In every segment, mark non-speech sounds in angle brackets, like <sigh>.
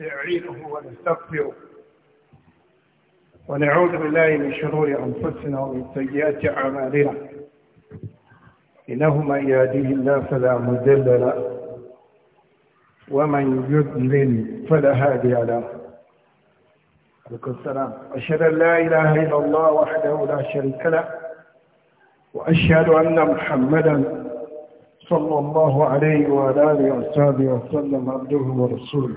نستعينه ونستغفره ونعوذ بالله من شرور أنفسنا ومن سيئات أعمالنا إنه من يهديه الله فلا مضل له ومن يضلل فلا هادي له عليكم السلام أشهد أن لا إله إلا الله وحده لا شريك له وأشهد أن محمدا صلى الله عليه وعلى آله وصحبه وسلم عبده ورسوله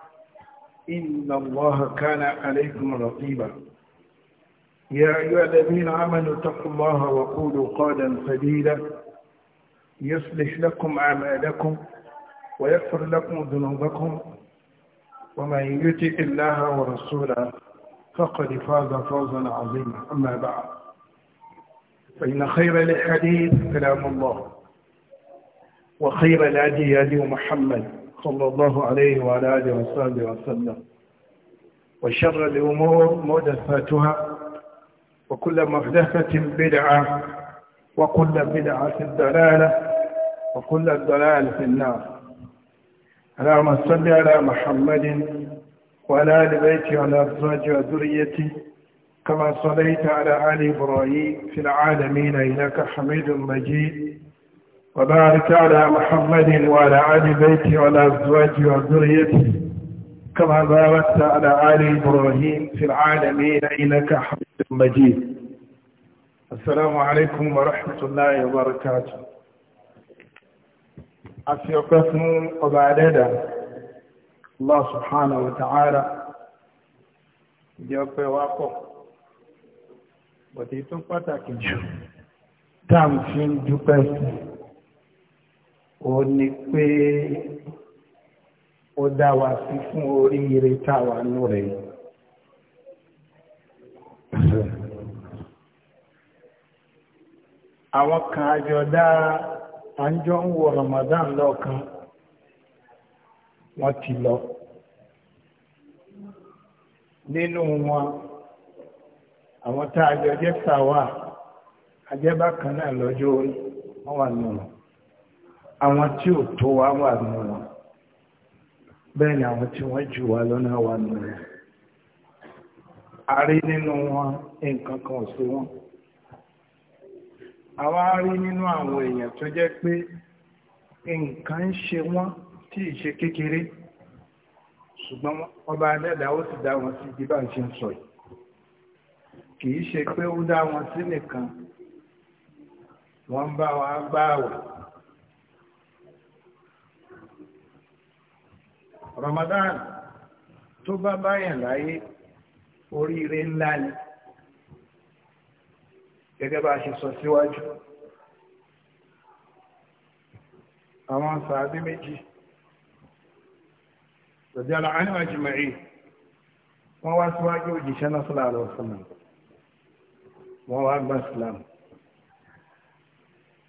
إن الله كان عليكم رقيبا يا أيها الذين آمنوا اتقوا الله وقولوا قولا سديدا يصلح لكم أعمالكم ويغفر لكم ذنوبكم ومن يطع الله ورسوله فقد فاز فوزا عظيما أما بعد فإن خير الحديث كلام الله وخير الهدي هدي محمد صلى الله عليه وعلى آله وصحبه وسلم وشر الأمور مدثاتها وكل محدثة بدعة وكل بدعة الدلالة وكل الدلالة في النار اللهم صل على محمد وعلى آل بيته وعلى أزواجه وذريته كما صليت على آل إبراهيم في العالمين إنك حميد مجيد وبارك على محمد وعلى آل بيته وعلى أزواجه وذريته كما باركت على آل إبراهيم في العالمين إنك حميد مجيد السلام عليكم ورحمة الله وبركاته أسيقفن وبعددا الله سبحانه وتعالى جاب واقف وتيتم فتاكي جو تام فين جو ó ní pé ó dá wa sí fún oríire táwa nú rẹ̀ àwọn kan àjọ dá àjọ ń wo Ramadan lọ́ọ̀kan wọ́n ti lọ nínú wọn àwọn tá àjọ jẹ́ sàwà kan náà lọ́jọ́ àwọn tí ò tó wá wà nù wọn bẹ́ẹ̀ ni àwọn tí wọ́n jù wá lọ́nà wà nù wọn a rí nínú wọn nǹkan kan ò sí wọn àwa rí nínú àwọn èèyàn tó jẹ́ pé nǹkan ń ṣe wọ́n tí ì ṣe kékeré ṣùgbọ́n ọba adẹ́dà ó sì dá wọn sí ibi bá ń ṣe ń sọ yìí kì í ṣe pé ó dá wọn sí nìkan wọ́n bá wa gbáàwẹ̀ Ramadan tó bá báyàn láyé oríire ńlá ni gẹ́gẹ́ bá a ṣe sọ síwájú àwọn sàádé méjì lọ́dí aláàánú àjìmọ̀rí wọ́n wá síwájú òjìṣẹ́ náà sọ́lá àlọ́ sọ́nà wọ́n wá gbà sílámù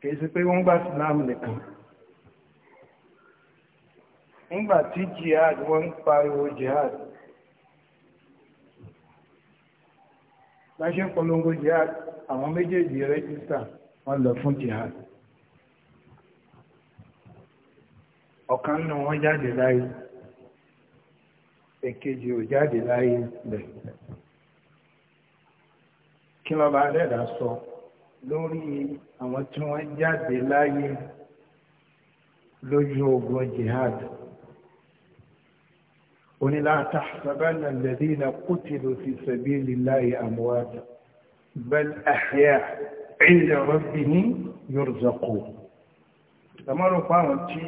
kìí sí pé wọ́n gbà sílámù nìkan nígbà tí jihad wọ́n ń pariwo jihad láṣẹ polongo jihad àwọn méjèèjì rẹ́jísítà wọ́n lọ fún jihad ọ̀kan nù wọ́n jáde láyé èkejì ò jáde láyé lẹ̀ kí lọ́ba alẹ́dà sọ lórí àwọn tí wọ́n jáde láyé lójú ogun jihad oní la tahsabanna alladhina qutilu fi sabilillahi amwata bal ahya inda rabbihim yurzaqun ẹmọ́rò fáwọn tí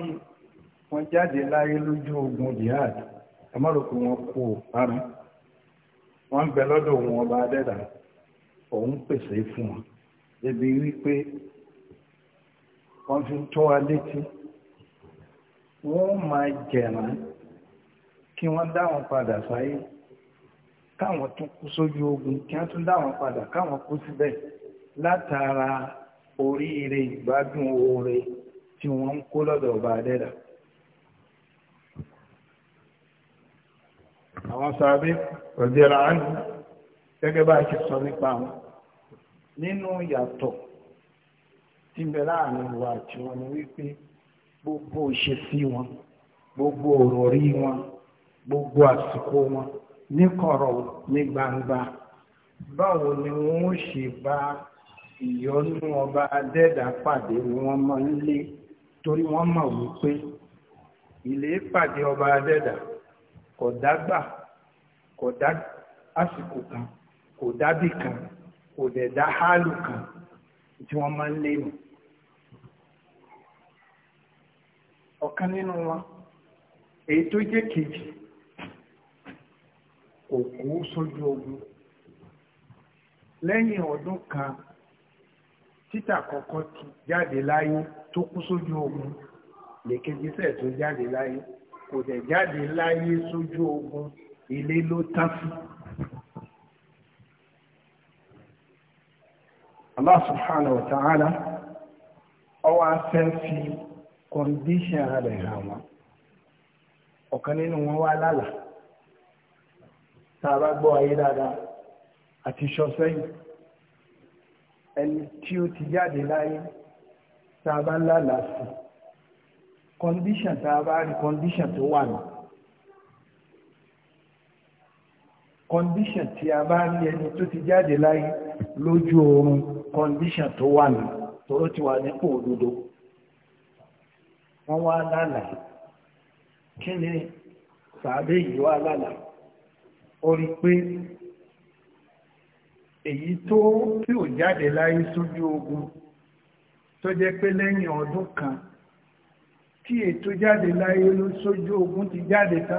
wọ́n jáde láyé lójú ogun jihad ẹmọ́rò pé wọ́n kú ara wọ́n ń bẹ lọ́dọ̀ òun ọba adẹ́dà òun pèsè fún wọn débi wípé wọ́n fi ń tọ́ wa létí wọ́n máa jẹ̀rán kí wọ́n dáwọn padà sáyé káwọn tún kú sójú ogun kí wọ́n tún dáwọn padà káwọn kú síbẹ̀ látara oríire ìgbádùn oore tí wọ́n ń kó lọ́dọ̀ ọba adẹ́dà àwọn sàábé rọ̀dẹ̀rà gẹ́gẹ́ bá ṣe sọ nípa wọn nínú yàtọ̀ tí bẹ láàrin wa wípé gbogbo ìṣesí wọn gbogbo ọ̀rọ̀ rí gbogbo àsìkò wọn níkọrọ ní gbangba báwo ni wọn ó ṣe bá ìyọnú ọba adẹ́dà pàdé ni wọ́n máa ń torí wọ́n mọ̀ wípé ilé pàdé ọba adẹ́dà kò dágbà kò dá àsìkò kan kò dábì kan kò dẹ̀ dá hálù kan tí wọn máa ń lé nù. ọ̀kan nínú wọn èyí tó jẹ́ kejì kò kú sójú ogun lẹ́yìn ọdún kan títà kọ́kọ́ ti jáde láyé tó kú sójú ogun lèkejì sẹ̀ tó jáde láyé kò dẹ̀ jáde láyé sójú ogun ilé ló tán sí. Allah subhanahu wa ta'ala ọwọ́ afẹ́ fi kọ́ndíṣàn rẹ̀ hàn wọ́n ọ̀kan nínú wọn wá lálàá tàbá gbọ́ ayé dáadáa àti ṣọ́sẹ́yìn ẹni tí ó ti jáde láyé tàbá lálàá sí kọndíṣàn tàbá rí kọndíṣàn tó wà náà condition tí a bá rí ẹni tó ti jáde láyé lójú oorun condition tó wà ní tóró ti wà nípò òdodo wọ́n wá lálà kí ni sàbẹ̀ yìí wá ó rí pé èyí tó tí ò jáde láyé sójú ogun tó jẹ́ pé lẹ́yìn ọdún kan tí ètò jáde láyé ló sójú ogun ti jáde ta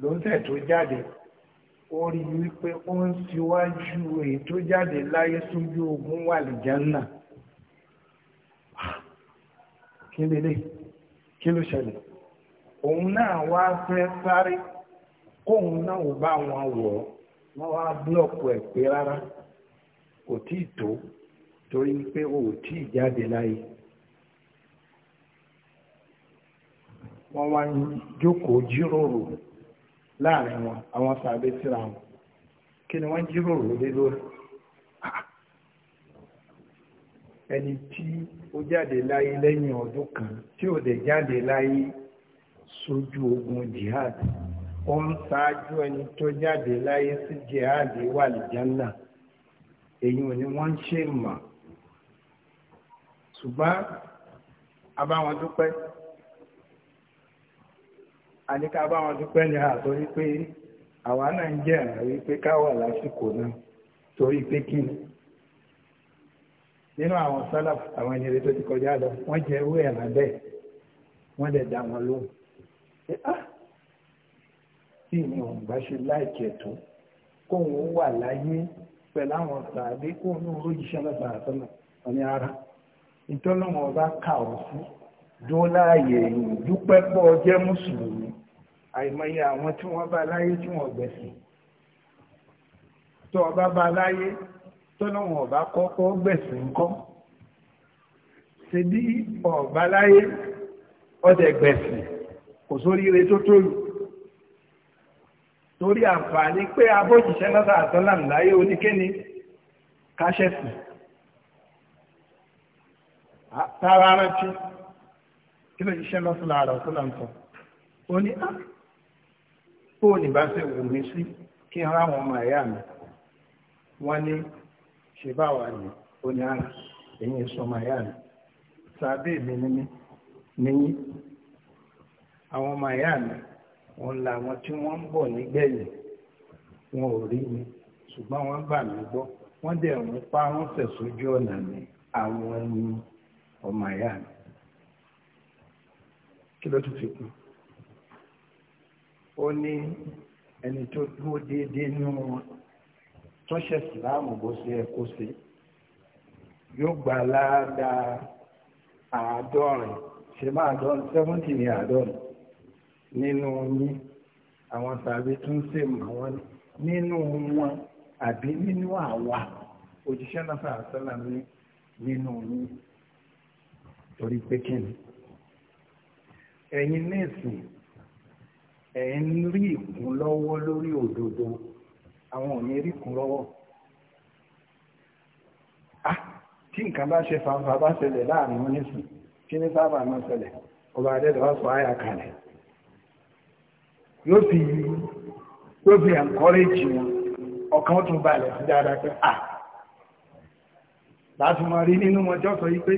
ló ń tẹ̀ tó jáde ó rí wípé ó ń síwájú ètò jáde láyé sójú ogun wà lè jánà kí lélẹ̀ ṣẹlẹ̀ òun náà wá fẹ́ sáré kóun náà ò bá wọn wọ̀ wọ́n wá búlọ̀kù ẹ̀ pé rárá kò tí ì tó torí pé o ò tí ì jáde láyé wọ́n wá ń jókòó jíròrò láàrin wọn àwọn sàbẹ̀ síra wọn kí ni wọ́n jíròrò lé lórí ẹni tí ó jáde láyé lẹ́yìn ọdún kan tí ò dẹ̀ jáde láyé sójú ogun jihad ó ń ṣáájú ẹni tó jáde láyé sí jihadi wà lìjánà èyí ò ní wọ́n ń ṣe mọ̀ ṣùgbọ́n abáwọn dúpẹ́ àníká abáwọn dúpẹ́ ní àtọ́rí pé àwa náà ń jẹ́ àrí pé ká wà lásìkò náà torí pé kí ni nínú àwọn sálàfù àwọn ẹni rẹ tó ti kọjá lọ wọ́n jẹ́ ewé ẹ̀ràn bẹ́ẹ̀ wọ́n dẹ̀ dá wọn lóhùn ah, tí mi ò bá ṣe láìkẹ̀ tó kóun wà láyé pẹ̀lú àwọn sàádé kóun náà rójíṣẹ́ lọ́sàn àtọ́nà ọ̀ní ara ìtọ́lọ́wọ́n ọba kà ọ́ sí dóòláàyè ẹ̀yìn dúpẹ́ pọ̀ jẹ́ mùsùlùmí àìmọye àwọn tí wọ́n bá láyé tí wọ́n gbẹ̀sìn tó ọba bá láyé tọ́lọ́wọ́n ọba kọ́kọ́ gbẹ̀sìn kọ́ ṣe bí ọba láyé ọdẹ gbẹ̀sìn kò sóríire tó tó torí àǹfààní pé abójìṣẹ́ lọ́dọ̀ àtọ́làm láyé oníkéni káṣẹ́sì tààrà rántí kí ló jíṣẹ́ lọ́sọ̀lá àrà ọ̀tọ́làm sọ ó ní á ó ní bá ṣe wù mí sí kí ara àwọn ọmọ ẹ̀yà mi wọ́n ní ṣe bá wà ní ó ní ara ẹ̀yìn èso ọmọ ẹ̀yà mi sàbẹ̀ mi ní mi àwọn ọmọ ẹ̀yà mi wọn làwọn tí wọ́n ń bọ̀ nígbẹ̀yìn wọn ò rí mi ṣùgbọ́n wọ́n bà mí gbọ́ wọ́n dẹ̀ ń pa wọ́n fẹ̀sùn ojú ọ̀nà mi àwọn ẹni ọmọ àyà mi kí ló tún fi kún ó ní ẹni tó dúró déédéé nínú wọn tó ṣe ìsìláàmù bó ṣe yẹ kó ṣe yóò gbà ládàá àádọ́rin ṣe máa dọ́rin seventy ní àádọ́rin nínú yín àwọn tàbí tún ṣe mọ̀ wọ́n nínú wọn àbí nínú àwa òjíṣẹ́ náà sàásọ́là ní nínú yín torí pé kí ni ẹ̀yin nẹ́ẹ̀sì ẹ̀ ń rí ìkún lọ́wọ́ lórí òdodo àwọn ò ní rí ìkún lọ́wọ́ ah, tí nǹkan bá ṣe fanfa bá ṣẹlẹ̀ láàrin wọn nísìn kí ní sábà máa ṣẹlẹ̀ ọba adẹ́dọ̀ wá sọ àyà kalẹ̀ yóò fi yóò fi encourage wọn ọkàn tún balẹ̀ sí dáadáa pé à láti mọ̀ rí nínú wọn jọ́sọ yìí pé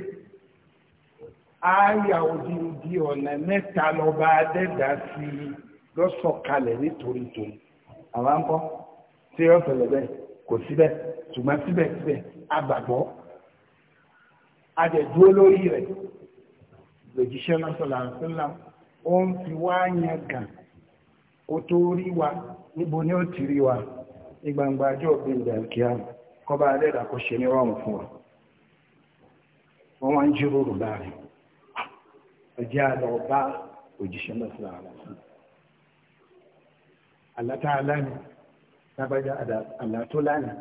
àyà òdi òdi ọ̀nà mẹ́ta lọ́ba adẹ́dà sí i lọ́sọ̀kalẹ̀ nítorí tòun àwọn ń bọ́ tí yóò fẹ̀lẹ̀ bẹ́ẹ̀ kò síbẹ̀ ṣùgbọ́n síbẹ̀síbẹ̀ àgbàgbọ́ adẹ̀dúró lórí rẹ̀ lòjíṣẹ́ náà sọ̀rọ̀ ó ń fi wá gàn kó tó rí wa níbo ni ó ti rí wa ní gbangba ajọ́ òbí ìdàkíá kọba alẹ́dà kó ṣe ní fún wa wọ́n wá ń jíròrò láàrin ọjọ́ àlọ́ bá òjíṣẹ́ mẹ́sàn án lọ́sàn àlátá aláàmì lábájá àlátó lánàá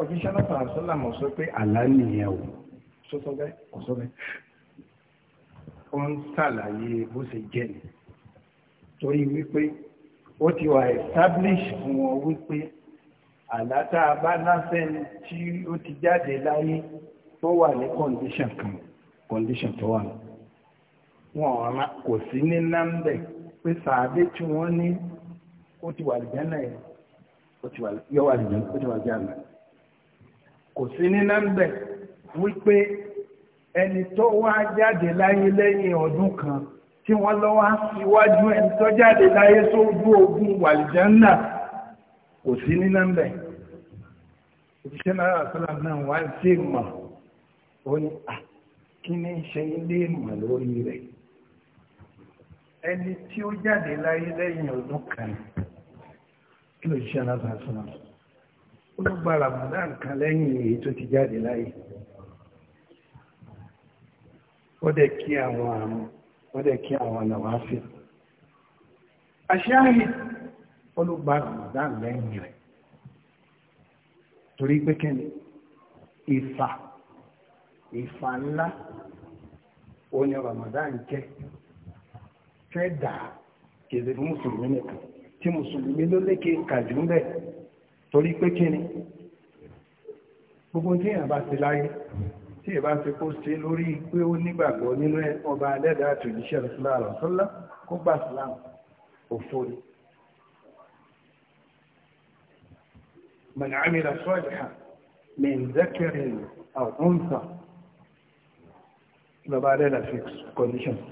òjíṣẹ́ sọ pé àlá nìyẹn o bẹ́ẹ̀ bẹ́ẹ̀ ó ń sàlàyé bó ṣe torí wípé ó ti wà establish fún wọn wípé àlátà bá lásẹ̀ni tí ó ti jáde láyé tó wà ní condition kan condition tó wà wọn kò sí ní nambẹ pé sàádé tí wọ́n ní ó ti wà lìjánà yẹn ó ti wà lìjánà ó ti wà lìjánà kò sí ní nambẹ wípé ẹni tó wá jáde láyé lẹ́yìn ọdún kan tí wọ́n lọ wá síwájú ẹni tó jáde láyé sójú ogun wàlìjánà kò sí ní nọ́mbẹ̀ òṣìṣẹ́ náírà sọ́là náà wá sí mọ̀ ó ní à kí ní ṣe ilé mọ̀ lórí rẹ̀ ẹni tí ó jáde láyé lẹ́yìn ọdún kan kí ló ṣiṣẹ́ náírà sọ́là ó ló gba ramadan kan lẹ́yìn èyí tó ti jáde láyé ó dẹ̀ kí àwọn àrùn wọ́n dẹ̀ kí àwọn àlàwáfíà aṣááyì olùgbà ramadan lẹ́yìn rẹ̀ torí pé kẹ́ni ìfà ìfà ńlá òun ramadan jẹ́ fẹ́ dà kèdè fún mùsùlùmí nìkan tí mùsùlùmí ló lékè kàjú ń bẹ̀ torí pé gbogbo tí èèyàn bá ti láyé tí ìbá ti kó ṣe lórí pé ó nígbàgbọ́ nínú ọba adẹ́dà àti òjíṣẹ́ ìsìláàrọ̀ sọ́lá kó gbà síláàmù òfò ni. من عمل صالحا من ذكر أو أنثى لما علينا في conditions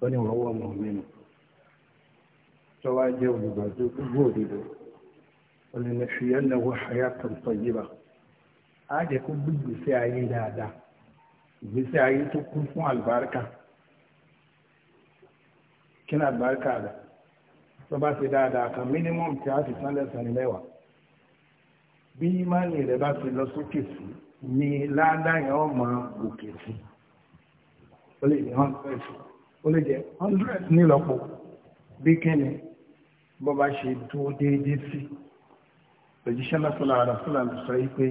wọ́n ni wọ́n wọ́n mọ̀ mẹ́nu tó wá jẹ́ olùgbàdo gbogbo òdìdó olùnàfíyàn náà wọ́n á jẹ́ kó gbé ìgbésí ayé dáadáa ìgbésí ayé tó kún fún àlùbáríkà kí ni àlùbáríkà rẹ̀ tó bá ṣe dáadáa kan mínímọ̀mù tí a sì san lẹ́san ní mẹ́wàá bí ìmánì rẹ̀ bá ti lọ sókè sí ni ládáyàn ọmọ òkè sí ó lè jẹ́ hundred ó lè jẹ́ hundred nílọ́pọ̀ bí kíni bó bá ṣe dúró déédéé sí òjíṣẹ́ lọ́sọ̀lá àràsọ́là ló sọ yí pé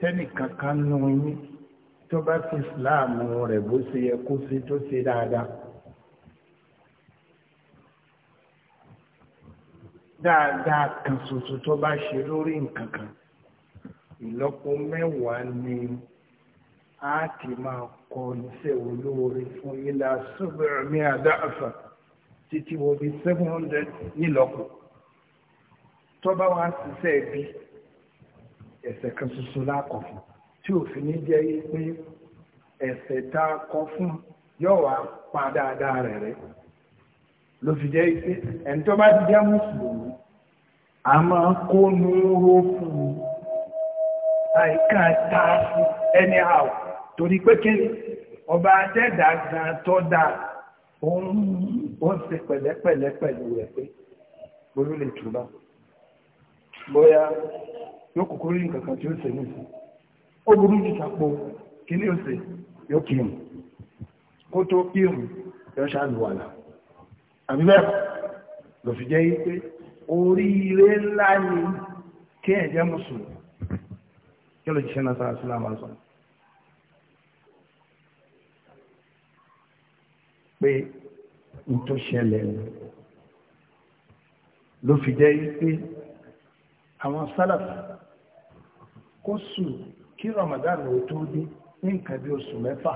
tẹ́nìkan kan nù yín tó bá fi ìsìláàmù rẹ̀ bó ṣe yẹ kó ṣe tó ṣe dáadáa. dáadáa kan ṣoṣo tó bá ṣe lórí nǹkan kan ìlọ́po mẹ́wàá ni a ti máa kọ iṣẹ́ olóore fún ilà sọ́bẹ̀rẹ̀ àdáàfà títí wo bí seven hundred nílọ́po tó bá wá ṣiṣẹ́ bíi ẹ̀ṣẹ̀ kan ṣoṣo lákọ̀ fún tí òfin ní jẹ́ pé ẹ̀ṣẹ̀ tá a kọ fún yóò wá pa dáadáa rẹ̀ rẹ̀ ló fi jẹ́ pé ẹni tó bá ti jẹ́ mùsùlùmí a máa kó nuuró fún un àìká tá a fún ẹni àwọ̀ torí pé kí ọba adẹ́dàá gan tó dáa òun ó ń ṣe pẹ̀lẹ́pẹ̀lẹ́ pẹ̀lú rẹ̀ pé olú lè túbà bóyá yóò kòkó rí nǹkan kan tí ó ṣe ní ìsìn ó burú jù sàpò kí ní òsè yóò kí hùn kó tó kí hùn yóò ṣàlùwàlà àbí bẹ́ẹ̀ lọ fi jẹ́ pé oríire ńlá ni kí ẹ̀jẹ̀ mùsùlùmí kí ló jíṣẹ́ náà sára sílámà sọ pé n tó ṣẹlẹ̀ ló fi jẹ́ pé àwọn sálàfà kó kí Ramadan ò tó dé ní nǹkan bí oṣù mẹ́fà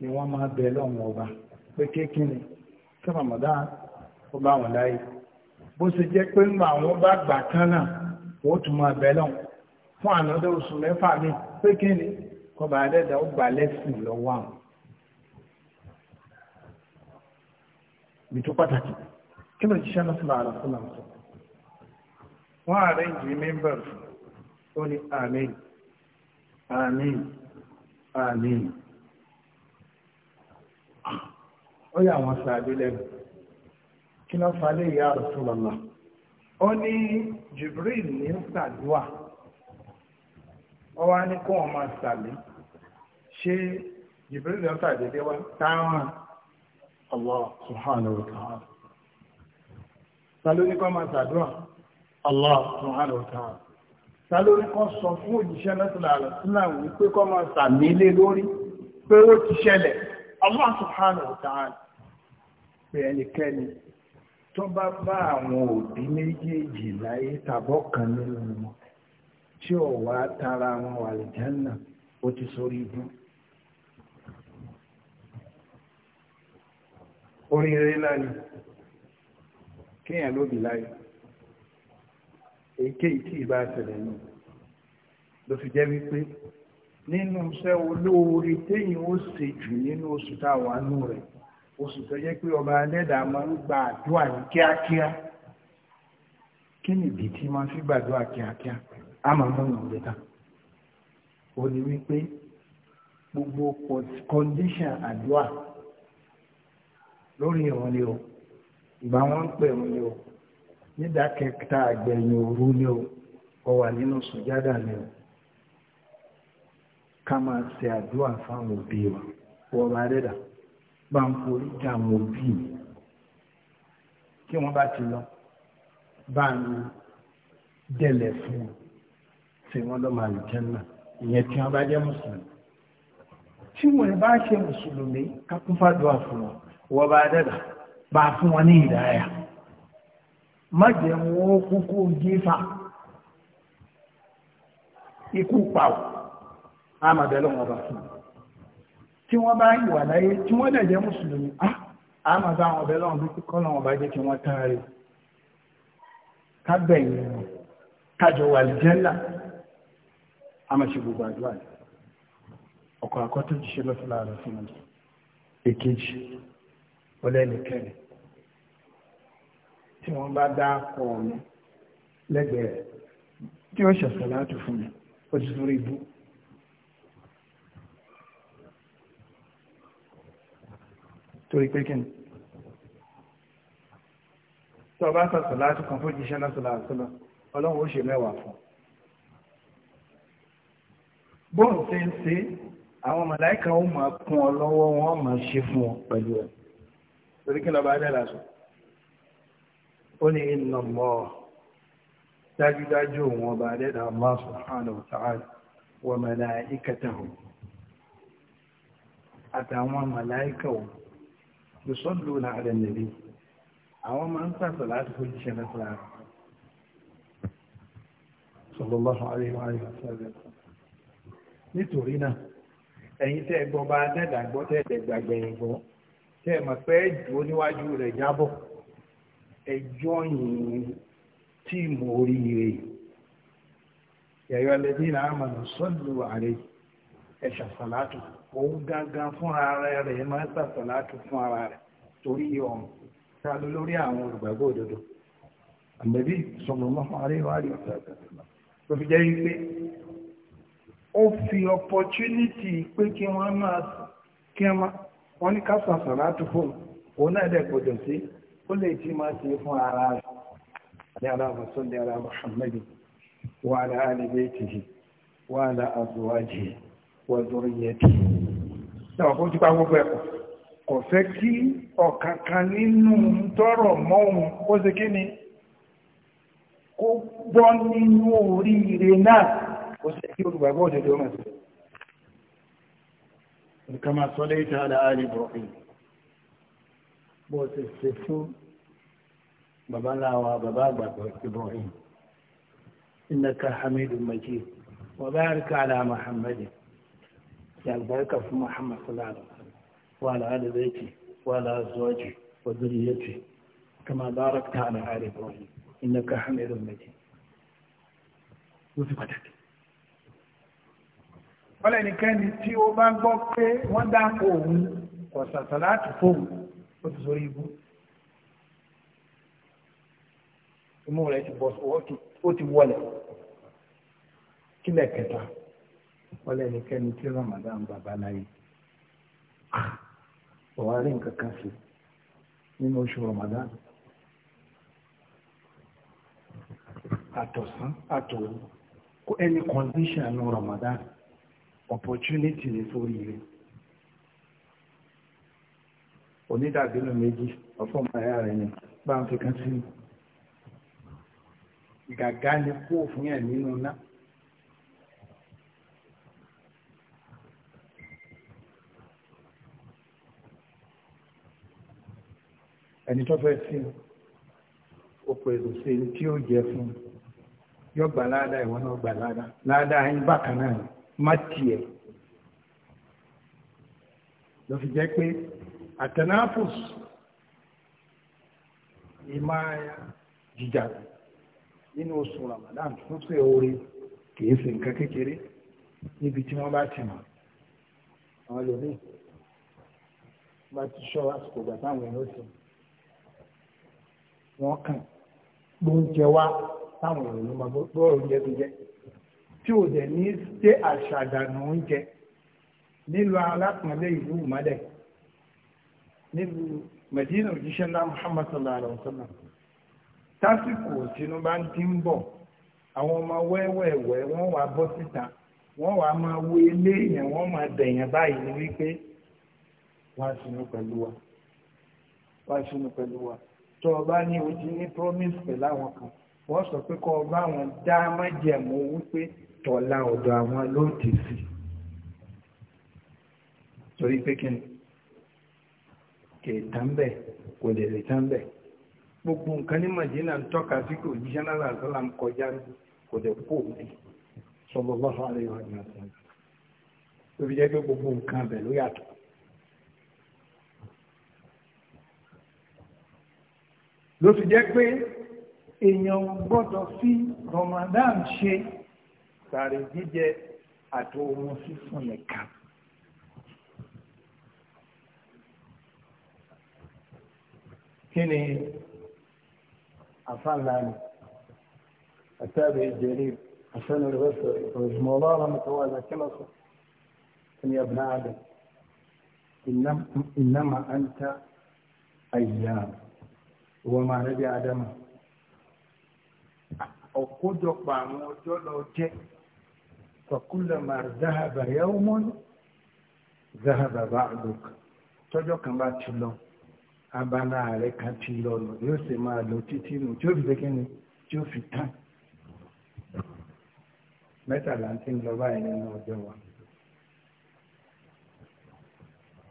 ni wọ́n máa bẹ lọ́wọ́n ọba pé kékeré kí Ramadan ó bá wọn láyé bó ṣe jẹ́ pé ńgbà wọn bá gbà tán náà ó tún máa bẹ fún ànádọ́ oṣù mẹ́fà ní pé kékeré kọba adẹ́dà ó gbà lẹ́sìn lọ́wọ́ ó amen amen amen ó yà wọn sàádé lẹ́nu kí ló fa lè ó ní Jibril ní sàdúà ó wá ní kó wọn máa Jibril ní táwọn Allah subhanahu wa ta'ala ta ló ní kó máa Allah subhanahu wa ta'ala sálórí kan sọ fún òjíṣẹ́ mẹ́tàlá rẹ̀ sílá wípé kọ́ máa sàmì lé lórí pé ó ti ṣẹlẹ̀ Allah subhanahu wa ta'ala pé ẹnikẹ́ni tó bá bá àwọn òbí méjèèjì láyé tàbọ́ kan nínú wọn tara wọn wà lìjánà èyíkéyìí tí ìbá ṣẹlẹ̀ nù ló fi jẹ́ wípé nínú iṣẹ́ olóore téyìn ó ṣe jù nínú oṣù táwọn anú rẹ̀ oṣù tó jẹ́ pé ọba alẹ́dàá máa ń gba àdúrà ní kíákíá kí ni ìdí tí máa fi gbàdúrà kíákíá a máa mú ọ̀nà òde tán ó ní wípé gbogbo condition àdúrà lórí ìrànlẹ́ o ìgbà wọn ń pè ìrànlẹ́ o nídàkẹ́ta àgbẹ̀yìn òru ni o ọ wà nínú sùjádà ni o ká máa ṣe àdúrà fáwọn òbí wa ọ̀rọ̀ àrẹ́dà bá ń forí dà àwọn òbí mi kí wọ́n bá ti lọ bá ń dẹ̀lẹ̀ fún wọn tí wọ́n lọ́ máa jẹ́ náà ìyẹn tí wọ́n bá jẹ́ mùsùlùmí tí wọ́n bá ṣe mùsùlùmí ká fún wọn wọ́n bá bá fún wọn ní ìdáyà má jẹ́ wọn ó kúkú jífà ikú pàwọ̀ àmàbẹ̀lẹ̀ wọn bá fún tí wọ́n bá ìwà láyé tí wọ́n dẹ̀ jẹ́ mùsùlùmí àmàbà àwọn ọ̀bẹ̀lẹ̀ wọn bí kíkọ́ lọ́wọ́ bá jẹ́ kí wọ́n tán rí kábẹ̀yìn wọn kájọ wà lìjẹ́là àmàṣe gbogbo àdúrà ọkọ̀ àkọ́tọ̀ tí wọ́n bá dá kọ́ mi lẹ́gbẹ̀ẹ́ tí ó ṣẹ̀ṣẹ̀ láti fún mi ó ti sórí ibú. torí pé kí ni tó bá sọ̀sọ̀ láti kan fún jíṣẹ́ náà sọ̀lá àtúnlọ ọlọ́run ó ṣe mẹ́wàá fún bóun ṣe ń ṣe àwọn màláìka ó máa kún ọ lọ́wọ́ wọn máa ṣe fún ọ pẹ̀lú ẹ torí kí lọ́ba adé lásán ó ní inna Allah dájúdájú òun ọba adẹ́dà Allah subhanahu wa ta'ala wa malaikatahu àtàwọn màláìkà òun yusalluna ala nabi àwọn máa ń sàtà láti fojú ṣe lẹ́sẹ̀ nítorí náà ẹ̀yin tẹ́ gbọ́ bá dẹ́dà gbọ́ tẹ́ gbọ́ rẹ̀ jábọ̀ ẹjọ́ yìnyín tíìmù oríire yàyọ́ lẹ́bí náà mọ̀nà sọ́lù ààrẹ ẹ̀ṣà sàlátù òun gangan fún ara rẹ̀ máa ń fún ara rẹ̀ torí ọ̀hún ta ló lórí àwọn olùgbàgbọ́ òdodo àmẹ́bí sọ̀rọ̀ mọ́ fi jẹ́ ó fi pé kí wọ́n máa kí wọ́n ní ká fún òun náà dẹ̀ sí ó lè tí máa ṣe fún ara rẹ̀ ní aláàbọ̀sọ́ ní ara muhammadu wa ala alibaitihi wa ala azuwaji wa zuriyati náà kó ti pa gbogbo ẹ̀kọ́ kò fẹ́ kí ọ̀kankan nínú tọrọ mọ́hun ó ṣe kí ni kó gbọ́ nínú oríire náà ó ṣe kí olùgbàgbọ́ òdòdó mọ̀ sí. Nǹkan máa sọ lẹ́yìn tí a lè ààrẹ bọ̀rọ̀ bó ṣe ṣe fún bàbá ńlá wa bàbá àgbàgbọ́ Ibrahim innaka hamidun majid wa barik ala muhammadin ya albarka fún muhammad sallallahu alaihi wasallam wa ala ali baiti wa ala azwaji wa dhurriyyati kama barakta ala ali Ibrahim innaka hamidun majid ó sì pàtàkì ọlẹ́nikẹ́ni tí ó bá gbọ́ pé wọ́n dáko òun ọ̀sàtà láti fóun ó ti sórí ibú imú rẹ̀ ti bọ́ ó ti wọlẹ̀ kílẹ̀ kẹta wọlé ẹnikẹ́ni tí Ramadan bàbá láyé ọ̀wá ah! rí nǹkan kan sí nínú oṣù Ramadan àtọ̀sán àtòru kó ẹni condition Ramadan opportunity ní sórí rẹ̀. onídàbínú méjì ọ̀fọ́ màáyà rẹ̀ ni bá ń fi kan sí gàgá ni kó fún yẹn nínú náà. ẹni tó fẹ́ sí o pẹ̀lú sí ẹni tí ó jẹ fún yọ gbà láàdá ìwọ náà gbà láàdá láàdá bákan náà má tiẹ̀ lọ fi jẹ́ pé àtẹnáfùs ìmá jíjà nínú oṣù Ramadan tó ṣe orí kìí ṣe nǹkan kékeré níbi tí wọ́n bá ti mọ̀ àwọn lòmí bá ti ṣọ́ àsìkò ìgbà táwọn èèyàn ti wọ́n kàn ló ń jẹ wá táwọn èèyàn máa gbọ́ oúnjẹ tó jẹ tí ò dẹ̀ ní ṣe àṣàdànù oúnjẹ nílùú alápọ̀nlé ìlú ìmọ́lẹ̀ nílùú Medina òjíṣẹ́ náà Muhammad sallallahu alaihi wasallam tásìkò òsínú bá ń ti ń bọ̀ àwọn ọmọ wẹ́wẹ́wẹ́ wọ́n wà bọ́ síta wọ́n wà máa wo ilé èèyàn wọ́n máa dẹ̀yàn báyìí ní wípé wá sínú pẹ̀lú wa wá sínú pẹ̀lú wa tó o bá ní o ti ní promise pẹ̀lú àwọn kan wọ́n sọ pé kọ́ ọ bá wọn dá májẹ̀mú wípé tọ̀la ọ̀dọ̀ àwọn ló ti sí torí pé kí ni kẹtàmbẹ̀ kò lè lè tàmbẹ̀ gbogbo nǹkan ní Madina ń tọ́ka sí kò jíṣẹ́ náà sọ́là ń kọjá kò lè kó mi sallallahu alaihi wa sallam tó fi jẹ́ pé gbogbo nǹkan bẹ̀ ló yàtọ̀ ló fi jẹ́ pé èèyàn gbọ́dọ̀ fi Ramadan ṣe sàrè jíjẹ àti ohun sísun nìkan كني أصلاً التابع الجليل عشان الغسل والمولانا متواضع كما قلت يا ابن آدم إنما, إنما أنت أيام وما نبي آدم وقدرك مع موجود وجه فكلما ذهب يوم ذهب بعدك تجوك ما تشلوك abala rẹ̀ kan ti lọ́nà yóò sì máa lọ títí nù tí ó fi fẹ́kẹ́ ni tí ó fi tán mẹ́tàlá ti ń lọ báyìí nínú ọjọ́ wa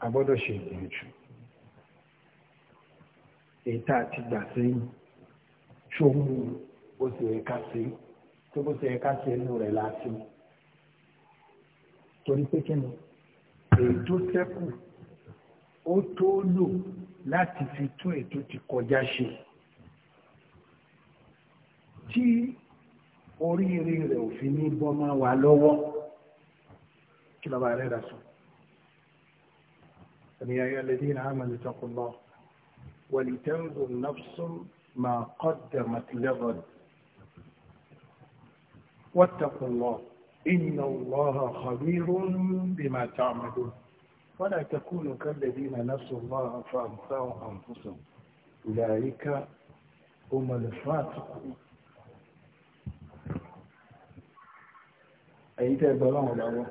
a gbọ́dọ̀ ṣe ìgbìyànjú èyí tá a ti gbà sẹ́yìn ṣòwò bó ṣe yẹ ká ṣe tó bó ṣe yẹ ká ṣe inú rẹ̀ láti torí pé kí ni èyí tó ṣẹ́kù ó tó lò láti fi tún ètò ti kọjá ṣe tí oríire rẹ̀ ò fi ní bọ́mọ́ wa lọ́wọ́ kí lọ́ba rẹ̀ rà sùn. يا أيها الذين آمنوا اتقوا الله ولتنظر نفس ما قدمت لغد واتقوا الله إن الله خبير بما تعملون ولا تكونوا كالذين نسوا الله فأنساهم أنفسهم أولئك هم الفاسقون èyí tẹ́ gbọ́ lọ́wọ́ lọ́wọ́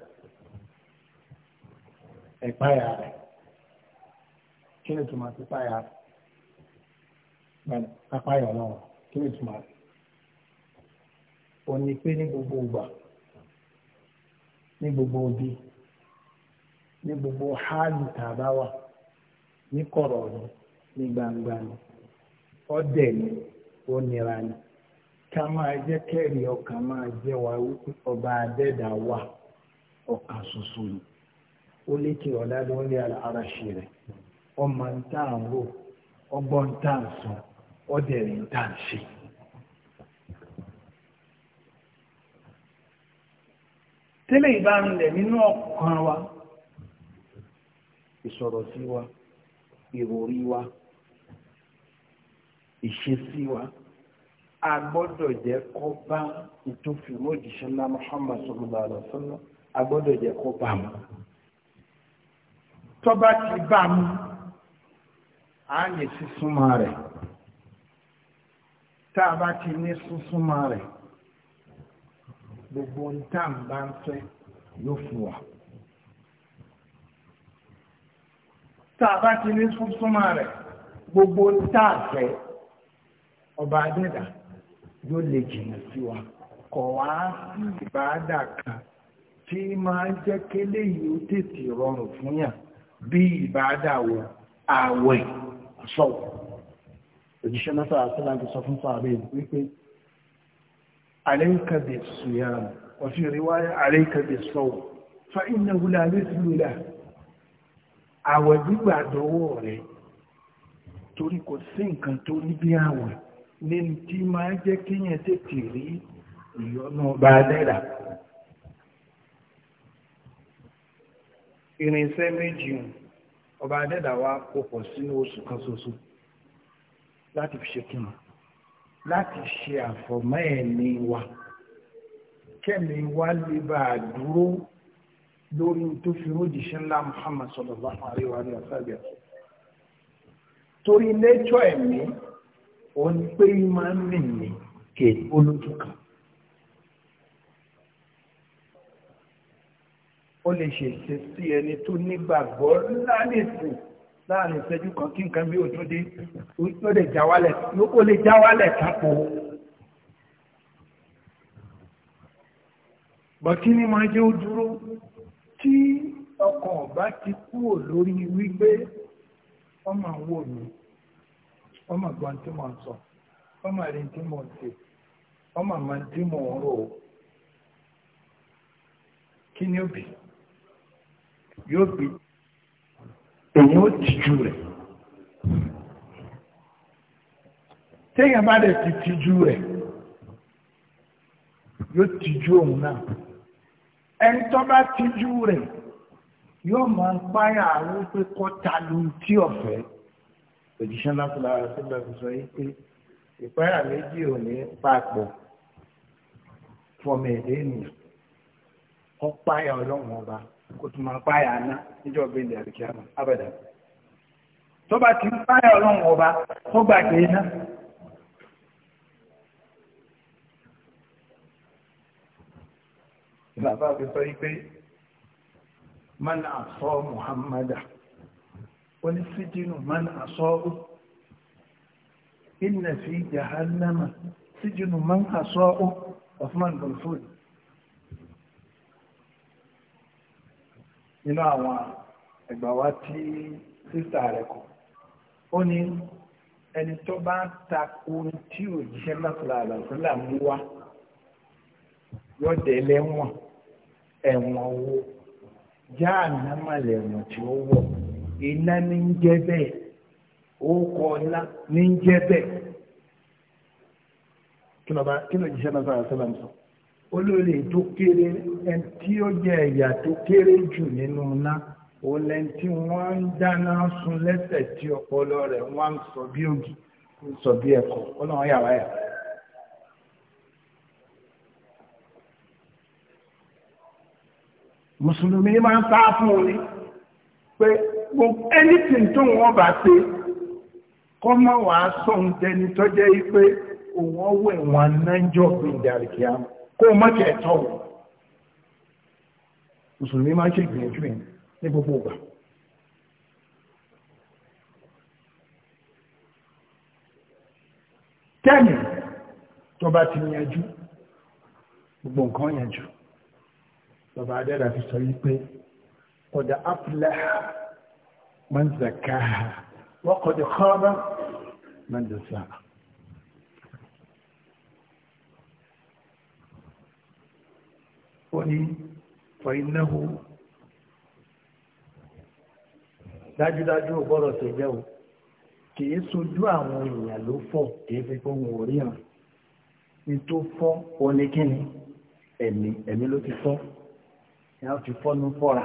ẹ̀páyà rẹ̀ kí ni túmọ̀ sí páyà rẹ̀ bẹ́ẹ̀ pápáyà lọ́wọ́ kí ni túmọ̀ rẹ̀ ó ní pé ní gbogbo ìgbà ní gbogbo òbí ní gbogbo hálù tàbá wà ní kọ̀rọ̀ ni ní gbangba ni ọ̀dẹ̀ ni ó nira ni ká máa jẹ́ wa wípé ọba adẹ́dà wà ọ̀kan ṣoṣo ni ó lékè ọ̀dá ló ń lé ara ṣe rẹ̀ ọmọ ń tà ń rò ọgbọ́n ń tà ń sọ rẹ̀ ń ìsọ̀rọ̀ sí wa ìròrí wa ìṣesí wa a gbọ́dọ̀ jẹ́ kó bá ìtòfìmọ́ òjíṣẹ́ ńlá Muhammad sallallahu alaihi wasallam a gbọ́dọ̀ jẹ́ kó bá mu tó ti bá mu a lè sísúnmọ́ rẹ̀ tá a bá ti ní sísúnmọ́ rẹ̀ gbogbo ń ń fẹ́ yóò fún wa. tá a bá ti ní súnmọ́ rẹ̀ gbogbo tá a fẹ́ ọba adẹ́dà yóò lè jìnnà sí wa kọ̀ wá sí ìbáàdà kan tí máa jẹ́ kélé yìí ó tètè rọrùn fún yàn bí ìbáàdà wo àwẹ̀ sọ̀wọ́. òjíṣẹ́ náà sọ̀rọ̀ àti sọ fún sọ̀rọ̀ bẹ́ẹ̀ wípé عليك بالصيام وفي رواية عليك بالصوم فإنه لا مثل له àwẹ̀ gbígbà dọwọ́ rẹ̀ torí kò sí nǹkan tó ní bí àwẹ̀ nínú tí máa jẹ́ kéèyàn tètè rí ìyọ́nú ọba dẹ́ra irinṣẹ́ méjì ọba dẹ́ra wa kò pọ̀ sínú oṣù kan ṣoṣo láti fi ṣe kìnnà láti ṣe àfọ̀mọ́ ẹ̀mí wa kẹ́mi wá lè bá a dúró lórí tó fi rójìṣẹ́ ńlá Muhammad sallallahu alaihi wa sallam torí lẹ́jọ́ ẹ̀mí òun pé máa ń rìn ní kè olójú kan ó lè ṣèṣe sí ẹni tó nígbàgbọ́ lálẹ́sìn láàrin ìṣẹ́jú kan kí nǹkan bí òjò dé ó lè já wálẹ̀ ó lè já wálẹ̀ kápò. bọ̀kí ni máa jẹ́ ó dúró tí ọkàn ọba ti kúrò lórí wípé ọmọ àwọn òní ọmọ àgbọn tí mo sọ ọmọ àrìn tí mo ń ọmọ àmà tí mo rò ó kí ni ó bì yóò bì èyí ó téèyàn bá ti yóò òun ẹni tó bá tijú rẹ̀ yóò máa ń páyà àwọn pé kọ́ ta lu tí ọ̀fẹ́ òjíṣẹ́ lápúlá síbẹ̀ sọ yìí pé ìpáyà méjì ò ní papọ̀ fọmọ èdè ènìyàn kọ́ páyà ọlọ́run ọba kò tún máa páyà aná níjọba ilẹ̀ àríkíámà abẹ́dà tó bá ti ń páyà ọlọ́run ọba kó gbàgbé náà. làbá fi sọ wípé man asọ muhammada onísíjínú man asọ inna fi jahannama síjínú man asọ osman bolford nínú àwọn ẹgbà wa tí sísà rẹ̀ kọ ó ní ẹni tó bá ń takò tí òjíṣẹ́ lọ́sọ̀rọ̀ àlọ́sọ́là mú wá yọ̀dẹ̀ lẹ́wọ̀n ẹ̀wọ̀n owó jáàmù lẹ̀wọ̀n tí ó wọ̀ iná ní ń jẹ́ bẹ́ẹ̀ orúkọ ńlá ní ń jẹ́ bẹ́ẹ̀ kí ló jíṣẹ́ náà sọ̀rọ̀ sọ́lá sọ olóòlè tó kéré ẹni tí ó jẹ ẹ̀yà tó kéré jù nínú ńlá olè wọ́n ń dáná sun lẹ́sẹ̀ tí ọpọlọ rẹ̀ wọ́n ń sọ bí ògì ń sọ bí ẹ̀kọ́ ọlọ́run yàrá yàrá. mùsùlùmí ní máa ń sáà fún un ní pé gbogbo anything tó wọ́n bá ṣe kọ́ mọ́ wà á sọ̀n tẹni tó jẹ́ pé òun ọwọ́ ẹ̀wọ̀n nájọ́ bí ìdàríkìá kó o mọ́kẹ́ tọ̀ wọ́n mùsùlùmí máa ń ṣe ìgbìyànjú ẹ̀ ní gbogbo ìgbà. tẹ́ẹ̀mì tó bá ti yanjú gbogbo nǹkan yanjú lọ́ba adẹ́dà fi sọ yìí pé kọ̀dà aflaha man zakaha wa qad khaba man dasaha. ó ní fa innahu dájúdájú ò gbọ́dọ̀ tó jẹ́ o kì í sojú àwọn èèyàn ló fọ́ kì fi kó wọn ò ríran ní tó fọ́ oníkíni ẹ̀mí ẹ̀mí ló ti fọ́ ni a ti fọ́nú fọ́ra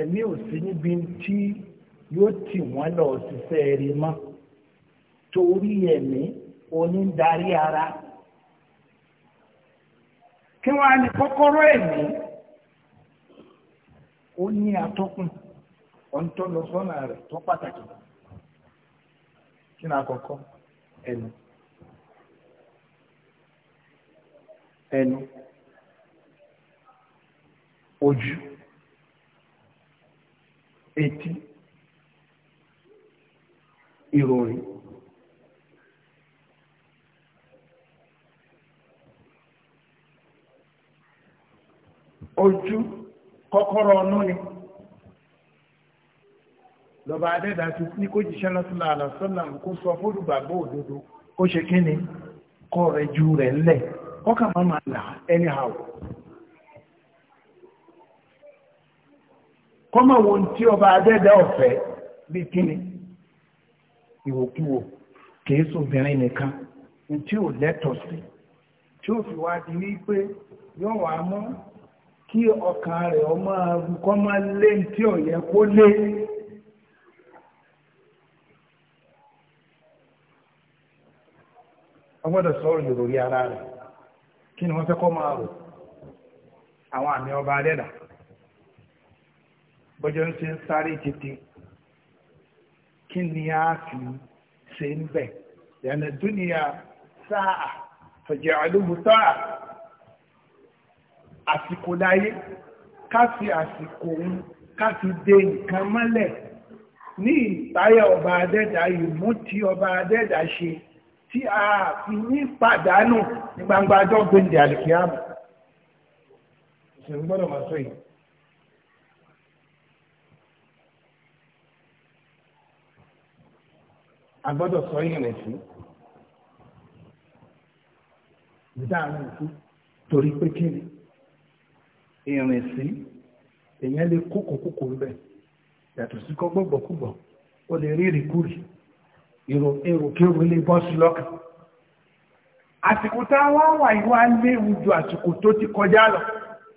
ẹ̀mí ò sí níbi tí yóò tì wọ́n lọ ṣiṣẹ́ rí mọ́ torí ẹ̀mí onídarí ara kí wọ́n á ní kọ́kọ́rọ́ ẹ̀mí ó ní atọ́kùn ọ̀ntọ́ sọ́nà rẹ̀ tó pàtàkì kí ni àkọ́kọ́ ẹnu ẹnu. ojú etí ìròyìn ojú kọkọrọ ọ̀nà ni lọ́ba adẹ́dà ti ní kó jíṣẹ́ lọ́sọ́lá àlọ́sọ́lá kó sọ fólùgbàgbọ́ òdodo kó ṣe kí ni kọ́ rẹ̀ ju rẹ̀ ńlẹ̀ kọ́kà máa là anyhow kọ́mọ̀ wo tí ọba adẹ́dẹ́ ọ̀fẹ́ bí kíni ìwòkúwò kìí sóbìnrin nìkan tí ò lẹ́tọ̀ sí tí ó fi wá di wípé yóò wá mọ́ kí ọkàn rẹ̀ ọmọ kọ́ máa lé tí ò yẹ kó lé ọgbọ́dọ̀ sọ̀rọ̀ ìròrí ara rẹ̀ kí ni wọ́n fẹ́ kọ́ máa rò àwọn àmì ọba adẹ́dàá bọ́jọ́ ń ṣe ń sáré tètè kí ni a fi ṣe ń bẹ̀ yàrá dúnìyà sáà fẹ̀jẹ̀ àlùmùtọ́ àsìkò láyé ká fi àsìkò òun ká fi de nǹkan mọ́lẹ̀ ní ìpáyà ọba adẹ́dà ìmú tí ọba adẹ́dà ṣe tí a fi ní pàdánù ní gbangba ọjọ́ gbẹ̀ndẹ̀ àlùkìyàmù ìṣèlú gbọ́dọ̀ máa sọ yìí a gbọ́dọ̀ sọ yìí rẹ̀ sí dáhùn sí torí pé kí ni ìrìn sí èèyàn lè kókò kókò ń bẹ̀ yàtọ̀ sí kọ́ gbọ́gbọ́kúgbọ̀ ó lè rí ìrìkúrì èròkérò lè bọ́ sí lọ́kàn àsìkò tá a wá wà ìwà léwu ju àsìkò tó ti kọjá lọ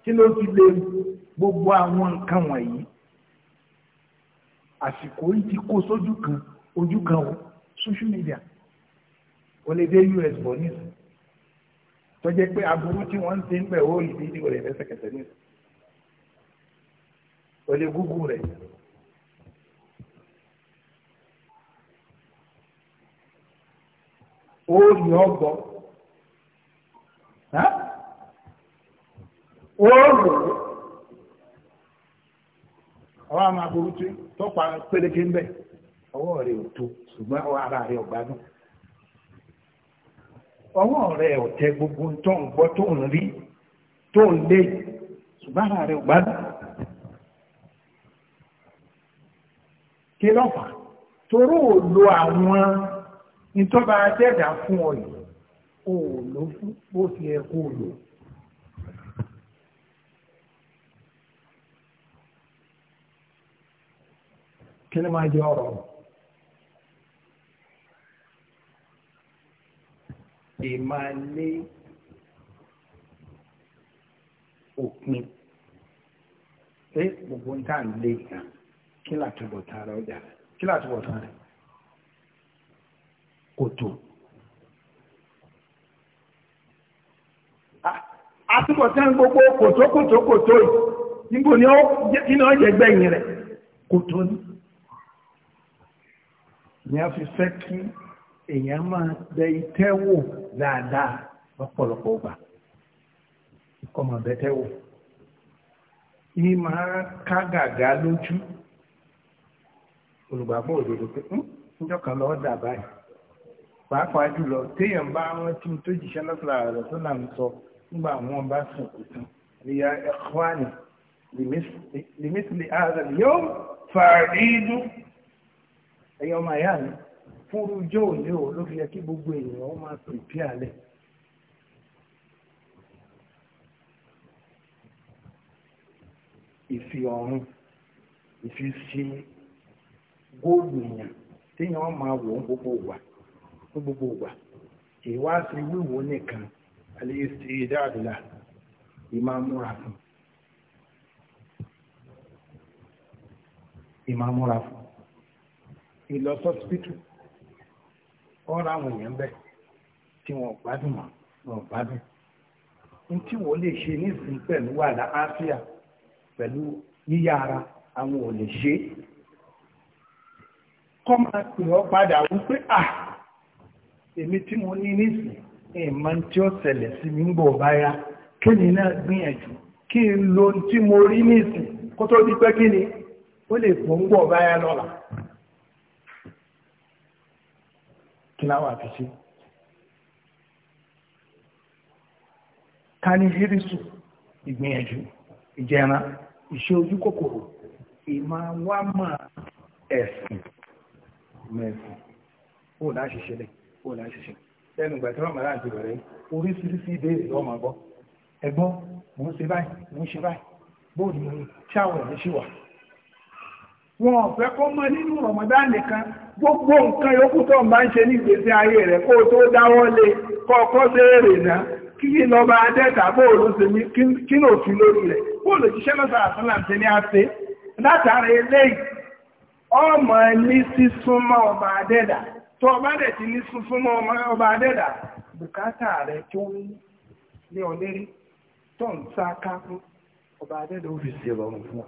kí ló fi léwu gbogbo àwọn nǹkan wọ̀nyí àsìkò yìí ti kó sójú kan ojú kan o social media o lè dé us bọ̀ ní ìsìn tó jẹ́ pé aburú tí wọ́n ń ti ń bẹ̀ ó lè dé ìdíwọ̀ rẹ̀ lẹ́sẹ̀kẹsẹ̀ ní ìsìn o lè google O ó rí ọgbọ́ ó rò ó àwọn àmàgbòrú tí tọ́pa pélékè ń bẹ̀. ọwọ́ rẹ̀ ò tó ṣùgbọ́n ara rẹ̀ ò ọwọ́ rẹ̀ gbogbo tó ń gbọ́ tó ń rí tó ń lé ṣùgbọ́n ara rẹ̀ kí lo àwọn ìtọ́ba jẹ́dà fún ọ yìí ò fún bó ti yẹ kó lè máa lé òpin pé gbogbo ń tà ń lé gan kí làtúbọ̀ tán rẹ̀ ọjà rẹ̀ kí làtúbọ̀ tán rẹ̀ kòtò. Àtúbọ̀ tán gbogbo kòtò kòtò kòtò yìí níbo ni ó jẹ́ gbẹ̀yìn rẹ̀ kòtò ní. Ni a fi fẹ́ kí èèyàn máa bẹ itẹ́ wò dáadáa lọ́pọ̀lọpọ̀ ọgbà kọ́ máa bẹ tẹ́ wò ní máa ká gàgà lójú olùgbàgbọ́ òdodo pé níjọ́ kan lọ́ọ́ dà báyìí pàápàá jùlọ téèyàn bá wọn tí mo tó jìṣẹ́ lọ́sọ̀lá rẹ̀ tó là ń sọ nígbà wọn bá sùn kù tán ìyá ẹ̀kọ́wánì lèmísìlè ààrẹ yóò fàrídú ẹ̀yọ́ máa yá mi fúru jọ òní o ló fi yẹ kí gbogbo èèyàn ó máa pèpè àlẹ. ìfi ọ̀run ìfi ṣe góòlù èèyàn téèyàn máa wò ó gbogbo wà ó gbogbo wà ìwá sí wíwò nìkan alẹ́ ìdáàdìlà ìmáàmúra fún ìmáàmúra fún ìlọsọ́sítù. Ọrọ àwọn èèyàn bẹ́ẹ̀ tí wọn gbádùn mọ́ wọn gbádùn ní tí wọ́n lè ṣe nísìnyí pẹ̀lú wàhálà áfíà pẹ̀lú yíyá ara àwọn ò lè ṣe kọ́ máa pè ọ́ padà wípé à èmi tí mo ní nísìnyí ìmọ̀ tí ó ṣẹlẹ̀ sí mi kí ni náà gbìyànjú kí n lo tí mo rí nísìnyí kó tó di pé kí ni ó lè kí láwọn àfiṣe ká ní hírísù ìgbìyànjú ìjẹran ìṣe ojú kòkòrò ìmáwámà ẹ̀sìn mẹ́sìn ó láṣẹ ṣẹlẹ̀ ó láṣẹ ṣẹlẹ̀ lẹ́nu ìgbà tí wọ́n mọ̀lá àti bẹ̀rẹ̀ oríṣiríṣi ìbéèrè lọ́mọ gbọ́ ẹ̀gbọ́n mò ń ṣe báyìí mò ń ṣe báyìí bóòdì mi ṣáwọ̀ ẹ̀ ṣì wà wọn ọ̀fẹ́ kọ́ mọ́ nínú Ramadan nìkan gbogbo nǹkan yòókù tó ń bá ń ṣe ní ìgbésí ayé rẹ̀ kó tó dáwọ́ lé kọ́ọ̀kọ́ sí èrè náà kí ní lọ bá dẹ́ta bóòlù sí ní kí ní òfin lórí rẹ̀ bóòlù jíṣẹ́ lọ́sà àtúnlà ti ní àṣẹ látara ilé ọmọ ní sísúnmọ́ ọba adẹ́dà tó ọba dẹ̀ ti ní sísúnmọ́ ọba adẹ́dà bùkátà rẹ̀ tó ń ní ọlérí tó ń sáká fún ọba adẹ́dà ó fi ṣèrọ̀rùn fún ọ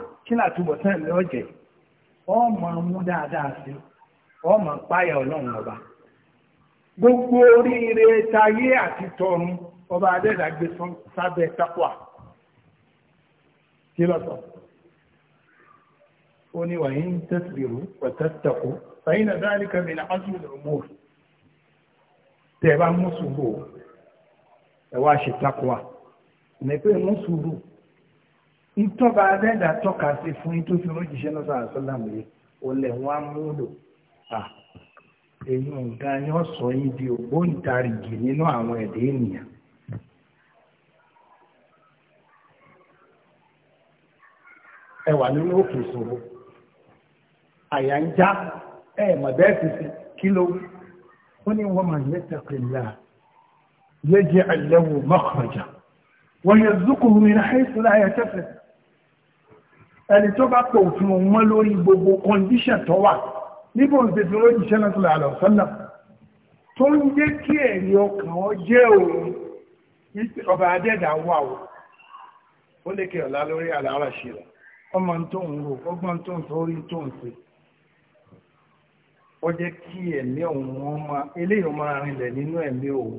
kí là túbọ̀ tán ẹ̀mí ọ̀jẹ̀ ọmọ mú dáadáa sí ọmọ páyà ọlọ́run ọba gbogbo oríire tayé àti tọ̀run ọba adẹ́dà gbé sábẹ́ tápà kí lọ sọ ó ní wàyí ń tẹ̀sìrò pẹ̀tẹ́tẹ̀kù fàyín náà dáa ní kẹ́mi náà ọ́sùn ìlú mọ́ọ̀rù tẹ̀ bá mú sùúrù ẹ̀ wá ṣe tápà ní mú sùúrù ìtọ́ba adẹ́dà tọ́ka sí fún yín tó fi rọ́jìṣẹ́ lọ́sọ̀ àṣọlámù yìí olè wọn múlò èyí nǹkan yóò sọ yín di ògbóǹtarìgì nínú àwọn ẹ̀dẹ́ ènìyàn. ẹ wà nínú òkè ìṣòro àyà ń já ẹ mọ̀ bẹ́ẹ̀ fi sí kí ló ó ní wọ́n máa yẹ tẹ̀kẹ̀lá yẹ àlẹ́wò mọ́kànjá wọ́n yẹ zùkùnrin náà ṣe é sọ́lá ayẹ̀tẹ́fẹ̀ẹ́ ẹni tó bá pọ̀ òfin òun mọ́ lórí gbogbo kọndíṣẹ̀ tó wà níbo ń ṣe dúró ìṣẹ́ náà sọ̀rọ̀ àlọ́ sọ́nà tó ń jẹ́ kí ẹ̀rí ọkàn ọ jẹ́ òun ọba adẹ́dà wà ó ó lékè ọ̀la lórí àlàárà ṣe rẹ̀ ọmọ tó ń rò ọgbọ́n tó ń sórí tó ń ṣe ó jẹ́ kí ẹ̀mí òun wọn máa eléyìí ọmọ arìnlẹ̀ nínú ẹ̀mí òun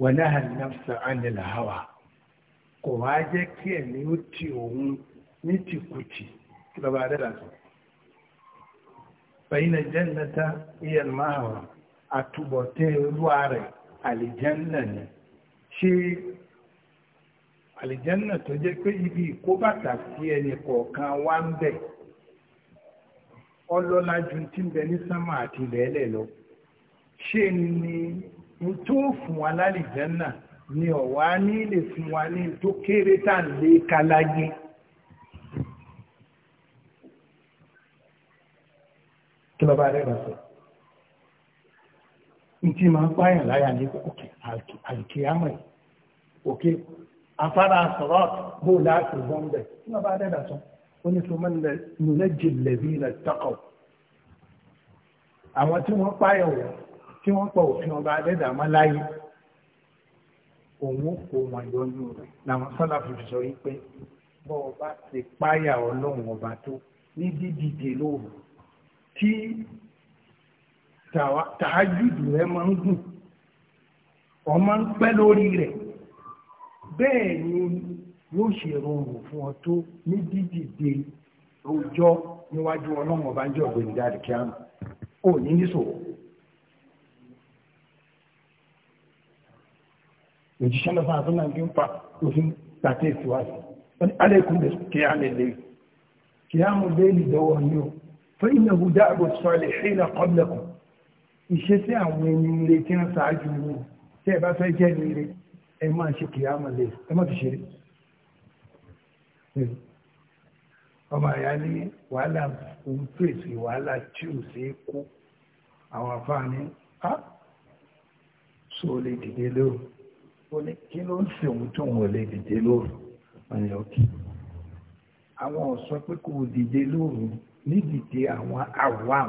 wọ̀nà àìnáfsà ánìlà hàwà kò wá jẹ́ kí ẹ̀mí ó ti òun ní tìkùtì kí lọ́ba adẹ́dà sọ fẹ̀yìn jẹ́nẹ́ta iyan máhàwá àtúbọ̀tẹ́ olúwa rẹ̀ àlìjẹ́nà ni ṣé àlìjẹ́nà tó jẹ́ pé ibi ìkóbàtà sí ẹnì kọ̀ọ̀kan wá ń bẹ̀ ọlọ́lá ju tí bẹ ní sánmà àti ilẹ̀ẹ́lẹ̀ lọ ṣé ni n tó fún wa lálìjẹ́nà ni ọ̀wá ní lè fún wa ní tó kéré tá à ń lé kí lọ́ba rẹ̀ rà sọ. Ntí máa ń pààyàn láyà ní òkè àìkíyàmọ̀ yìí. Òkè afárá sọ̀rọ̀ bó láti gbọ́n bẹ̀. Kí lọ́ba rẹ̀ rà sọ. Ó ní sọ mọ́ni lẹ nùlẹ̀ jìnlẹ̀ bí lẹ tọkọ̀. Àwọn tí wọ́n pààyàn wọ̀ tí wọ́n pọ̀ òfin ọba adẹ́dà máa láyé. Òun kò wọ́n yọnu rẹ̀. Làwọn sọ́lá fi sọ yí pé bọ́ọ̀ bá ti pààyà ọlọ́run ọba tó ní dídìde lóòrùn tí tàájùdù rẹ máa ń gùn ọ máa ń pẹ́ lórí rẹ̀ bẹ́ẹ̀ ni yóò ṣe rọrùn fún ọ tó ní dídìde ọjọ́ níwájú ọlọ́run ọba ń jẹ́ ọ̀gbẹ́ni dáadé kí á mọ̀ ò ní níṣòro. òjíṣẹ́ lọ́fà àtúnà náà ń fa òfin tàtẹ́ ìtìwájú. wọ́n ní alẹ́ kúndé kí á lè lè kí á mú bẹ́ẹ̀lì dọ́wọ́ ní o. فإنه دعب الصالحين قبلكم ìṣesí àwọn ẹni ire tí wọ́n ṣáájú wọn tẹ́ ẹ bá fẹ́ jẹ́ ẹni ire ẹ máa ṣe kìyàmọ̀ lè ẹ má fi ṣeré ọmọ àyà ní wàhálà òun pèsè wàhálà tí ò sí kú àwọn afáàní á so ó lè dìde lóru ó ní kí ló ń ṣe òun tó òun lè dìde lóru wọn ni àwọn ọ̀sọ́ pé kò dìde lóru nídìde àwọn awam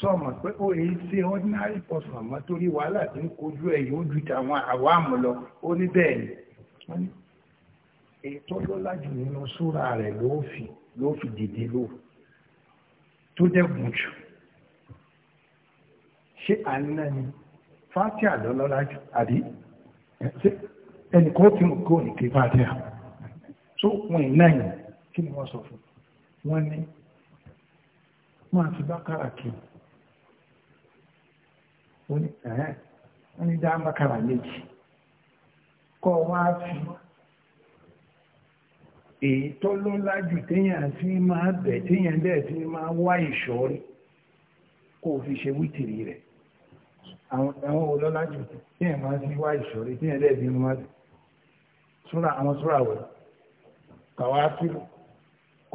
sọmọ pé ó èyí ṣe ordinary person àmọ́ torí wàhálà tí ń kojú ẹ̀ yóò ju tàwọn awam lọ ó ní bẹ́ẹ̀ ni wọ́n ní ètò lọ́lá jù nínú súra rẹ̀ ló fi ló fi dìde lò tó dẹ́gùn jù ṣé àná ni fátíà lọ́lọ́lá jù àbí ẹnì kan tí mo kó ní pé fátíà tó wọn ì náà yìí kí ni wọ́n sọ fún un. wọ́n ní máa bákàrà kí ẹ̀ẹ́ bákàrà méjì kọ́ wá fi èyí ló lájù fi máa bẹ̀ téèyàn dẹ̀ fi máa wá ìṣọ́rí kó fi ṣe wítìrì rẹ̀ àwọn olólájù máa fi wá dẹ̀ fi máa àwọn wẹ̀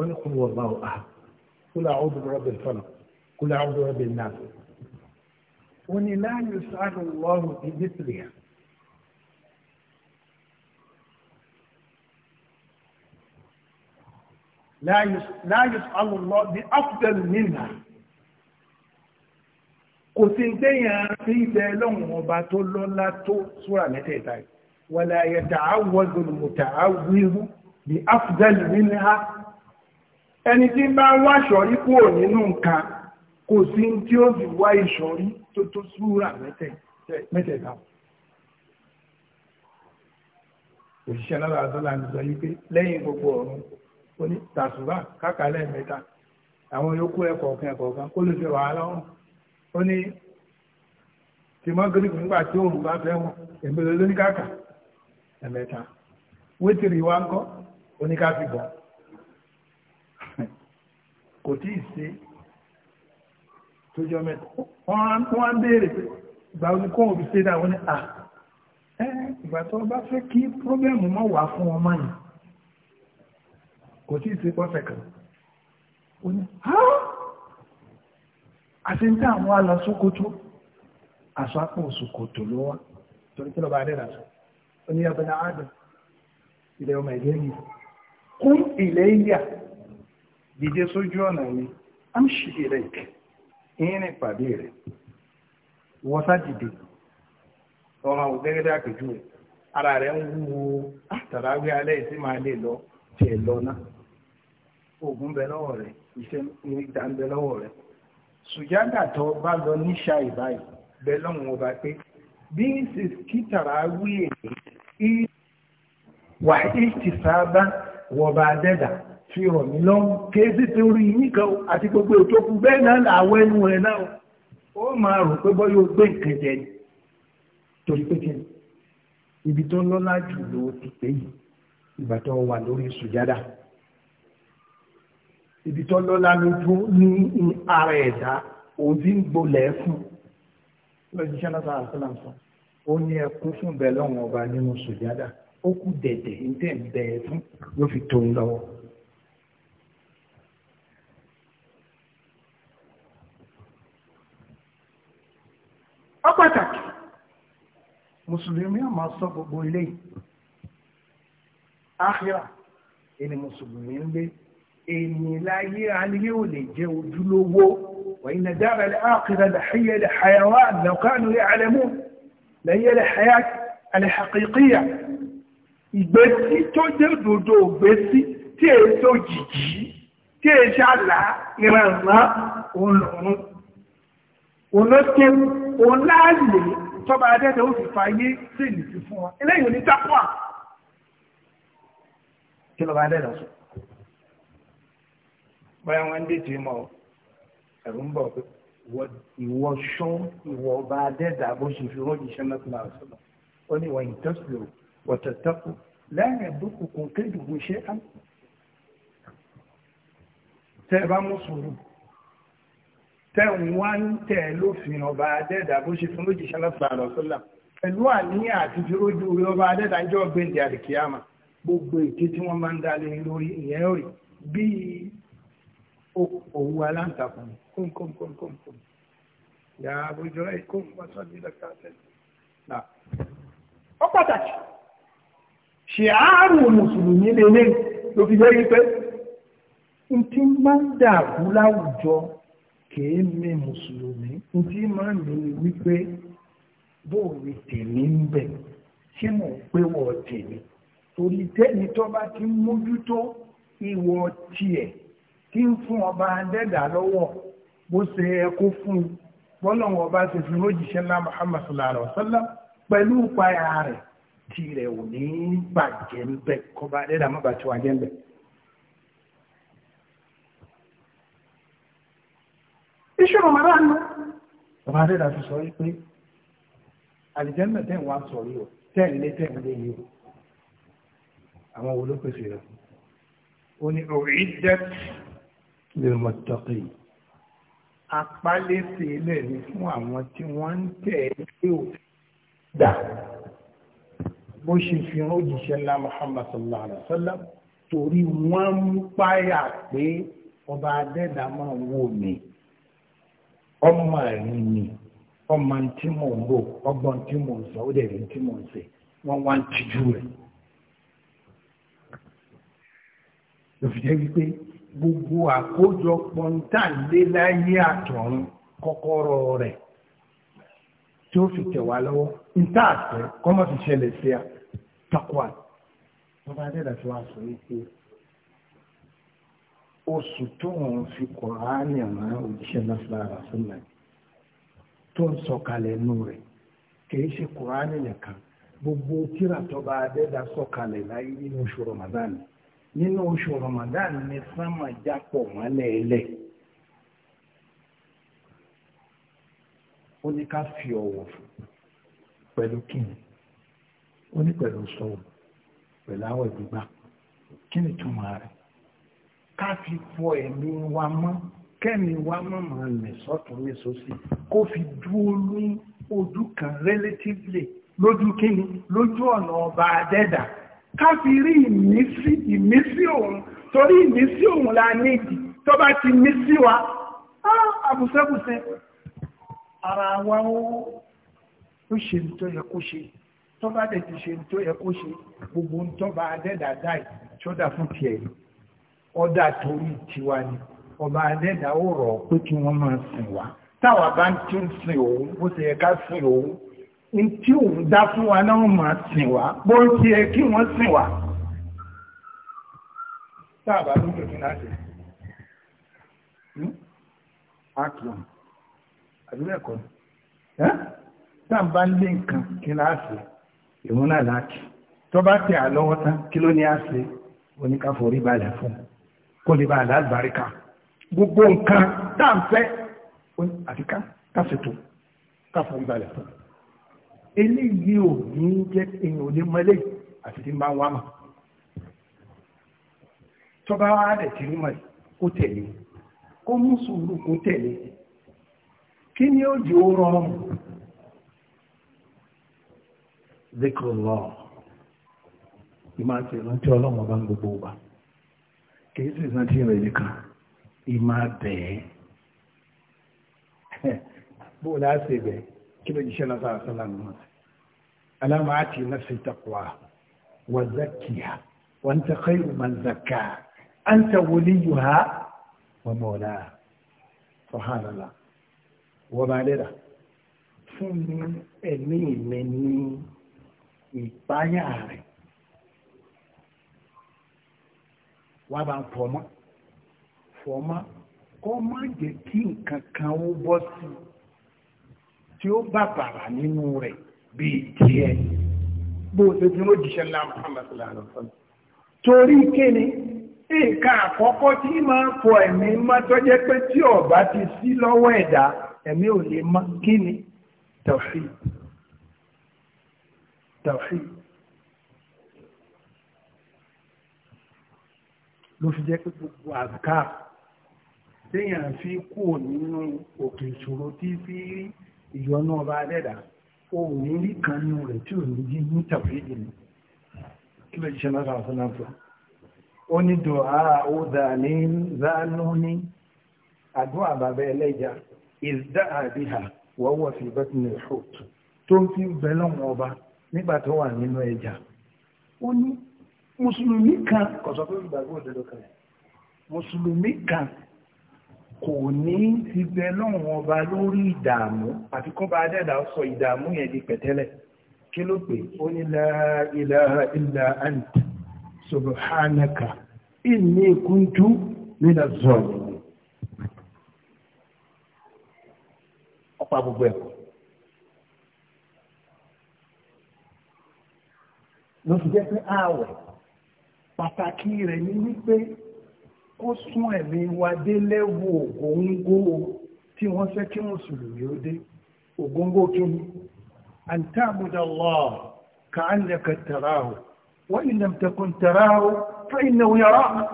هو الله احد قل أعوذ برب الفلق قل أعوذ برب الناس وني لا يسأل الله بمثلها لا لا يسأل الله بأفضل منها وسنتين في دلون وباتول لا تو سورة ولا يتعوذ المتعوذ بأفضل منها ẹni tí bá ń wá ṣọ́rí kúrò nínú nǹkan kò sí tí ó fi wá ìṣọ́rí tó tó súra mẹ́tẹ̀ẹ̀ta òṣìṣẹ́ lára àdọ́là ń sọ wípé lẹ́yìn gbogbo ọ̀run ó ní tàṣùbà kákàlẹ̀ mẹ́ta àwọn yòókù ẹ̀kọ̀ọ̀kan ẹ̀kọ̀ọ̀kan kó ló ṣe wàhálà ọ̀run ó ní tìmọ́gírìkì nígbà tí òòrùn bá fẹ́ wọn èmi lóní ẹ̀mẹ́ta wétìrì wa ń kọ́ oníkàfíbọ̀ kò tí ì ṣe tó jọ mẹ́ta wọ́n wá ń béèrè pé ìgbà omi kóhùn fi ṣe dáa wọ́n ní à ẹ́ ìgbà tó bá fẹ́ kí pírọ́bẹ̀mù mọ́ wà fún wọn mọ́ yìí kò tí ì ṣe pọ́fẹ̀ kan ó ní á àti ní àwọn alọ Sókótó àṣọ àpò Sókótó ló wá torí kí lọ́ba adẹ́rẹ́ àṣọ ó ní ọbẹ̀ náà ilẹ̀ ọmọ ìlẹ́yìn kún ìlẹ́yìn dìde sójú ọ̀nà mi am ṣìdí rẹ̀ ìrìn pàdé rẹ̀ wọ́sá dìde ọmọ àwọn gẹ́gẹ́dẹ́ àpèjú rẹ̀ ara rẹ̀ ń wúwo àtàràwé ah, alẹ́ ìsí máa lè lọ tiẹ̀ lọ náà oògùn bẹ lọ́wọ́ rẹ̀ iṣẹ́ níta ń bẹ lọ́wọ́ rẹ̀ sùjádà tó bá lọ níṣà ìbáyìí bẹ lọ́wọ́ ọba pé bí ń ṣe kí fi rọ̀ mí lọ́wọ́ kéèsì tí ó rí nìkan àti gbogbo ètò kù bẹ́ẹ̀ náà làwọ̀ ẹnu rẹ̀ náà ó máa rò pé bọ́ yóò gbé nǹkan jẹ ni torí pé kí ibi tó lọ́lá jù ló ti pé yìí ìgbà tó wà lórí sùjádà ibi tó lọ́lá lójú ní ara ẹ̀dá òun ń gbolẹ̀ fún lọ́jíṣẹ́ náà sáà sílẹ̀ sọ ó ní ẹkún fún bẹ́ẹ̀ lọ́wọ́n ọba nínú sùjádà ó kú dẹ̀dẹ̀ ní tẹ̀ bẹ́ẹ̀ fún ló fi tó ń lọ́wọ́. ó pàtàkì mùsùlùmí àmà sọ gbogbo ilé àhírà ẹni mùsùlùmí ń gbé ẹni láyé ayé ò lè jẹ ojúlówó wàyí nà dára lè àkìrà lè xayé lè xayàwá àdàkánu lè àlẹmú lẹ́yẹ lè xayá àlẹxàkìkìyà ìgbésí tó jẹ dòdò ògbésí tí èyí tó jìjì tí èyí ṣàlà ìrànlá òun lòun òun ló kéwù. òun láàyè tọ́ba adẹ́tẹ̀ ó fi fàyè sí ìlìsí fún wọn eléyìí ò ní dápọ̀ à kí lọ́ba adẹ́tẹ̀ sọ báyọ̀ wọn dé tì í mọ́ ẹ̀rù ń bọ̀ pé ìwọ ṣọ́ ìwọ ọba adẹ́tẹ̀ bó ṣe fi rọ́ọ̀dì iṣẹ́ mẹ́tìlá ọ̀sọ̀lọ̀ ó ní ìwọ ìtọ́sílò wọ̀tẹ̀tẹ́kù lẹ́yìn ẹ̀dókùnkùn kéjì gbèsè á tẹ́ ẹ bá mú sùúrù tẹ́hùn wá ń tẹ̀ lófin ọba adẹ́dà bó ṣe fún lójì ṣálásà àlọ́sọ́là pẹ̀lú àníyàn àti dúrójú orí ọba adẹ́dà jọ gbẹ̀ndẹ̀ àríkíyàmà gbogbo ète tí wọ́n máa ń dalé lórí ìyẹn rí bí òwú aláǹtakùn kónkónkónkónkón yà á bójú rẹ̀ ní dr sẹ́yìn. ó pàtàkì ṣe àárò mùsùlùmí lélẹ́yìn ló fi jẹ́ rí pé n máa ń dààbò láwùjọ kìí mi mùsùlùmí tí máa mi ni wípé bóò ni tèmi ń bẹ̀ tí mò ń pé wọ̀ tèmi torí tẹ́ni tó bá ti ń mójútó ìwọ tiẹ̀ tí ń fún ọba adẹ́dà lọ́wọ́ bó ṣe ẹkú fún bọ́lọ̀wọ̀ bá ṣe fi rójìṣẹ́ ńlá Muhammad sallallahu alaihi wasallam pẹ̀lú ìpayà rẹ̀ tirẹ̀ ò ní bàjẹ́ ń bẹ̀ kọba adẹ́dà má bàjẹ́ wà ń bẹ̀. iṣẹ́ Ramadan nù. bàbá adé dàtú sọ wípé àlìjẹ́nà tẹ̀ ń wá sọ yìí o tẹ̀ ń lé tẹ̀ ń lé yìí o àwọn wo ló pèsè rẹ̀ ó ní u'iddat lil muttaqin apálẹ́sì ilẹ̀ ni fún àwọn tí wọ́n ń tẹ̀ ẹ́ ò dà bó ṣe fi hàn òjíṣẹ́ ńlá Muhammad sallallahu alaihi wa sallam torí wọ́n ń páyà pé ọba adẹ́dàá máa wò mí ọmọ rìn ni ọmọ tí mò ń lò ọgbọ́n tí mò ń sọ ó dẹ̀ rí tí mò ń ṣe wọ́n wá ń tijú rẹ̀. lòfìjẹ́ wípé gbogbo àkójọpọ̀ ń tàn lé láyé àtọ̀run kọ́kọ́rọ́ rẹ̀ tí ó fi tẹ̀ wá lọ́wọ́ ń tà àtẹ kọ́mọ́ fi ṣẹlẹ̀ sí a takwal. wọ́n bá dẹ́dà tí wọ́n á yìí pé oṣù tó ń fi kọ̀ránì rán òjíṣẹ́ lọ́sílára sílẹ̀ tó ń sọ̀kalẹ̀ nù rẹ̀ kìí ṣe kọ̀ránì nìkan gbogbo tíra tọba adẹ́dà sọ̀kalẹ̀ láyé nínú oṣù Ramadan nínú oṣù Ramadan ni sánmà jápọ̀ mọ́lẹ̀ ẹlẹ́ ó ní ká fi ọ̀wọ̀ pẹ̀lú kíni ó ní pẹ̀lú sọ̀rọ̀ pẹ̀lú àwọ̀ ìgbà kíni túmọ̀ rẹ̀ ká fi fọ ẹ̀mí wa mọ́ kẹ́mi wa mọ́ máa rìn sọ́tún ní sósì kó fi dúró ní ojú kan relatively lójú kíni lójú ọ̀nà ọba adẹ́dà ká fi rí ìmísí ìmísí òun torí ìmísí òun la nídìí tó bá ti mí sí wa àbùsẹ́bùsẹ́ ara wa ó ṣe tó yẹ kó ṣe tó bá dẹ̀ ti ṣe tó yẹ kó ṣe gbogbo ń tọ́ba adẹ́dà dáì tó fún tiẹ̀ yìí ọdá torí tiwa ni ọba adẹ́dà ó rọ̀ pé kí wọ́n máa sìn wá táwa bá ń tún sìn òun bó ṣe yẹ ká sìn òun ní tí òun dá fún wa náà máa sìn wá bó ṣe yẹ kí wọ́n sìn wá táàbà ló pè fún láti ákìlọ̀n hmm? àbílẹ̀kọ́ táàbà ń lé nǹkan kí láàṣẹ ìwọ́n náà láti tó bá tẹ̀ àlọ́wọ́ tán kí ló ní àṣẹ oníkàfọ́ orí balẹ̀ fún un kó lè bá àlàbáríkà gbogbo nǹkan dáǹfẹ́ àfikà káṣètò káfọ́n balẹ̀ fún eléyìí ò ní jẹ́ èèyàn ò ní mọ́lẹ̀ àti tí ń bá ń wá mà tọ́ba wa rẹ̀ ti rí mọ̀ kó tẹ̀lé kó mú sùúrù kó tẹ̀lé kí ni ó jẹ́ ó rọrùn zikrullah ìmáa ti rántí ọlọ́run ọba ń gbogbo ọba kìí sì san tí rẹ̀ nìkan ìmá bẹ̀ẹ́ <laughs> bó láti bẹ̀ kí ló jíṣẹ́ náà sára sọ́lá nù alama ati nafsi taqwa wa zakkiha wa anta khayru man zakkaha anta waliyuha wa mawlaha subhanallah wa ba dira fún ẹ̀mí mi ní ìpáyà rẹ̀ wá bá ń fọmọ́ fọmọ́ kọ́ má jẹ́ kí nǹkan kan ó bọ́ sí tí ó bá bàrà nínú rẹ̀ bíi díẹ̀ bó o ṣe fi ó jíṣẹ́ ńlá Muhammad sallallahu alaihi wasallam torí kéne nǹkan àkọ́kọ́ tí máa ń fọ ẹ̀mí má tó jẹ́ pé tí ọ̀bá ti sí lọ́wọ́ ẹ̀dá ẹ̀mí ò lè má kíni tawhid tawhid. ló fi jẹ́ pé gbogbo àzùká téèyàn fi kú nínú òkè ìṣòro tí fi rí ìyọnú ọba adẹ́dà ohun ìrí kan nínú rẹ̀ tí ò ní jí ní tàfíìdì ni kí ló jíṣẹ́ lọ́sọ̀ àwọn sọ́nà tó ó ní dùn àá ó dà ní zánú ní àdúrà bàbá ẹlẹ́jà ìdá àbíhà wọ́wọ́ sí bẹ́tìnì ìṣòtù tó ń fi bẹ́lọ́wọ́ ọba nígbà nínú ẹja ó ní mùsùlùmí kan kò sọ pé ìgbàgbọ́ òdodo kan mùsùlùmí kan kò ní ti bẹ lọ́wọ́n ọba lórí ìdààmú àti kọ́ bá dẹ́dà sọ ìdààmú yẹn di pẹ̀tẹ́lẹ̀ kí ló pé ó ní la ilaha illa ant subhanaka inni kuntu minaz zalimin ọ̀pá gbogbo ẹ̀kọ́ ló fi jẹ́ pé ààwẹ̀ pàtàkì rẹ̀ ni wípé kó sún ẹ̀mí wa dé lẹ́wọ̀ ògóńgó tí wọ́n fẹ́ kí mùsùlùmí ó dé ògóńgó kí ni an ta'budu Allah ka'annaka tarahu wa in lam takun tarahu fa innahu yaraka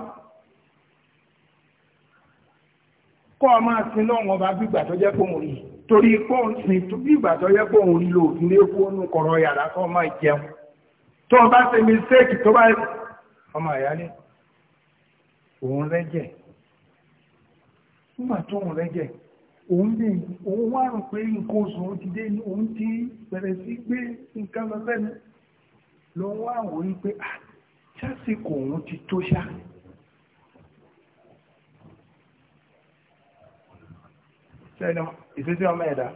kọ́ ọ máa sin bá bí ìgbà jẹ́ kó rí torí kó ń sin bí ìgbà jẹ́ kó rí lòdì lé kó nù kọ̀rọ̀ yàrá kọ́ máa jẹun tó bá ṣe mistake tó bá ọmọ àyálé òun rẹ́jẹ̀ nígbà tó òun rẹ́jẹ̀ òun bí òun wá rò pé nǹkan oṣù òun ti dé òun ti bẹ̀rẹ̀ sí gbé nǹkan lọ lẹ́nu ló ń wá wòye pé ah, ṣásìkò òun ti tó ṣá sẹ́nu ìṣesí ọmọ ẹ̀dá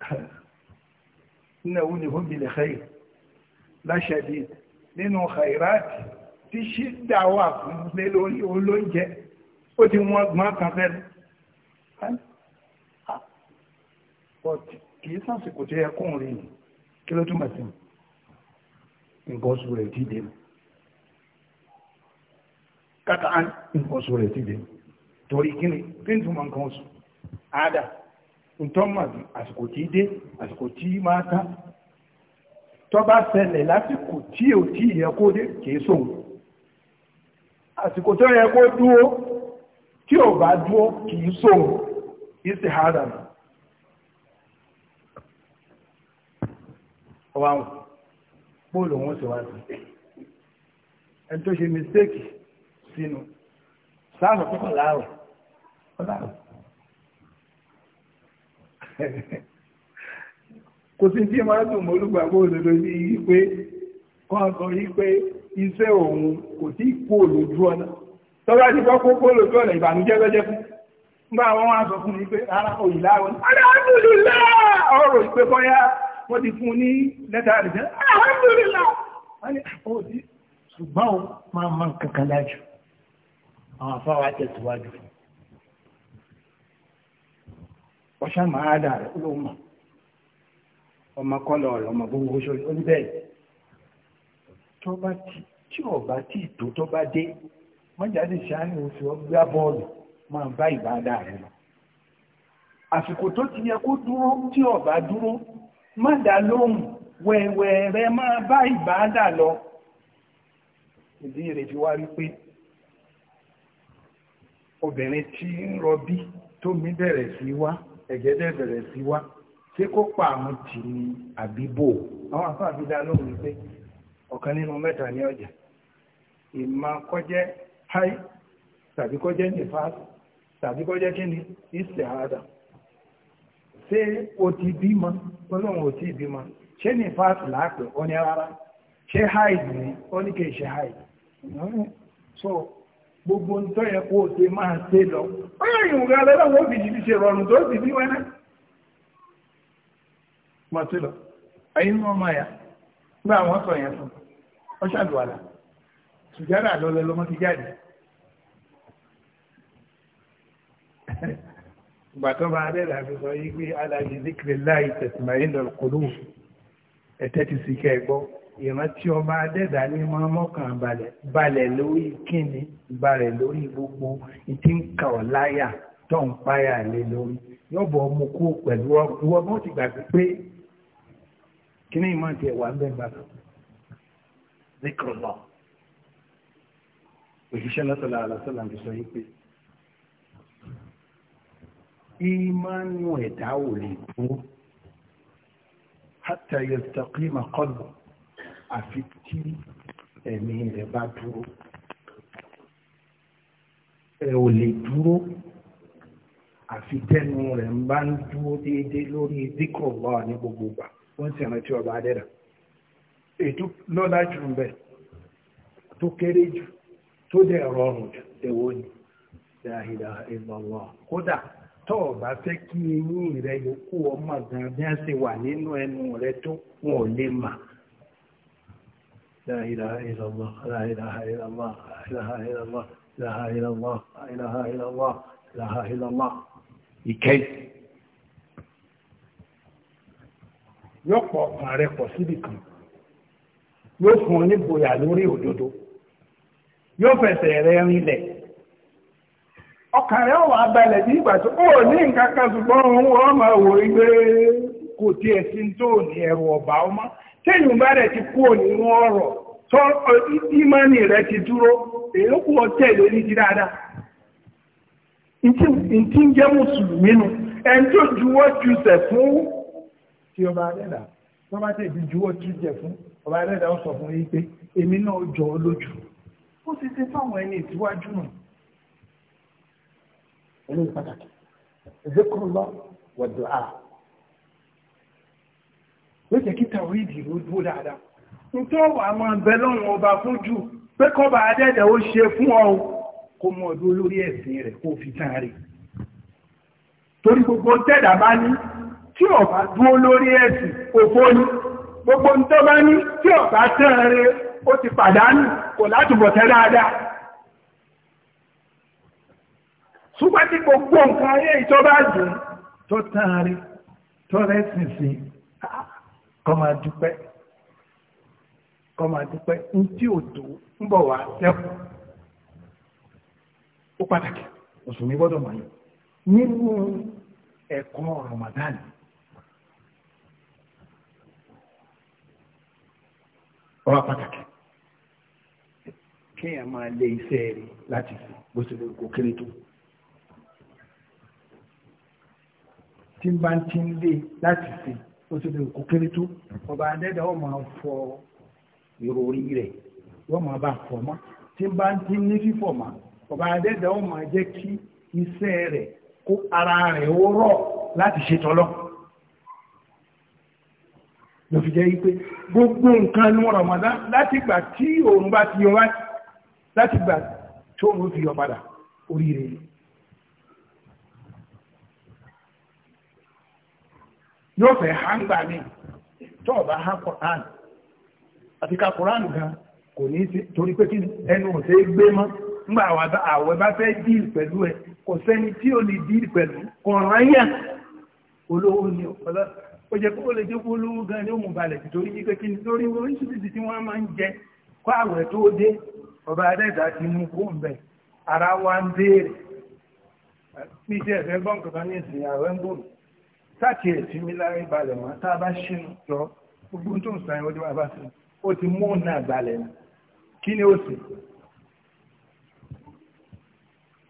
<laughs> nínú ẹ̀wù ni fún bilẹ̀ xẹ́yìn láṣẹ̀dì nínú khairati tí ṣídà wà fún lé lórí olóúnjẹ ó ti wọ́n gbọ́n kan fẹ́rẹ́ kìí sásìkò tí ẹkùn rí ní kí ló túnmọ̀ sí nǹkan oṣù rẹ̀ dìde kátà án nǹkan oṣù rẹ̀ dìde torí kí ni kí n túnmọ̀ nǹkan oṣù àsìkò tí dé àsìkò tí máa tán tó bá ṣẹlẹ̀ lásìkò tí ò tí yẹ kó dé kìí sóhun àsìkò tó yẹ kó dúó tí ò bá dúó kìí sóhun ìsìhádà nù ọwáhùn bóòlù wọn sì wá sí ẹni tó ṣe mistake sínú sáàmù púpọ̀ láàrùn ọláàrùn <laughs> kò sí tí máa dùn mọ́ olùgbàgbọ́ òdodo sí yí pé wọ́n sọ yí pé iṣẹ́ òun kò tí kó lójú ọ̀nà tọ́lá ti kọ́ kó lójú ọ̀nà ìbànújẹ́ lọ́jẹ́ fún nígbà wọn wá sọ fún mi pé ara òyìnlá wọn aláàbùdùlá ọ̀rọ̀ ìpé bọ́yá wọ́n ti fún ní lẹ́tà àdìjẹ́ aláàbùdùlá ṣùgbọ́n máa máa ń kankan dájú ọmọ kọlọ rẹ ọmọ gbogbo sórí ó ní bẹ́ẹ̀ tọba tí ọba tí ìtò tọba dé wọn jáde ṣáájú oṣù ọgbà bọ́ọ̀lù máa bá ìbáadá rẹ lọ àsìkò tó ti yẹ kó dúró tí ọba dúró má dá lóhùn wẹ̀wẹ̀ rẹ máa bá ìbáadá lọ ìdí rẹ fi wá rí pé obìnrin tí ń rọbí tómi bẹ̀rẹ̀ sí wá ẹ̀gẹ́dẹ̀ bẹ̀rẹ̀ sí wá. ṣé kó pa àwọn tì ní àbíbò àwọn àfáàfi dá lóhùn wípé ní ọjà ìmá kọjẹ́ háì tàbí kọjẹ́ nìfàs tàbí kọjẹ́ kíni ìsìláàdà ṣé o ti bímọ tí ì bímọ ṣé nìfàs làápẹ̀ ó ní rárá ṣé ni ó ní ṣe so gbogbo o ti máa ṣe ṣe rọrùn tó mọ́tò lọ ẹ̀yin ni wọ́n máa yà nígbà àwọn sọ yẹn fún ọ ṣàlùwàlà ṣùgbọ́n àlọ́lẹ́ lọ́mọ ti jáde ìgbà tó bá adé làbí sọ yí pé aláàjì zikiri láì tẹ̀sìmọ̀ yín lọ́rọ̀ kúrò ẹ̀tẹ́ ti sì kẹ́ ẹ gbọ́ ìrántí ọba adẹ́dà ní máa mọ́kàn balẹ̀ balẹ̀ lórí kíni balẹ̀ lórí gbogbo ìtí ń kà ọ́ láyà tó ń páyà lé lórí yọ̀bọ̀ ọmọ pẹ̀lú ọgbọ́n ti gbàgbé kí ní ìmọ̀ àti ẹ̀wà ń bẹ́ gbà náà zikrullah òṣìṣẹ́ lọ́sọ̀lá àlọ́sọ̀lá ti sọ yí pé ìmánu ẹ̀dá ò lè tó hatta yastaqima qalbu àfi tí ẹ̀mí rẹ̀ bá dúró ẹ ò lè dúró àfi tẹnu rẹ̀ ń bá ń dúró déédéé lórí zikrullah ní gbogbo gbà wọ́n sì rántí ọba adẹ́dà ètò lọ́lá jù ń bẹ tó kéré jù tó dẹ̀ rọrùn jù èwo ni dáhìdá ìlọ́wọ́ kódà o ọba fẹ́ kí eyín rẹ yòókù ọmọ gan bí wọ́n ṣe wà nínú ẹnu rẹ tó wọn ò lè mà dáhìdá ìlọ́wọ́ dáhìdá ìlọ́wọ́ dáhìdá ìlọ́wọ́ dáhìdá ìlọ́wọ́ dáhìdá ìlọ́wọ́ ìkẹyìn. yọpọ pọ̀ ọkàn rẹ pọ̀ síbì kan yóò fún ọ nígboyà lórí òdodo yóò fẹsẹ rẹ rinlẹ̀ ọkàn rẹ wà balẹ̀ bí ìgbà tó ó ní nǹkan kan ṣùgbọ́n òun wọ́n máa wò ó gbé kò tiẹ̀ sí tó ní ẹ̀rù ọ̀bà ọmọ téèyàn bá rẹ̀ ti kú nínú ọ̀rọ̀ tó ìmánì ti dúró èyí kú ti dáadáa ntí ń jẹ́ mùsùlùmí nu tó juwọ́ fún sí ọba adẹ́dà tó bá tẹ̀ ìbí juwọ́ tí jẹ fún ọba adẹ́dà ó sọ fún yí pé èmi náà jọ ọ lójú ó sì ṣe fáwọn ẹni ìtíwájú nù ẹni pàtàkì zikrullah wa du'a ló jẹ́ kí tàwídì ló dúró dáadáa nítorí ọ̀wà máa bẹ lọ́rùn ọba fún jù pé kọ́ba adẹ́dà ó ṣe fún ọ kó mọ ọdún lórí ẹ̀sìn rẹ̀ kó fi tán rí torí gbogbo tẹ́dà bá ní tí ọ̀bá dúó lórí ẹ̀sìn òfó ní gbogbo ń tó bá ní tí ọ̀bá tẹ́rẹ ó ti pàdánù kò látùbọ̀ tẹ́ dáadáa tí gbogbo nǹkan ayé ìjọba jù tó tẹ́rẹ tó rẹ́sìn sí kó dúpẹ́ dúpẹ́ tí ò tó ọwá pàtàkì kéèyàn máa lé iṣẹ́ rí láti fi bó ṣe lè kó kéré tó tí n bá ń tí ń lé láti fi bó ṣe lè kó kéré tó ọba adẹ́dàá ó máa fọ ìròrí rẹ̀ wọ́n máa bá fọ̀ mọ́ tí n bá ń tí ní fífọ̀ mọ́ ọba adẹ́dàá ó jẹ́ kí iṣẹ́ rẹ̀ kó ara rẹ̀ ó láti ṣe tọ́lọ́. ló fi jẹ́ wípé gbogbo nǹkan ní Ramadan láti gbà tí bá ti yọ wá láti gbà tí òun fi yọ padà oríire yóò fẹ́ hàngbà ní tó ha hàn àti ká Qur'an gan kò ní sí torí pé kí ẹnu ò gbé mọ́ àwẹ̀ bá fẹ́ pẹ̀lú ẹ kò sẹ́ni tí lè ni ọ̀pọ̀lọpọ̀ ó jẹ́ kó lè jókòó lówó gan ni ó mú balẹ̀ torí wípé kí ni lórí oríṣiríṣi tí wọ́n máa ń jẹ kó àwẹ̀ tó dé ọba adẹ́gà ti mú kó ń bẹ̀ ara wa ń béèrè bí iṣẹ́ ẹ̀fẹ́ gbọ́n ní ìsìn àwẹ̀ ń gbòòrò sáàkì ẹ̀sìn mi láàrin balẹ̀ mọ́ tá a bá ṣínú lọ gbogbo tó ń sàn yẹn ó dé wá bá sí ó ti mú òun náà balẹ̀ ni kí ni ó sì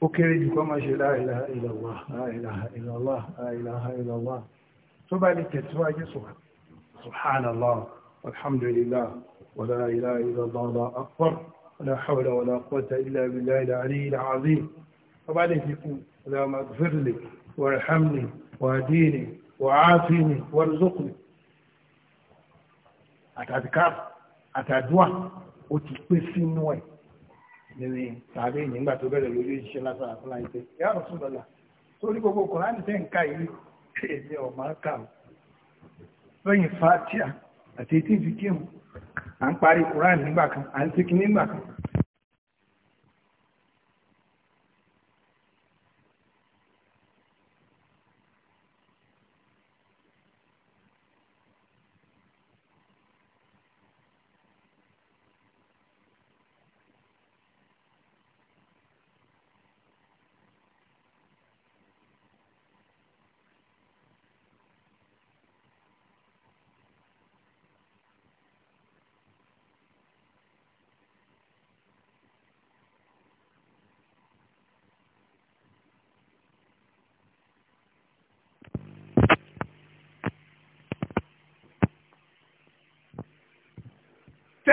ó kéré jù kọ́ máa ṣe la ilaha illallah la ilaha illallah la ilaha illallah tó bá lè tẹ̀síwájú subhanallah alhamdulillah wàlá ilá ilá lọ́lá akbar wàlá hawla wàlá quwwata illa billahi al-ali al-azim tó bá lè fi kún wàlá magfirli warhamni wadini wàáfini warzuqni àtàdìkáp àtàdúà ó ti pé sínú ẹ̀ nínú tàbí nígbà tó bẹ̀rẹ̀ lórí iṣẹ́ lásán àfúnláyé pé yàrá sùn lọ́la torí gbogbo kòránì tẹ́ ń ká èmi ọ̀má kà ó lẹ́yìn àti à ń parí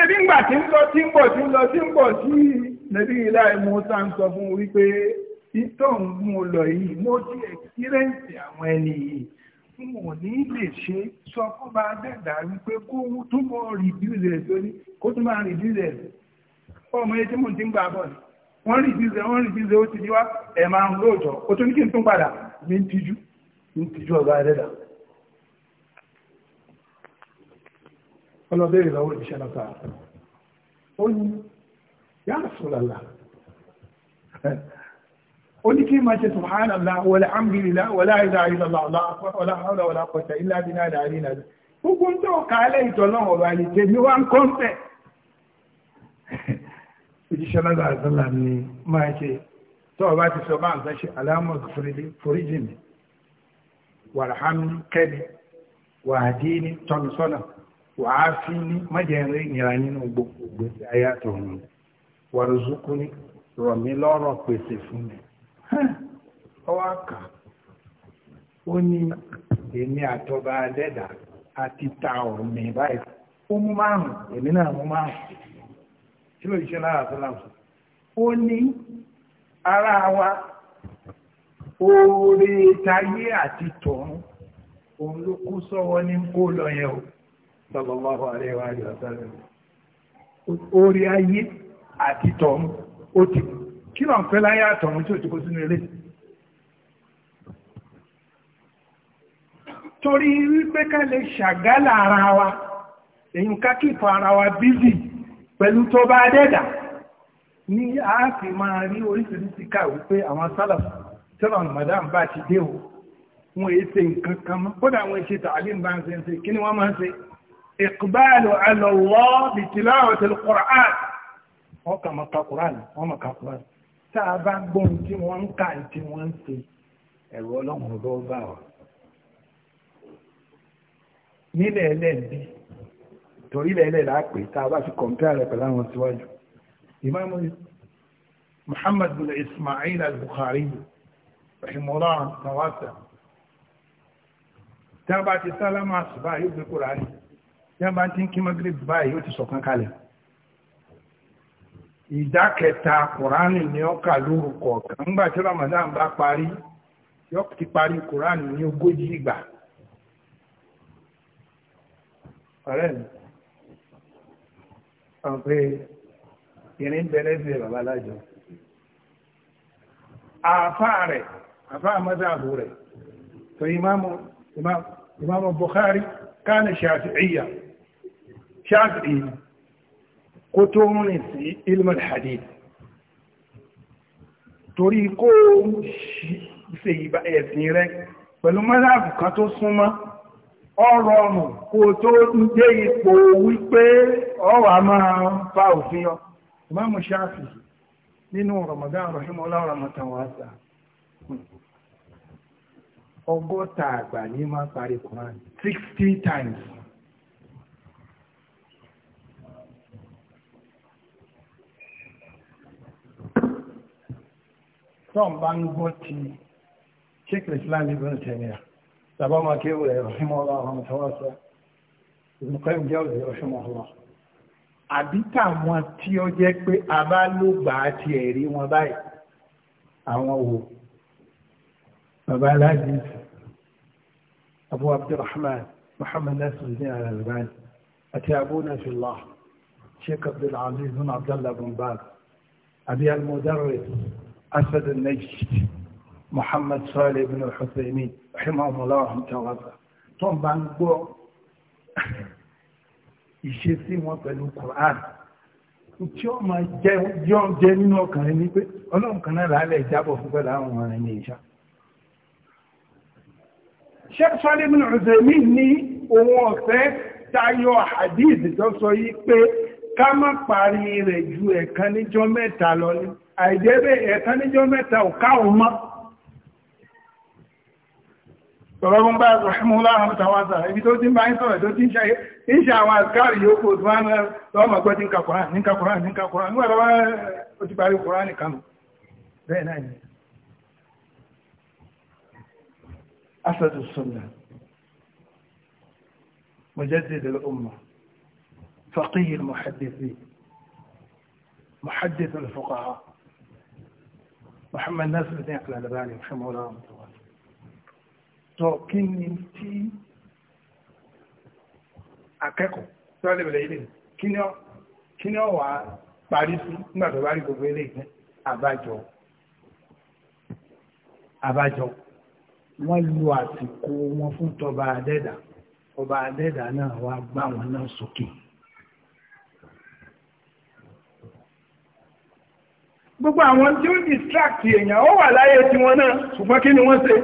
Ṣébí ńgbà tí ń lọ tí ń bọ̀ tí ń lọ tí ń bọ̀ sí nàbí ilá ẹ̀mú tá ń sọ fún wípé títọ́ ń mú un lọ yìí mo ti ẹ̀kírẹ́ǹsì àwọn ẹni yìí n ò ní lè ṣe sọ fún bá dẹ̀dà wípé kó tún mọ́ rìdíùsì rẹ̀ kó tún máa rìdíùsì rẹ̀ ọmọ ẹtí mò ń ti ń gbà bọ̀ wọ́n rìdíùsì wọ́n rìdíùsì ó ti di wá ẹ̀ máa ń lóòjọ́ ó tún ní kí n tún padà ní ń tijú ní ń tijú ọ̀gá dẹ̀dà. ọlọ́bẹ̀rẹ̀ lọ́wọ́ ìṣẹ́ lọ́ta ó ní yá sọ́lọ́lá <laughs> ó ní kí máa ṣe subhanallah wala hamdulillah wala ilaha illallah wala hawla wala quwwata illa billahi àárín náà gbogbo ń tọ́ kàálẹ̀ ìtọ́lọ́ ọ̀rọ̀ àyíké ní wá ń kọ́ ń bẹ̀ <laughs> òjíṣẹ́ lọ́dọ̀ àtọ́lá ni máa ṣe tọ́ ọ bá ti sọ bá ń sọ aláàmọ̀ foríjì mi kẹ́mi wàhádìí ní tọ́nù wàá fi ní májẹ̀rin ìnira nínú gbogbo gbèsè ayàtọ̀ mi wàrúzúkú ní rọ̀ mí lọ́rọ̀ pèsè fún mi ọwọ́ àkà ó ní èmi àtọ́ba adẹ́dà àti ta ọ̀mì báyìí ó mú márùn èmi náà mú márùn tí ó ṣe lára tó láàmù ó ní ara wa oore tayé àti tọ̀run òun ló kú sọ́wọ́ ní kó lọ yẹn o sallallahu alaihi wa sallam orí ayé àti tọ̀run ó ti kí ló ń fẹ́ láyé àtọ̀run tí ò ti kó sínú ilé torí wípé ká lè ṣàgálà ara wa èyí ká kíkọ̀ ara wa bízì pẹ̀lú tó bá dẹ́dà ní ààfì máa rí oríṣiríṣi ká wípé àwọn sálàf tẹ́lọ̀ madam bá ti dé wọn èé ṣe nǹkan kan mọ́ kódà wọn ṣe tààlí ń bá ń ṣe ń ṣe kí ni wọ́n máa ń ṣe ìkbáàlù alọ́wọ́ bí tìláwọ̀ tẹ̀lé kọ̀rán wọ́n kà máa ka kọ̀rán wọ́n máa ka kọ̀rán tá a bá gbọ́n tí wọ́n ń kà tí wọ́n ń ṣe ẹ̀rọ ọlọ́run ló bá wa nílẹ̀ ẹlẹ́ẹ̀bí torí ilẹ̀ ẹlẹ́ẹ̀ láàpẹ̀ tá a bá fi kọ̀ǹpẹ́ rẹ̀ pẹ̀lú àwọn síwájú ìmáàmù Muhammad bin Ismail al-Bukhari rahimahullah tawasa tí a bá ti sálámà àṣùbà yóò fi Kùránì yẹn bá ti ń kí magrib báyìí ó ti sọ̀kan kalẹ̀ ìdá kẹta kùránì ni ó kà lóru kọ̀ọ̀kan nígbà tí ramadan bá parí yóò ti parí kùránì ní ogójì ìgbà ọ̀rẹ́ mi àwọn pé ìrìn bẹ̀rẹ̀ sí bàbá lájọ àfáà rẹ̀ àfáà mọ́sáàbù rẹ̀ tó ìmáàmù Bukhari kánà Shafi'iyya Shafi'i kó tó rìn sí ilmul hadith torí kó ṣe ìbá ẹ̀sìn rẹ pẹ̀lú mọ́láàbù kan tó súnmọ́ ọ̀rọ̀ ọ̀rùn kó tó ń dé ipò wípé ọwà fa òfin ọ Imam Shafi'i ninu Ramadan rahimola Ramadan wasa ọgọ́ta àgbà ní ma parí Quran 60 times tọ́n bá ń gbọ́ ti sheikh islam ibn taymiya sábà máa kéwù rẹ̀ rahimahullah àwọn tọ́wọ́sọ ibn qayyim jawzi rahimahullah àbí táwọn tí ó jẹ́ pé a bá ló gbà á ti ẹ̀rí wọn báyìí àwọn wo bàbá aláàjì abu abdulrahman muhammad nasiruddin al-albani àti abu nasirullah sheikh abdulaziz bin abdullah bin baz àbí al أسد النجد محمد صالح بن الحسيمين رحمه الله رحمة الله tó ń bá ń gbọ́ ìṣesí wọn pẹ̀lú Qur'an tí ó máa jẹ́ jẹ́ nínú ọkàn rẹ̀ ní pé ọlọ́run kan náà lálẹ́ ìjábọ̀ fún pẹ̀lú àwọn ọmọ rẹ̀ ní ìṣá Sheikh Salih ibn Uthaymeen ní ohun ọ̀fẹ́ tayọ hadith tó sọ yí pé ká má parí rẹ̀ ju ẹ̀kan níjọ́ mẹ́ta lọ ní àìjẹ́bẹ̀ ẹ̀ẹ̀kan níjọ́ mẹ́ta ò káwọn mọ́ sọ̀rọ̀gún bá rọ̀ṣùmúlá àwọn tàwátà ibi tó ti ń bá ń sọ̀rọ̀ tó ti ń ṣe àwọn àkárì yóò kò tó wọ́n lọ́mọ̀ gbọ́ tí ń ka kùrán ní ka kùrán ní ka kùrán nígbàtà wá Muhammad Nasir ní àlàlàbáni ṣàmọ́lá ọmọdéwà tọ́ kí ni tí akẹ́kọ̀ọ́ sọ́lẹ̀bẹ̀lẹ̀ ilé kí ni ọ wà parí sí nígbàtọ̀ bá rí gbogbo ilé ìgbẹ́ àbájọ àbájọ wọ́n lu àsìkò wọn fún tọba adẹ́dà ọba adẹ́dà náà wá gbá wọn náà gbogbo àwọn tí ó distract èèyàn ó wà láyé tí wọ́n náà ṣùgbọ́n kí ni wọ́n ṣe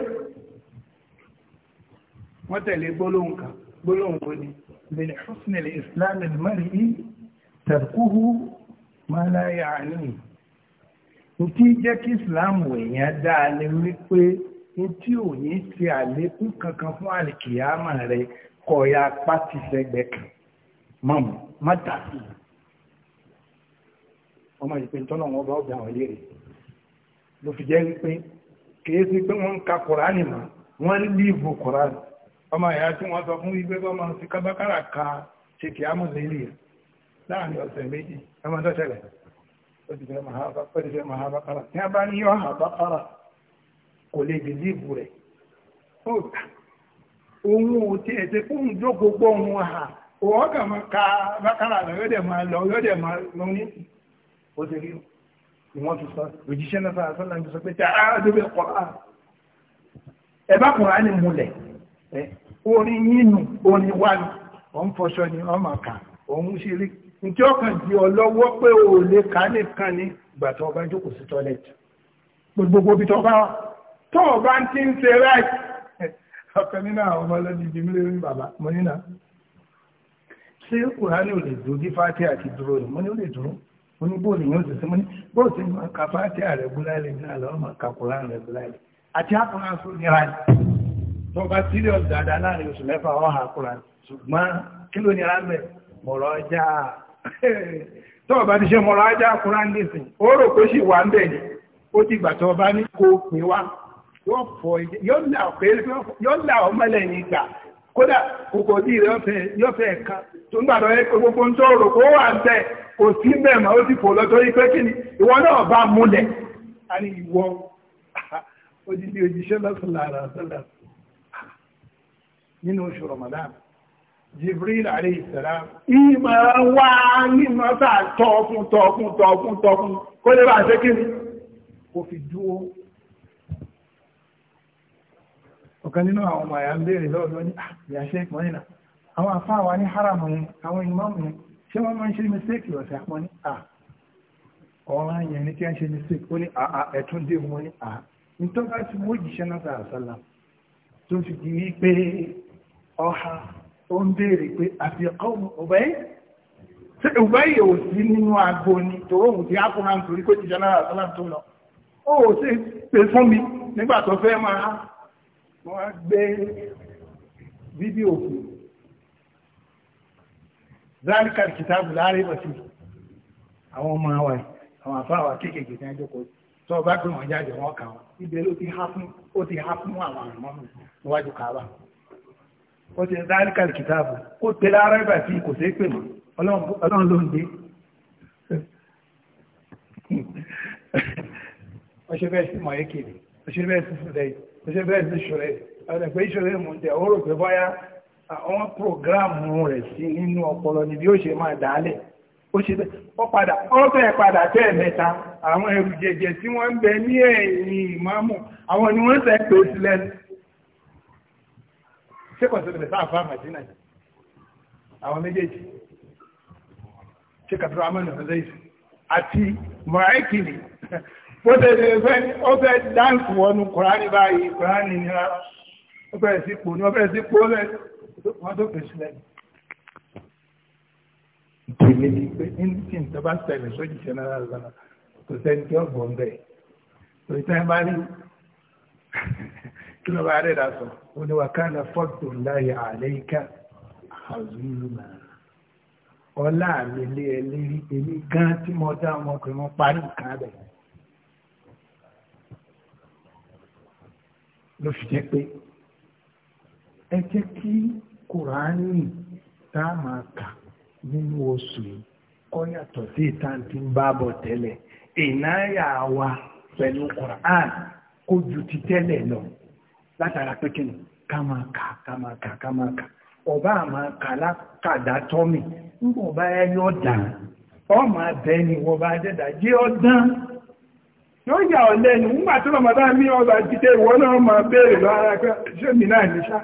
wọ́n tẹ̀lé gbólóhùn kan gbólóhùn kan ni bin husni al tí ò ní ṣe àlékún kankan fún àlìkìyàmà rẹ̀ kọ̀ọ̀yà pátìsẹ́gbẹ̀ẹ́ kan mọ́tàfíì wọ́n máa ìpè tọ́nà wọn bá ọ̀bẹ ló fi jẹ́ wípé kìí sí pé wọ́n ń ka kùránì mọ́ wọ́n ń líìbù kùránì ọmọ ìyá tí ka láàrin ọ̀sẹ̀ méjì ọmọ wọ́n bá ní yọ àbákárà kò lè ṣe fún gbọ́ òun hà òun ọ̀gá máa ó ṣe rí ìwọ́n ti sọ òjíṣẹ́ náà sáà sọ́nà ti sọ pé tà á lórí ọkọ̀ á ẹ bá kùnrin á ní múlẹ̀ ẹ orin yínú orin wá ní òun fọṣọ ni ọmọ kà òun ṣe rí ǹjẹ́ ọkàn di ọlọ́wọ́ pé o lè kà á nìkan ní ìgbà tó ọba jókòó sí tọ́lẹ̀tì gbogbo ibi tó bá wà tó ọba ń ti ń ṣe ráìtì ọkàn nínú àwọn ọmọ lọ́dún ìdí mílíọ̀nù ní bàbá mo ṣé kùránì ò lè dúró bí fáti àti dúró ni mo ní lè dúró oníbòòlù yóò ṣẹṣẹ mọ ní bóò ti mọ kàfáàtì àrẹ̀gúláìlì náà lọ́wọ́ mọ kàkúrà àrẹ̀gúláìlì àti àkùnrin nira ni tó bá serious dáadáa láàrin oṣù mẹ́fà ọ̀ àkùnrin ṣùgbọ́n kí ló nira mẹ́ mọ̀rọ̀ ọjà tó bá ti ṣe mọ̀rọ̀ ọjà ó rò pé ṣì wà ń bẹ̀ ni ó ti gbà tó bá ní kó pin kódà kòkòdì rẹ̀ yọ́fẹ́ ẹ̀ka tó ń gbàdọ̀ ẹ̀kọ́ gbogbo ń tó rò kó wà ń tẹ̀ kò sí mẹ́mà ó sì fò lọ́tọ́ yí pé kí ni ìwọ náà bá múlẹ̀ a ní ìwọ <laughs> odidi òjíṣẹ́ lọ́sọ̀lára sọ́lá nínú oṣù Ramadan Jibril alayhi salam ìmọ̀ wá nímọ̀ sáà tọ́ fún tọ́ fún tọ́ fún tọ́ fún kó lè bá ṣe kí ni kò fi dúró ọ̀kan nínú àwọn ọmọ àyà ń béèrè lọ́wọ́ ní àyàṣẹ́ ah, ìpọ́nìyàn àwọn àfáà wa ní haramu yẹn àwọn ìmáàmù yẹn ṣé wọ́n máa ń ṣe mistake lọ́sẹ̀ àpọ́n ní à ah, ọ̀ràn yẹn ní kí wọ́n ṣe mistake ó ní àà ah, ẹ̀tún dé wọn ní à nítorí tí wọ́n jíṣẹ́ náà sàásálà tó fi di wípé ọha ó ń béèrè pé àfihàn ọ̀bẹ́ ṣe ọ̀bẹ́ yóò sí nínú agbo ni tòun òun ti wọ́n á gbé fídíò kù zálíkà kìtàbù láàrin ọ̀sìn àwọn ọmọ wa àwọn àfa wa kéékèèké ní àjọkọ̀ tó bá gbé wọn jáde wọn kà wọn ibẹ̀ ló ti há fún ó ti há fún àwọn àmọ́ níwájú kàwá ó ti zálíkà kìtàbù kó tẹ̀lé ara ẹ̀bà kò sí pè mọ́ ọlọ́run ló ń dé ọṣẹ bẹ́ẹ̀ sí mọ̀ ẹ́kẹ̀ẹ́ ọṣẹ bẹ́ẹ̀ sí fún lẹ́yìn. kò ṣe bẹ́ẹ̀ sí ṣọ̀rẹ́ ọ̀dẹ̀ pé ìṣọ̀rẹ́ mú tẹ̀ ó àwọn prógráàmù rẹ̀ sí inú ọpọlọ ni bí ó ṣe máa dálẹ̀ ó ṣe bẹ́ẹ̀ ó padà ọ̀bẹ̀ padà tẹ́ mẹ́ta àwọn ẹrù jẹjẹ tí wọ́n ń bẹ ní ẹ̀yìn ìmáàmù àwọn ni wọ́n sẹ́ pé sílẹ̀ ṣé kò bó tẹ̀lé fẹ́ ó fẹ́ dáǹsì wọnú kùránì báyìí kùránì ní rárá ó fẹ́ sípò ní ó fẹ́ sípò lẹ́ wọ́n tó fèsì lẹ́yìn. ìpele ni pé ní tí nǹkan bá tẹ̀lé sójì sí náírà kò sẹ́ni tí ó gbọ́n bẹ́ẹ̀ lórí tí wọ́n bá rí kí ló bá rẹ̀ dà oníwàkánná fọ́tò láyé àlẹ́ká àzúlùmọ̀ ọlá mi èmi gan tí mo dá ọmọkùnrin mo parí nǹkan bẹ́ẹ̀. ló fi jẹ́ pé ẹ jẹ́ kí kùránì tá a máa kà nínú oṣù yìí kọ́ yàtọ̀ sí ìtàǹtí ń bá bọ̀ tẹ́lẹ̀ ìnáyà wa pẹ̀lú ti tẹ́lẹ̀ lọ látara pé kí ni ọba àmà kàlá kàdá tọ́mì ń bọ̀ bá yọ̀ dà ọ́ máa wọ́n bá yóò yà ọ̀ lẹ́nu nígbà tí ọmọdá mi ọba jíde ìwọ náà máa béèrè lára pé ṣé mi náà ní ṣá.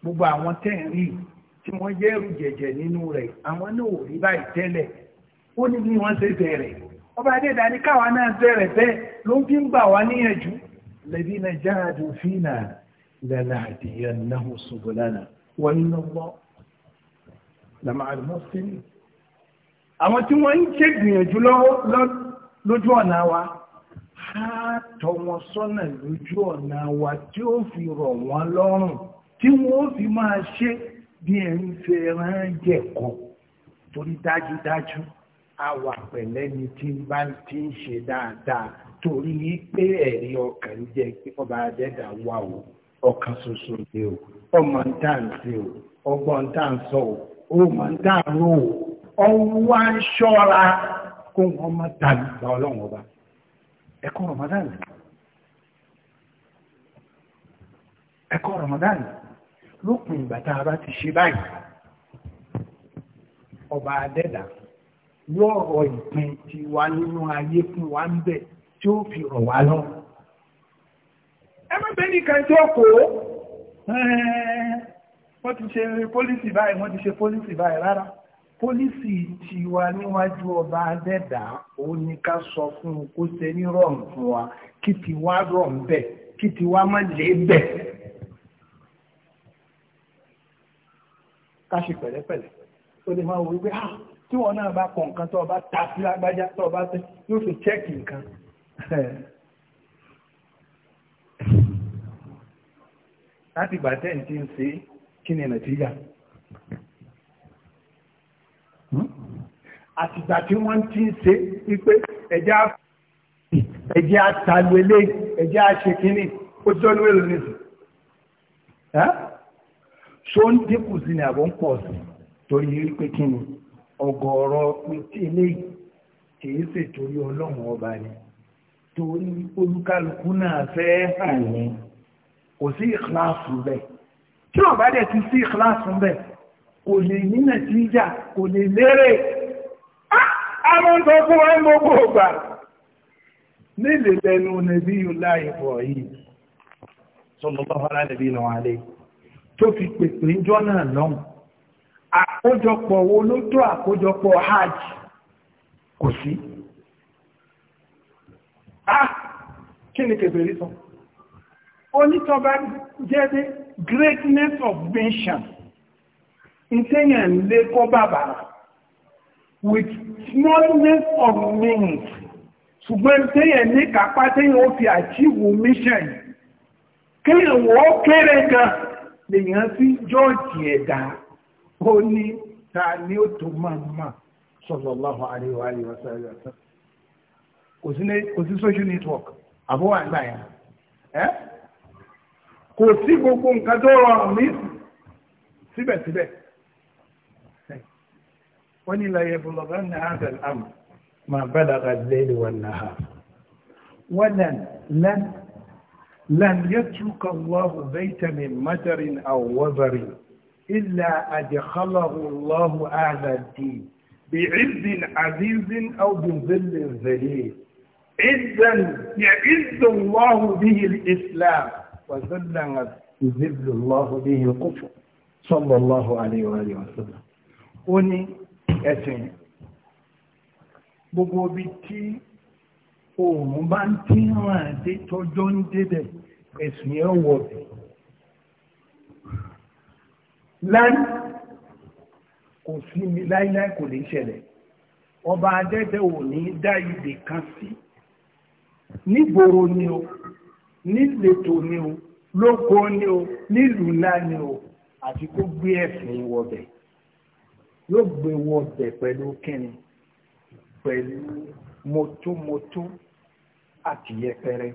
gbogbo àwọn tẹ́ ń rí tí wọ́n jẹ́ ẹrù jẹ̀jẹ̀ nínú rẹ̀ àwọn náà ò rí báyìí tẹ́lẹ̀ ó ní bí wọ́n ṣe bẹ̀rẹ̀ ọba adéda ní káwa náà bẹ̀rẹ̀ bẹ́ẹ̀ ló ń fi ń gbà wá níyànjú lẹ́bí náà jáde òfin náà lẹ́la àdìyẹ náà ṣubú lánàá wọ́n ń lọ́wọ́ àwọn tí wọ́n ń ké gbìyànjú lójú ọ̀nà wa á tọ́ wọn sọ́nà lójú ọ̀nà wa tí ó fi rọ̀ wọ́n lọ́rùn tí wọ́n fi máa ṣe bí ẹni fẹ́ràn jẹ̀kọ́ torí dájúdájú àwa pẹ̀lẹ́ ni tí bá ti ń ṣe dáadáa torí pé ẹ̀rí ọkàn jẹ́ pé ọba adẹ́dà wà o ọkàn ṣoṣo ni o ọmọ ń tà ń ṣe o ọgbọ́n ń tà ń sọ o ó mọ̀ ń tà ń rò o ọ̀hún wá ń ṣọ́ra kó wọ́n má dàbí gba ọlọ́run ọba ẹ̀kọ́ Ramadan ẹ̀kọ́ Ramadan lópin ìgbà tá a bá ti ṣe báyìí ọba adẹ́dà yóò rọ ìpín ti wá nínú ayé fún wa ń bẹ̀ tí ó fi rọ̀ wá lọ. ẹ má bẹ́ẹ̀ nìkan tí ó kó wọ́n ti ṣe pólísì báyìí wọ́n ti ṣe pólísì báyìí rárá. polisi tiwa níwájú ọba adẹ́dà òun sọ fún un kó ṣe ní fún wa kí tiwa rọ̀m bẹ̀ kí tiwa má lè bẹ̀. ká ṣe pẹ̀lẹ́pẹ̀lẹ́ ó lè máa wò wípé ah tí wọn náà bá kọ nǹkan tó ọba ta sí lágbájá tó ọba tẹ yóò fi chẹ́ẹ̀kì nǹkan. <laughs> láti gbà tẹ́ǹtì ń ṣe kí ni Hmm? àtìgbà tí wọ́n ti ń ṣe wípé ẹ̀jẹ̀ àfẹ́sì ẹ̀jẹ̀ àtàlùwẹ̀lẹ̀ ẹ̀jẹ̀ àṣekínní ó jọ́ lórí ìlú nìsín ṣó ń dínkù sí ni àbọ̀ ń pọ̀ sí torí wípé kí ni ọ̀gọ̀ọ̀rọ̀ pété eléyìí kìí ṣe torí ọlọ́run ọba ni torí olúkálukú náà fẹ́ hàn ní kò sí ìkíláàsì bẹ́ẹ̀ tí wọ́n bá dẹ̀ ti sí ìkíláàsì bẹ́ẹ̀ kò lè ní nàìjíríà kò lè lérè ah! àwọn tó fún wọn gbogbo ọgbà nílè sallallahu alaihi wa alihi tó fi pèpè ń jọ́ náà lọ́hùn àkójọpọ̀ wo ló tó àkójọpọ̀ hajj kò sí ah kí ni kèbèrè sọ onítọ́ba jẹ́ the greatness of nation ìtẹ́yàn le kọ́ bàbà with smallness of means ṣùgbọ́n ìtẹ́yàn ní kápá tẹ́yàn ó fi achieve mission kéyàn wọ́n kéré gan lèyàn sí jọ́ọ̀jì ẹ̀dá o ni ta ni ó tó máa máa sallallahu alaihi wa alihi wa sallam kò sí ní kò sí social network àbúwà àgbà yẹn ẹ́ kò sí gbogbo nǹkan tó rọrùn ní síbẹ̀síbẹ̀ wọ́n يبلغن هذا الامر ما بلغ الليل والنهار ولن لن لن يترك الله بيتا من مدر أو وبر إلا أدخله الله أعلى الدين بعز عزيز أو بظل ذليل عزا يعز الله به الإسلام وذلا يذل الله به الكفر صلى الله عليه وآله وسلم ẹ̀sìn gbogbo ibi tí oòrùn bá ń tí ràn dé tọjọ́ ń débẹ̀ ẹ̀sìn yẹn wọ̀ bẹ̀. láì kò sí mi láíláí kò lè ṣẹlẹ̀ ọba adẹ́dẹ́ ò ní dá ibì kan sí nígboro ni o níletò ni o lóko ni o nílùú ńlá ni o àti kó gbé ẹ̀sìn wọ̀bẹ̀ yóò gbé wọ bẹ̀ pẹ̀lú kíni pẹ̀lú mọ́tómọ́tó àti yẹpẹrẹ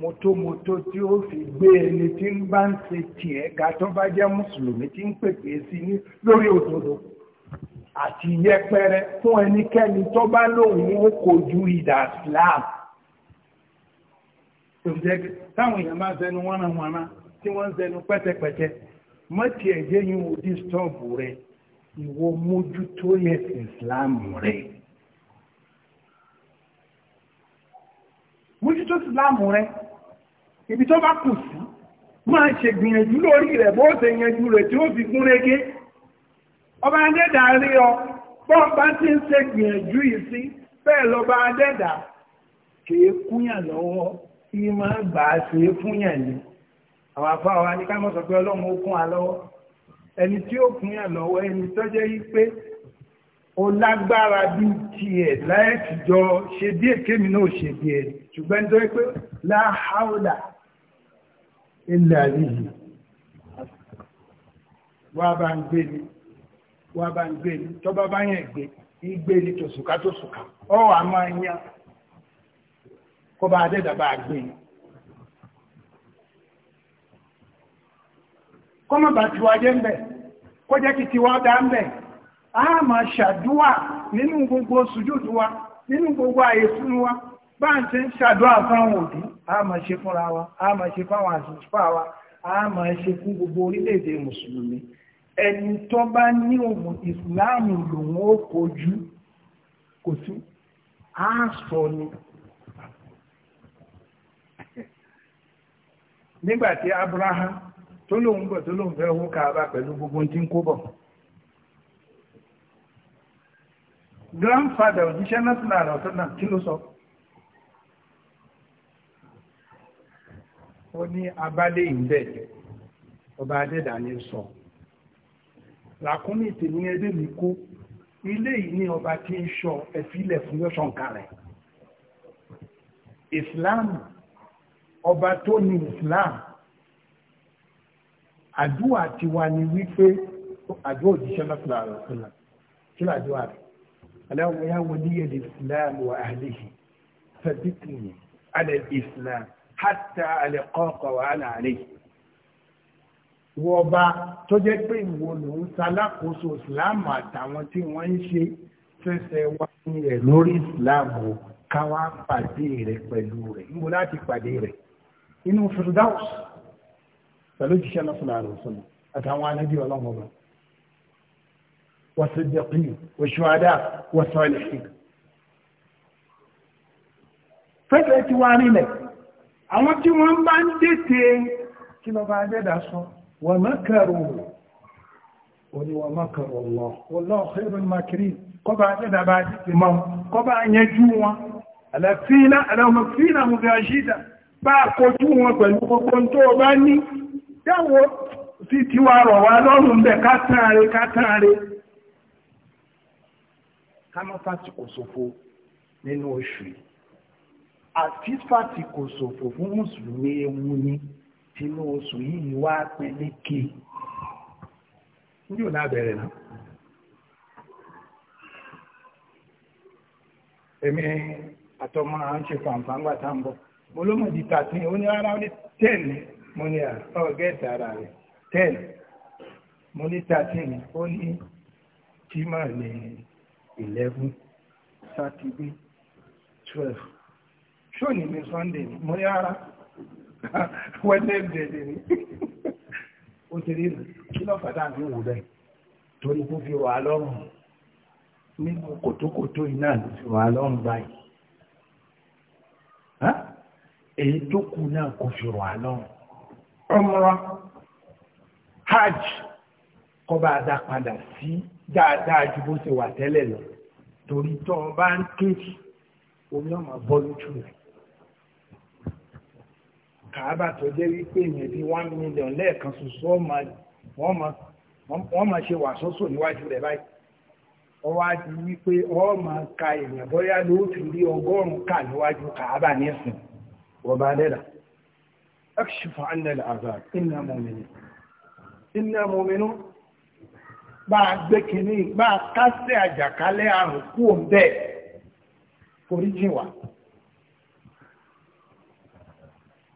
mọ́tómọ́tó tí ó fi gbé ẹni tí ń bá ń ṣe tiẹ̀ ga tó bá jẹ́ mùsùlùmí tí ń pèpè sí ní lórí òdodo àti yẹpẹrẹ fún ẹnikẹ́ni tó bá lóun ó kojú ìdà Islam tòbítẹ́ táwọn èèyàn máa ń sẹnu wọ́nà wọ́nà tí wọ́n ń pẹ́tẹ́pẹ́tẹ́ mọ́tì ẹ̀jẹ̀ yìí ò dìstọ́ọ̀bù rẹ̀ ìwọ mójútó ẹ̀sìn ìsìláàmù rẹ̀ mójútó ìsìláàmù rẹ̀ ibi tó bá kù sí máa ṣe gbìyànjú lórí rẹ̀ bó ṣe yanjú rẹ̀ tí ó fi gún régé ọba adẹ́dà rí ọ bọ́ọ̀bá tí ń ṣe gbìyànjú yìí sí bẹ́ẹ̀ lọ́ba adẹ́dà kìí kúnyà lọ́wọ́ kí máa gbà á ṣe é fúnyà ni àwọn afáwa ní ká mọ̀ sọ pé ọlọ́run ó kún wa lọ́wọ́ ẹni tí ó kún yàn lọ́wọ́ ẹni tó jẹ́ wípé ó lágbára bí tiẹ̀ láìtìjọ ṣe díẹ̀ kémi náà ṣe díẹ̀ ṣùgbọ́n ní tó yẹ pé láhàólà ilẹ̀ àríyìn wá bá ń gbé ni wá bá ń gbé ni tó bá bá yẹn gbé ìgbé ni tòṣùká tòṣùká ọ̀ àmọ́ ẹ̀yàn kó bá adẹ́dàbà gbé ni. kọ́mọ̀ bá ti wájẹ́ ń bẹ̀ a ma ṣàdúwà nínú gbogbo sùjúdù wa nínú gbogbo ààyè wa bá ń ṣe ń a ma ṣe fúnra wa a ṣe a ma ṣe fún gbogbo orílẹ̀-èdè mùsùlùmí ẹni ní ìsìláàmù lòun ó kojú kò a sọ ni Abraham tó lóun bọ̀ tó lóun fẹ́ hó káàbá pẹ̀lú gbogbo tí ń kó bọ̀. grandfather òjíṣẹ́ national ọ̀tọ́nà kí ló sọ ó ní abálé ìbẹ̀ ọba adẹ́dà ní sọ làkúnmí tèmi ẹdẹ́ mi kó ilé yìí ní ọba tí ń sọ ẹ̀fílẹ̀ fún yọ́sọ̀ nǹkan rẹ̀ islam ọba tó ní islam àdúrà tiwa ni wípé àdúrà òjíṣẹ́ lọ́sọ̀lá rẹ̀ sọ̀lá kí làdúrà rẹ̀ aláwọ̀ ya wọ níyẹn lè islam wa ahlihi sabitni alẹ́ islam hatta alẹ́ kọ́kọ́ wa alẹ́ àlẹ́ wọ́n bá tó jẹ́ pé ìwọ lòun ṣalákòóso wá ní rẹ̀ lórí islam o káwá pàdé rẹ̀ pẹ̀lú rẹ̀ níbo láti pàdé rẹ̀ inú firdaus pẹ̀lú jíṣẹ́ lọ́sọ̀lá rẹ̀ sọ́nà àtàwọn anábì ọlọ́run ọba wàsídẹ̀kì òṣùwádà wàsọ̀lẹ̀ṣì fẹ́fẹ́ ti wá rílẹ̀ àwọn tí wọ́n bá ń dètè kí lọ bá dẹ́dà sọ wà makaru orí wà makaru Allah wallahu khairul makirin kọba dẹ́dà bá dìtì mọ́ kọba yẹjú wọn àlàfíìlà àlàmọ̀fíìlà mọ̀gáṣídà bá kojú wọn pẹ̀lú gbogbo tó bá ní dáwọ́ sí tiwa rọ̀ wá lọ́rùn bẹ̀ kátàrí kátàrí kámọ́fàtì kò nínú oṣù yìí àti fún mùsùlùmí ewu ni tinú oṣù yìí wá peléke yóò náà bẹ̀rẹ̀ náà. èmi àtọmọ ń ṣe tá à ń bọ̀ tàtí mo ní ọ̀gẹ́ta ara rẹ̀ ten mo ní thirteen ó ní jimá ní eleven sátidé twelve ṣó ní mi sunday ni mo ní ara <laughs> wednesday ni <laughs> ó ti rí kí lọ́fàdà mi wò bẹ́ẹ̀ torí kó fi wà lọ́rùn nínú kòtókòtó iná ló fi wà lọ́rùn báyìí èyí tó kù náà kò fi wà lọ́rùn umrah hajj kọ́ bá dá padà sí dáadáa ju bó ṣe wà tẹ́lẹ̀ lọ torí tó o bá ń kéjì omi ọmọ bọ́ lójú rẹ̀ kàábà tó jẹ́ wípé èèyàn bíi one million lẹ́ẹ̀kan ṣoṣo wọ́n máa ṣe wàsóṣò níwájú rẹ̀ báyìí ọwá di wípé ọ ma ka èèyàn bóyá ló fi rí ọgọ́rùn-ún kà níwájú kàábà nísìn ọba dẹ́dà ẹ̀ṣùfà annẹ́lẹ̀ azab iná mọ̀mìnì iná mọ̀mìnì bá a gbé kìíní bá a kásẹ̀ àjàkálẹ̀ àrùn kú òun bẹ́ẹ̀ forí jìn wá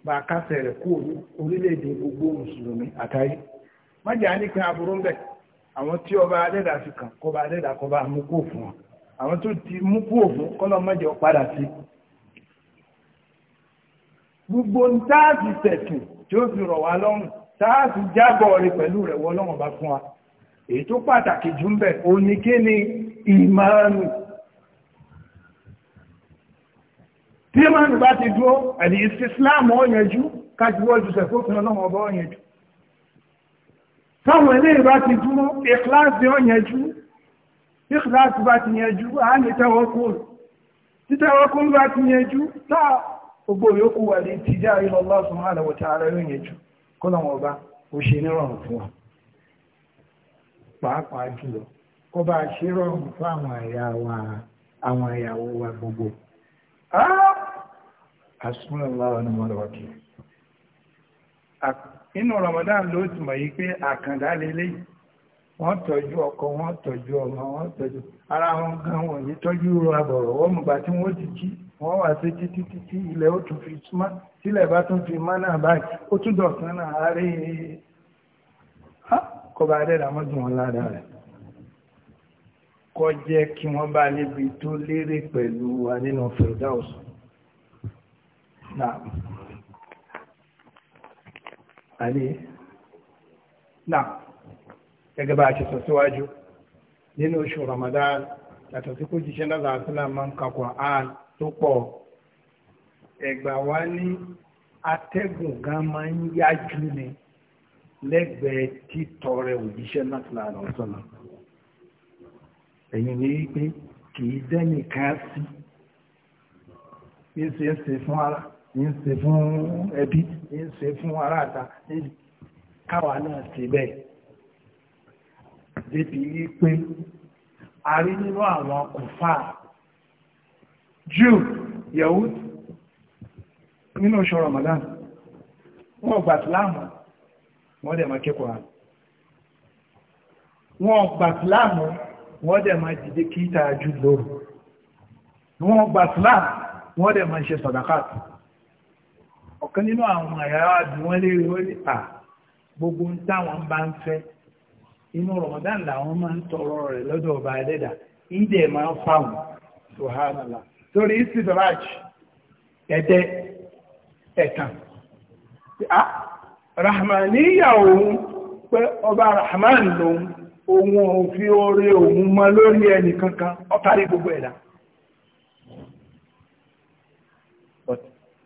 bá a kásẹ̀ rẹ̀ kú orílẹ̀-èdè gbogbo mùsùlùmí àtàrí májà nìkan aburú ń bẹ̀ àwọn tí ọba adẹ́dà fi kàn kọba adẹ́dà kọba mú kó fún wọn àwọn tó ti mú kó fún kọ́lọ́ májà padà sí i gbogbo ń táàfì tẹ̀sùn tí ó fi rọ̀ wá lọ́rùn táàfì jábọ̀ rẹ̀ pẹ̀lú rẹ̀ wọ́n lọ́wọ́n bá fún wa èyí tó pàtàkì jù ń bẹ̀ òní kí ni ìmánu tí ìmánu bá ti dúró àti ìsìsìláàmù ọ̀yẹ̀jú kájúwọ́jú sẹ̀fófin ọlọ́wọ́n ọba ọ̀yẹ̀jú táwọn ilé ìbá ti dúró ìkíláàsì ọ̀yẹ̀jú ìkíláàsì bá ti yẹjú àá ní tẹ́wọ́ kúrò títẹ́wọ́ kúrò bá ti yẹjú táà gbogbo yòókù wà ní tìjà ilọ̀ Allah subhanahu wa ta'ala yóò yẹn jù kó lọ́wọ́ ọba ṣe nírọ̀rùn fún wa pàápàá jùlọ kó bá ṣe rọrùn fún àwọn àyàwò àwọn wa gbogbo inú Ramadan ló yí pé àkàndá wọ́n tọ́jú ọkọ wọ́n tọ́jú ọmọ wọ́n tọ́jú ara wọn gan wọ̀nyí tọ́jú wọ́n tí wọ́n wà sí títí títí ilẹ̀ ó tún fi súnmọ́ tílẹ̀ bá tún fi mọ́ náà báyìí ó tún dọ̀sán náà àárẹ̀ kó bá dẹ̀ dàmọ́ jù wọn lára rẹ̀ kọ́ jẹ́ kí wọ́n bá níbi tó lérè pẹ̀lú wa nínú Firdaus náà àlẹ́ náà gẹ́gẹ́ bá a ti sọ síwájú nínú oṣù Ramadan yàtọ̀ sí kó jíṣẹ́ náà làásìlá máa ń kakọ̀ áàlù tó pọ̀ ẹ̀gbà wa ní atẹ́gùn gan máa ń yájú ni lẹ́gbẹ̀ẹ́ títọrẹ òjíṣẹ́ láti láàrín ọ̀sọ́nà ẹ̀yìn ní wípé kìí dẹ́nì kan sí ń ṣe fún ara ń ṣe fún ẹbí ń ṣe fún ara àta káwa náà ṣe bẹ́ẹ̀ débi wípé a rí nínú àwọn kùfáà Jew Yahud nínú oṣù Ramadan wọ́n gbà síláàmù wọ́n dẹ̀ máa kékòrò wọ́n gbà síláàmù wọ́n dẹ̀ máa dìde kí tààjú lóru wọ́n gbà síláàmù wọ́n dẹ̀ ṣe nínú àwọn àyàwà bí wọ́n lè à gbogbo ń táwọn bá ń fẹ́ inú Ramadan làwọn máa ń tọrọ rẹ̀ lọ́dọ̀ ọba ẹlẹ́dà ìdẹ̀ máa ń fáwọn torí istidraj ẹ̀dẹ́ ẹ̀tàn ah, rahmaniya òun pé ọba rahman lòun òun òfin orí òun mọ lórí ẹni kankan ọkàrí gbogbo ẹ̀dá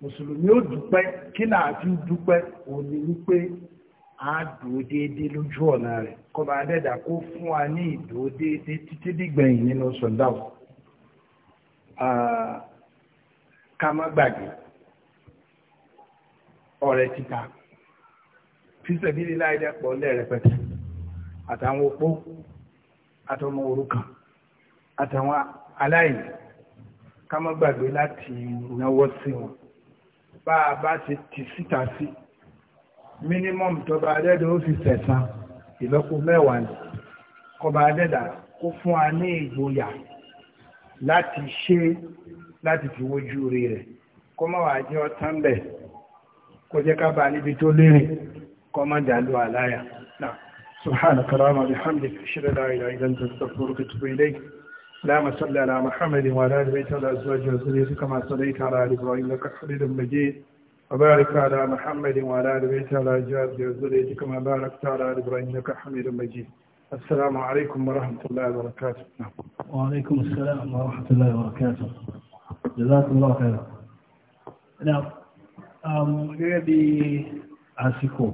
mùsùlùmí ó dúpẹ́ kí náà fi dúpẹ́ a dúró déédéé lójú ọ̀nà rẹ̀ kọba adẹ́dà kó fún wa ní ìdúró déédéé títí dìgbẹ̀yìn nínú sọ̀dáwọ̀ ká má gbàgbé ọ̀rẹ́ títa fíṣẹ̀bílì láìdẹ́pọ̀ lẹ́rẹ̀pẹ̀tẹ̀ àtàwọn opó àtọmọ òrukàn àtàwọn aláìní ká má gbàgbé láti náwó sí wọn bá a bá ti ti síta sí mínímọ̀mù tó bá adẹ́dọ̀ ó fi sẹ̀sán ìlọ́po mẹ́wàá ni kọba adẹ́dà kó fún wa ní ìgboyà láti ṣe láti fi wojú rí rẹ̀ kó má wà jẹ́ ọtán bẹ̀ kó jẹ́ ká bá níbi tó lérè kó má dàlú àláyà náà سبحانك اللهم وبحمدك اشهد ان لا اله الا انت استغفرك واتوب اليك اللهم صل على محمد وعلى ال بيته وعلى ازواجه وذريته كما صليت على ال ابراهيم انك حميد مجيد وبارك على محمد وعلى ال بيته وعلى ازواجه وذريته كما باركت على ال ابراهيم انك حميد مجيد السلام عليكم ورحمة الله وبركاته وعليكم السلام ورحمة الله وبركاته جزاكم الله خيرا now gẹ́gẹ́ bí àsìkò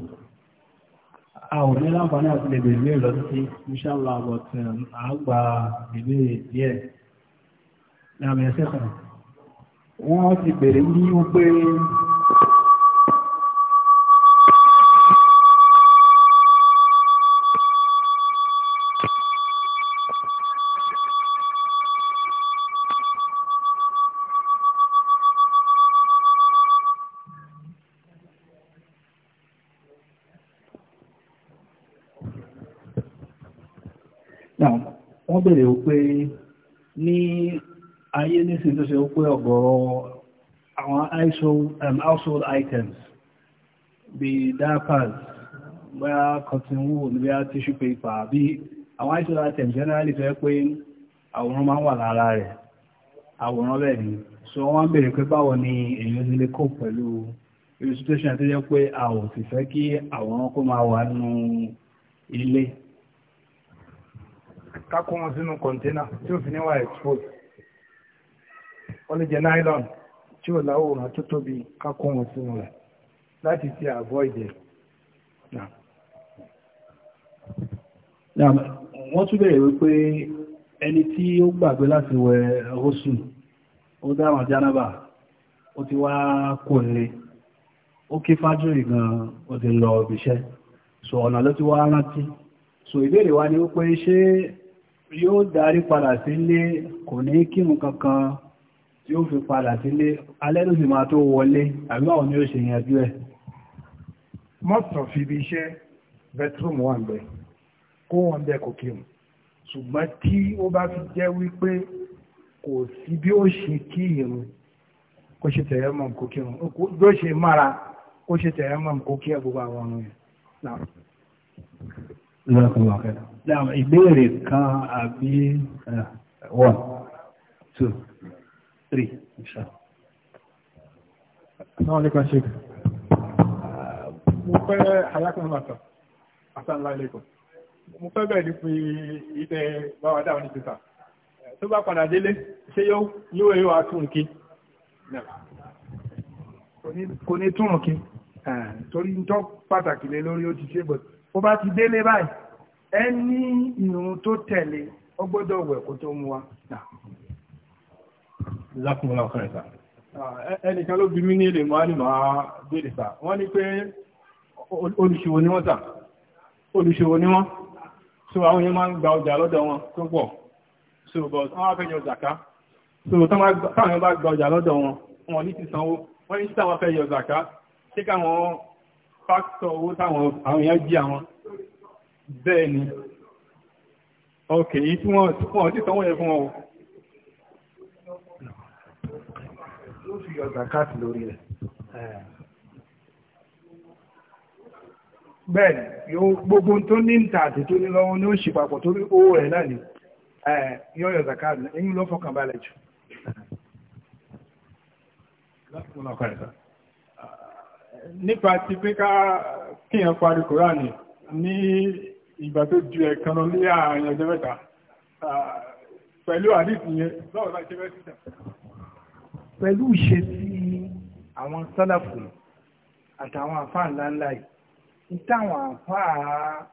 àwọn ní láǹfààní àti lè bèèrè lọ sí inshallah but um, àgbà ìbéèrè díẹ̀ láàmì ẹsẹ̀ kan wọ́n ti bèèrè ní wípé béèrè wípé ní ayé nísìn tó ṣe wípé ọ̀gọ̀rọ̀ àwọn household um, items bí diapers bí cotton wool bí tissue paper bí àwọn household items generally tó yẹ pé àwòrán máa ń wà lára rẹ̀ àwòrán bẹ́ẹ̀ ni so wọ́n béèrè pé báwo ni èèyàn ti lè kó pẹ̀lú illustration tó yẹ pé a ò sì fẹ́ kí àwòrán kó máa wà nínú ilé kákó wọn sínú kọ̀ǹtẹ́nà tí ó fi níwà expose wọ́n lè jẹ́ nylon tí ó láwòrán tó tóbi kákó wọn sínú rẹ̀ láti ti avoid it. wọ́n tún bẹ̀rẹ̀ wípé ẹni tí ó gbàgbé láti wẹ oṣù ó dáwọn jánábà ó ti wá kò lè ó kí fájú ìgan ó ti lọ ibiṣẹ́ so ọ̀nà ló ti wá rántí so ìbéèrè wa ni ó pé ṣé yóò darí padà sílé kò ní kankan tí ó fi padà sílé alẹ́ ló sì máa tó wọlé àbí àwọn ni ó ṣe ẹ̀. fi ibi iṣẹ́ bẹ́tírùmù wà ń bẹ kó wọn bẹ kò kírun ṣùgbọ́n tí ó bá fi jẹ́ wípé kò sí bí ó ṣe kí irun kó ṣe tẹ̀yẹ́ mọ̀ kó koki bí ó ṣe mára ìbéèrè kan àbí eh, one two three Assalamu alaikum Sheikh. Mo fẹ́ àyákùnrin màtọ̀, Assalamu alaikum. Mo fẹ́ bẹ̀rẹ̀ nípa ìtẹ́ báwa dáwọn ní pípa. Eh, tó bá padà délé, ṣé yóò yóò yóò wá tún kí? Kò ní tún kí, eh, torí ń tọ́ pàtàkì lé lórí ó ti ṣe bọ̀tí bó bá ti délé báyìí ẹni ìrun tó tẹ̀lé ó gbọ́dọ̀ wẹ̀ kó tó mú wa. lákùnrin ọkọ rẹ sá ẹnìkan ló bí mí ní èdè máa ní máa béèrè sá wọ́n ní pé olùṣòwò ni wọ́n sá olùṣòwò ni wọ́n so àwọn yẹn máa ń gba ọjà lọ́dọ̀ wọn tó pọ̀ so but wọ́n wá fẹ́ yọ zàká so táwọn bá gba ọjà lọ́dọ̀ wọn wọn ní ti sanwó wọ́n ní tí táwọn fẹ́ yọ zàká ṣé káwọn pásítọ̀ owó táwọn àwọn èèyàn jí àwọn bẹ́ẹ̀ ni ọkẹ̀ yìí tí wọ́n tí wọ́n tí sanwó yẹ fún wọn ó fi ọ̀gbà káàtì lórí rẹ̀ bẹ́ẹ̀ yóò gbogbo tó ní ìta àti tó ní lọ́wọ́ ní ó ṣe papọ̀ torí owó rẹ̀ náà ni yóò yọ zakat ẹ̀yìn ló fọkàn nípa ti pé ká kíyàn parí kòránì ní ìgbà tó ju ẹ̀kan lọ ní àárín ọjọ́ mẹ́ta pẹ̀lú àdìsí yẹn lọ́wọ́ láti ṣe mẹ́sìtà. pẹ̀lú ìṣe sí àwọn sálàfù àtàwọn àfáà ńláńlá yìí nítawọn àfáà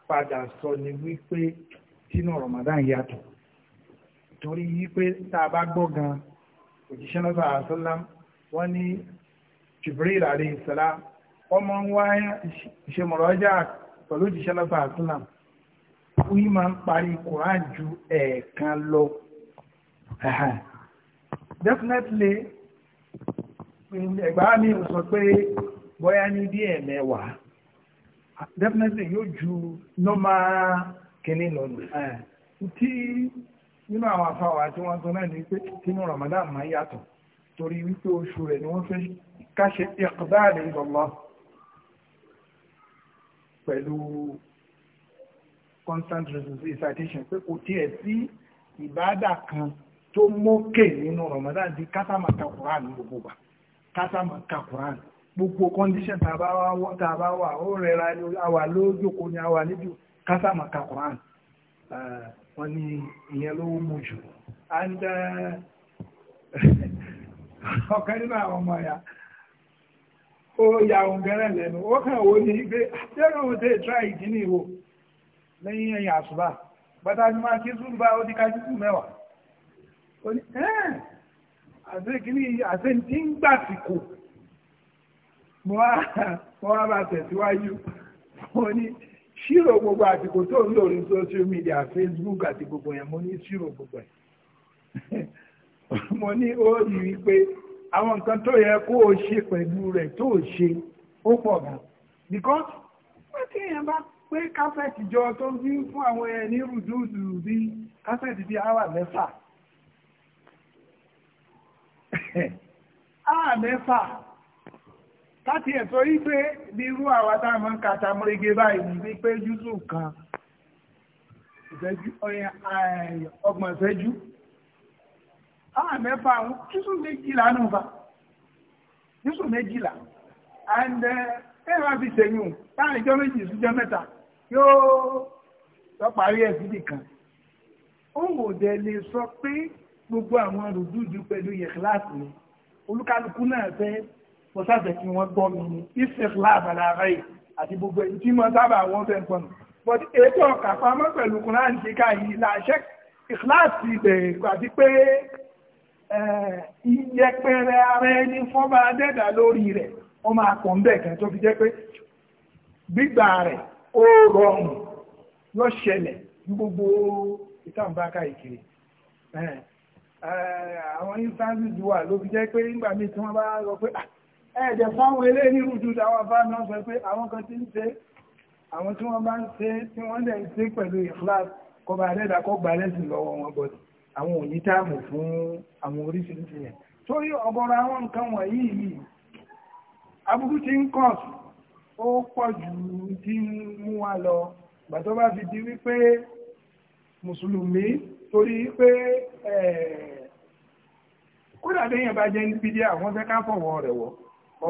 padà sọ ni wípé tínú Ramadan yàtọ̀ torí wípé tá a bá gbọ́ gan òjíṣẹ́ náà sọ àṣọlá wọ́n ní Jibril alayhi salam ọmọ ń wá ìṣemọ̀rọ̀jà pẹ̀lú òjíṣẹ́ lọ́fà àtúnà wí máa ń parí Quran ju ẹ̀ẹ̀kan lọ definitely ẹ̀gbá mi ò sọ pé bóyá ní bí ẹ̀mẹ́wàá definitely yóò ju normal kìíní lọ́nà tí nínú àwọn afáwà tí wọ́n tó náà ní pé kínú Ramadan máa torí wípé oṣù rẹ ni káṣe pẹ̀lú constant recitation pé kò tiẹ̀ sí ìbáàdà kan tó mókè nínú Ramadan di kásàmà ka Quran gbogbo wa kásàmà ka Quran gbogbo condition tá a bá wà ó rẹra ni àwà lójókòó ni àwà níjò kásàmà ka Quran wọ́n ní ìyẹn ló mú jù and uh, <laughs> ọ̀kan nínú àwọn ọmọ ya. ó ya ohun gẹ́rẹ́ lẹ́nu ó kàn wó ní pé ah, tẹ́rù o tẹ́ tra ìdíní ìwò lẹ́yìn ẹ̀yìn àṣùbà bàtà ni máa kí zúmbà ó ti ká jùlọ mẹ́wàá ó ní ń gbà mo wá bá gbogbo àsìkò tó ń lò social media Facebook àti gbogbo yẹn mo ní ṣírò gbogbo ẹ̀ <laughs> mo ní ó rí àwọn nǹkan tó yẹ kó o ṣe pẹ̀lú rẹ̀ tó o ṣe ó pọ̀ gan because wọ́n ti yẹn bá pé kásẹ̀tì jọ tó ń bí fún àwọn ẹ̀ ní rùdúùdù bí kásẹ̀tì bí áwà mẹ́fà áwà <laughs> mẹ́fà láti ẹ̀sọ́ yí pé bí irú àwa tá a máa ń kata mọ́rege báyìí ní pé júùsù kan ọgbọ̀n ìṣẹ́jú àwọn ah, mẹ́fà àwọn jùsù méjìlá nù bá jùsù méjìlá and eh, ẹ wá fi sẹ́yìn láàrin ìjọ méjì ìsúnjọ mẹ́ta yóò lọ parí ẹ̀ síbì kan ó wò dẹ̀ lè sọ pé gbogbo àwọn rùdúdú pẹ̀lú yẹ kíláàsì ni olúkálukú náà fẹ́ pọ̀sáfẹ́ kí wọ́n gbọ́ mi ní ìfẹ́ kíláàsì alára yìí àti gbogbo èyí tí wọ́n sábà wọ́n fẹ́ pọ̀nù but ètò ọ̀kà pamọ́ pẹ̀lú kùnrin àti kíkà yìí làṣẹ kíláàsì ibẹ̀ àti pé ìyẹpẹrẹ ara ẹni fọ́bà dẹ́dà lórí rẹ̀ ó máa pọ̀ ń bẹ̀ẹ̀kẹ́ tó fi jẹ́ pé gbígbà rẹ̀ ó rọrùn yóò ṣẹlẹ̀ ní gbogbo ìtàǹbáka ìkiri àwọn instances wà ló fi jẹ́ pé nígbà míì tí wọ́n bá rọ pé ah, ẹ̀ẹ̀dẹ̀ fáwọn ilé ní rúdú àwọn afá náà sọ pé àwọn kan ti ń ṣe àwọn tí wọ́n bá ń ṣe tí wọ́n dẹ̀ ń ṣe pẹ̀lú ìflas kọba àdẹ́dà lẹ́sìn lọ́wọ́ wọn bọ̀dì àwọn òní táàmù fún àwọn oríṣiríṣi yẹn torí ọ̀gọ̀rọ̀ àwọn nǹkan wọ̀nyí yìí aburú ti ń kọ̀ọ̀sù ó pọ̀ jù tí ń mú wa lọ gbàtọ́ bá fi di wípé mùsùlùmí torí pé eh, kódà téèyàn bá jẹ́ níbi díẹ̀ àwọn fẹ́ ká fọ̀wọ́ rẹ̀ wọ̀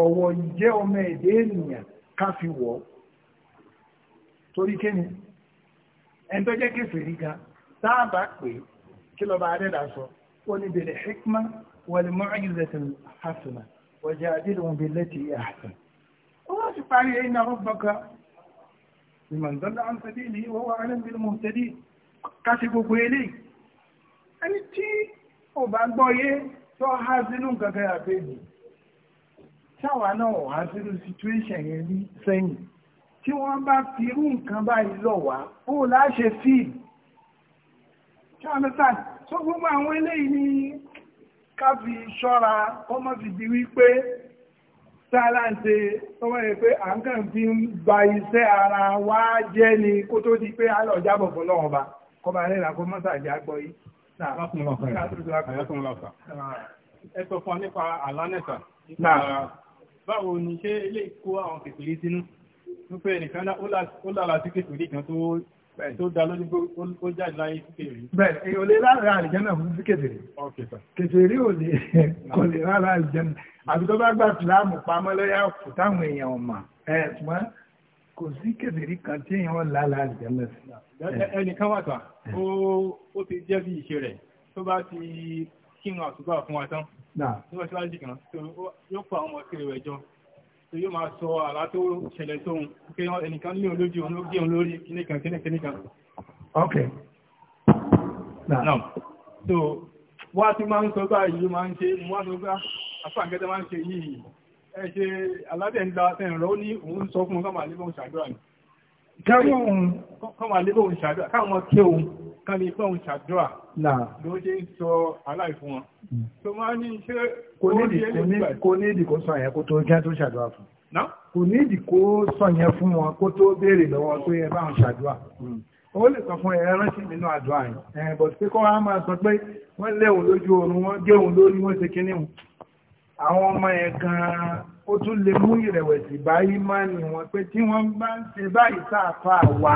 ọ̀wọ̀ ìjẹ́ ọmọ èdè ènìyàn ká fi wọ̀ torí kéni ẹni tó jẹ́ kéfèrí gan tá a bá pè é kí lọ́ba adẹ́dà sọ ó ní bil hikma wal mu'izatil hasana wajadilhum billati hiya ahsan ó wá sì parí inna rabbaka liman dalla an sabilihi wa huwa a'lamu bil muhtadin kásì gbogbo eléyìí ẹni tí ò bá gbọ́ yé tó há sínú kankan àbẹ́jì táwa náà wá sínú situation yẹn ní sẹ́yìn tí wọ́n bá fi nǹkan báyìí lọ ṣe understand so gbogbo àwọn eléyìí ni ká fi ṣọ́ra ó mọ́ fi di wípé sáàlá ń ṣe tó wọ́n yẹ pé à ń kàn fi ń gba iṣẹ́ ara wa jẹ́ ni kó tó di pé àlọ́ jábọ̀ fún lọ́wọ́ ba kọba rẹ̀ra kó mọ́sà jẹ́ àgbọ̀ yìí. ẹ sọ fún wa nípa àlánẹ́sà báwo ni ṣé ilé ìkó àwọn kèkèrè sínú wípé nìkan ó lára sí kèkèrè kan tó tó dá lórí ó jáde láyé kékeré. bẹ́ẹ̀ èyí ò lè lára àlìjẹ́nà fún sí kékeré. kékeré ò lè kò lè lára àlìjẹ́nà àbí tó bá gbà fìlàmù pamọ́ lọ́yà kò táwọn èèyàn ọ̀mà ẹ̀ ṣùgbọ́n kò sí kékeré kan tí èèyàn lára àlìjẹ́nà sí. ẹnìkan wà tán ó ti jẹ́ bí ìṣe rẹ̀ tó bá ti kírun àtúgbà fún wa tán. nígbà tí wàá jìkan yóò pa ọmọ kiri rẹ̀ jọ tó yóò máa sọ àlá tó ṣẹlẹ̀ tóun pé ẹnìkan ní olójú òun ló gé òun lórí kíníkan kíníkan. ok now so wá tí máa ń sọ bá yìí máa ń ṣe wá tó bá afáǹkẹ́tẹ́ máa ń ṣe yìí ẹ ṣe alábẹ̀ńdà ẹ̀rọ ní òun sọ fún un káwọn àlébọ̀ òun ṣàdúrà ni. káwọn àlébọ̀ òun ṣàdúrà káwọn kí òun kan lè fọ́n ṣàdúrà ló ṣe ń sọ aláìfún wọn hmm. tó máa ní iṣẹ́ kò ní ìdí kó sọ yẹn kó tó jẹ́ tó ṣàdúrà fún kò ní ìdí kó sọ yẹn fún wọn kó tó béèrè lọ́wọ́ pé ẹ bá ń ṣàdúrà hmm. ó lè sọ fún ẹ rántí nínú àdúrà yìí ẹ̀ bọ̀ pé kọ́ wá máa sọ pé wọ́n léhùn lójú oorun wọ́n géhùn lórí wọ́n ṣe kíní hùn àwọn ọmọ ẹ̀ gan-an ó tún lè mú ìrẹ̀wẹ̀sì bá yí máa nì wọ́n pé tí wọ́n bá ń ṣe báyìí sáà fà wá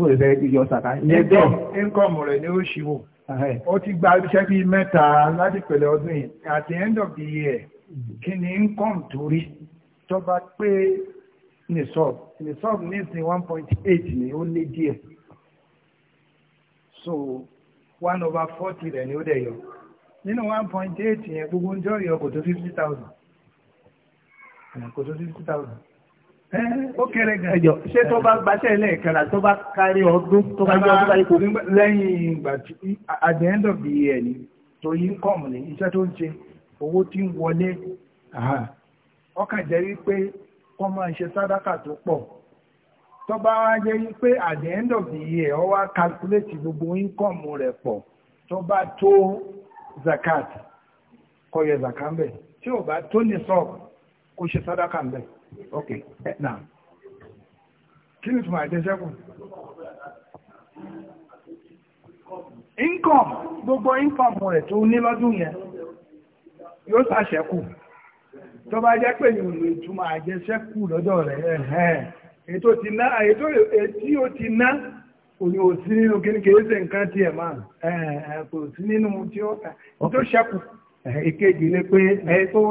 bóòlù fẹ́ kí yọ sàkà. ìkọ̀mù rẹ̀ ni ó ṣìwò ó ti gba iṣẹ́ bíi mẹ́ta at the end of the year mm-hmm. kí ni pé one point eight ni ó lé so one over forty rẹ̀ ni ó dẹ̀ yọ nínú one point eight yẹn gbogbo ń yọ kò tó fifty thousand ó kéré gan. ẹjọ ṣé tó bá gbaṣẹ́ ilé ìkẹlà tó bá kárí ọdún tó bá jẹ́ ọdún kò. lẹ́yìn ìgbà tí at the end of the year tó yí ń ní iṣẹ́ tó ń ṣe owó tí ń wọlé ọkàn jẹ́ wípé kọ́ máa ṣe sádàkà tó pọ̀ tó bá wá jẹ́ at the end of wá calculate gbogbo income rẹ̀ pọ̀ tó zakat tí ò bá ok eh, now kí ni income gbogbo income rẹ̀ tó ní lọ́dún yẹn yóò ṣàṣẹ́kù tó bá jẹ́ pé ní òun ìtumọ̀ àjẹsẹ́kù lọ́dọ̀ rẹ̀ ẹ̀hẹ́n ètò ti ná ètò tí ó ti ná òní ò sí nínú kí ní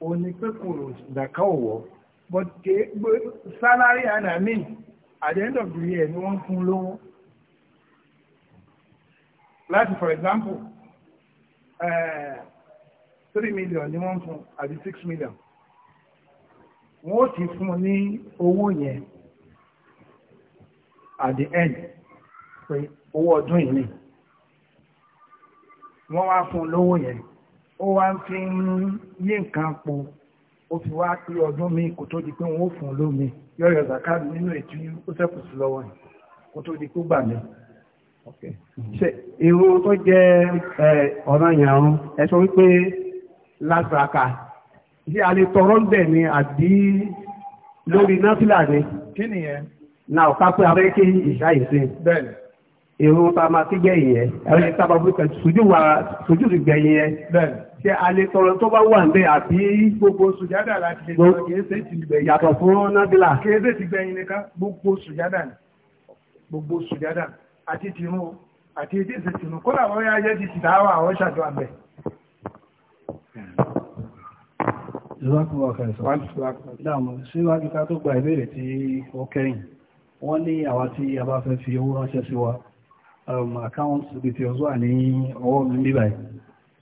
o ní pé kò but ọ̀wọ́ but salary and i mean at the end of the year ni wọ́n fún lówó láti for example eh, three uh, million ni wọ́n fún àbí six million wọ́n ti fún ní owó yẹn at the end pé owó ọdún yìí ni wọ́n wá fún lówó yẹn ó wá fi ń yí nǹkan po ó fi wá pé ọdún mi kò tó di pé wọn ó fún un lómi yọyọ zakari nínú ètò ó ṣẹ́kù sí lọ́wọ́ yìí kò tó di pé gbà mí. ṣe irun tó jẹ́ ọ̀ràn yàrún ẹ sọ wípé lásìkò ṣé a lè tọrọ ń bẹ̀ ni àbí lórí náfìlà ni. kí nìyẹn. na ò ká pé abẹ́rẹ́ kí ìṣá yìí bẹ́ẹ̀ ni ìrún ta ma ti gbẹ̀yìn yẹn ẹ̀rọ ìta bá búrúkẹ̀ sojú wa sojú ti gbẹ̀yìn yẹn ṣe alẹ́ tọrọ tó bá wà níbẹ̀ àti gbogbo sùjádà láti lè tọrọ kìí ṣe ti gbẹ̀yìn yàtọ̀ fún nábìlà kìí ṣe ti gbẹ̀yìn nìkan gbogbo sùjádà gbogbo sùjádà àti tìrún àti èdè ṣe tìrún kó làwọn yá yẹ ti tìta wà àwọn ṣàjọ àbẹ̀. ìwádìí ká tó gba ìbéèrè tí ó kẹ́yìn wọ́n ní àwa tí a bá fẹ́ fi owó ránṣẹ́ sí wa Um, account details wà ní ọwọ́ mi níbà yìí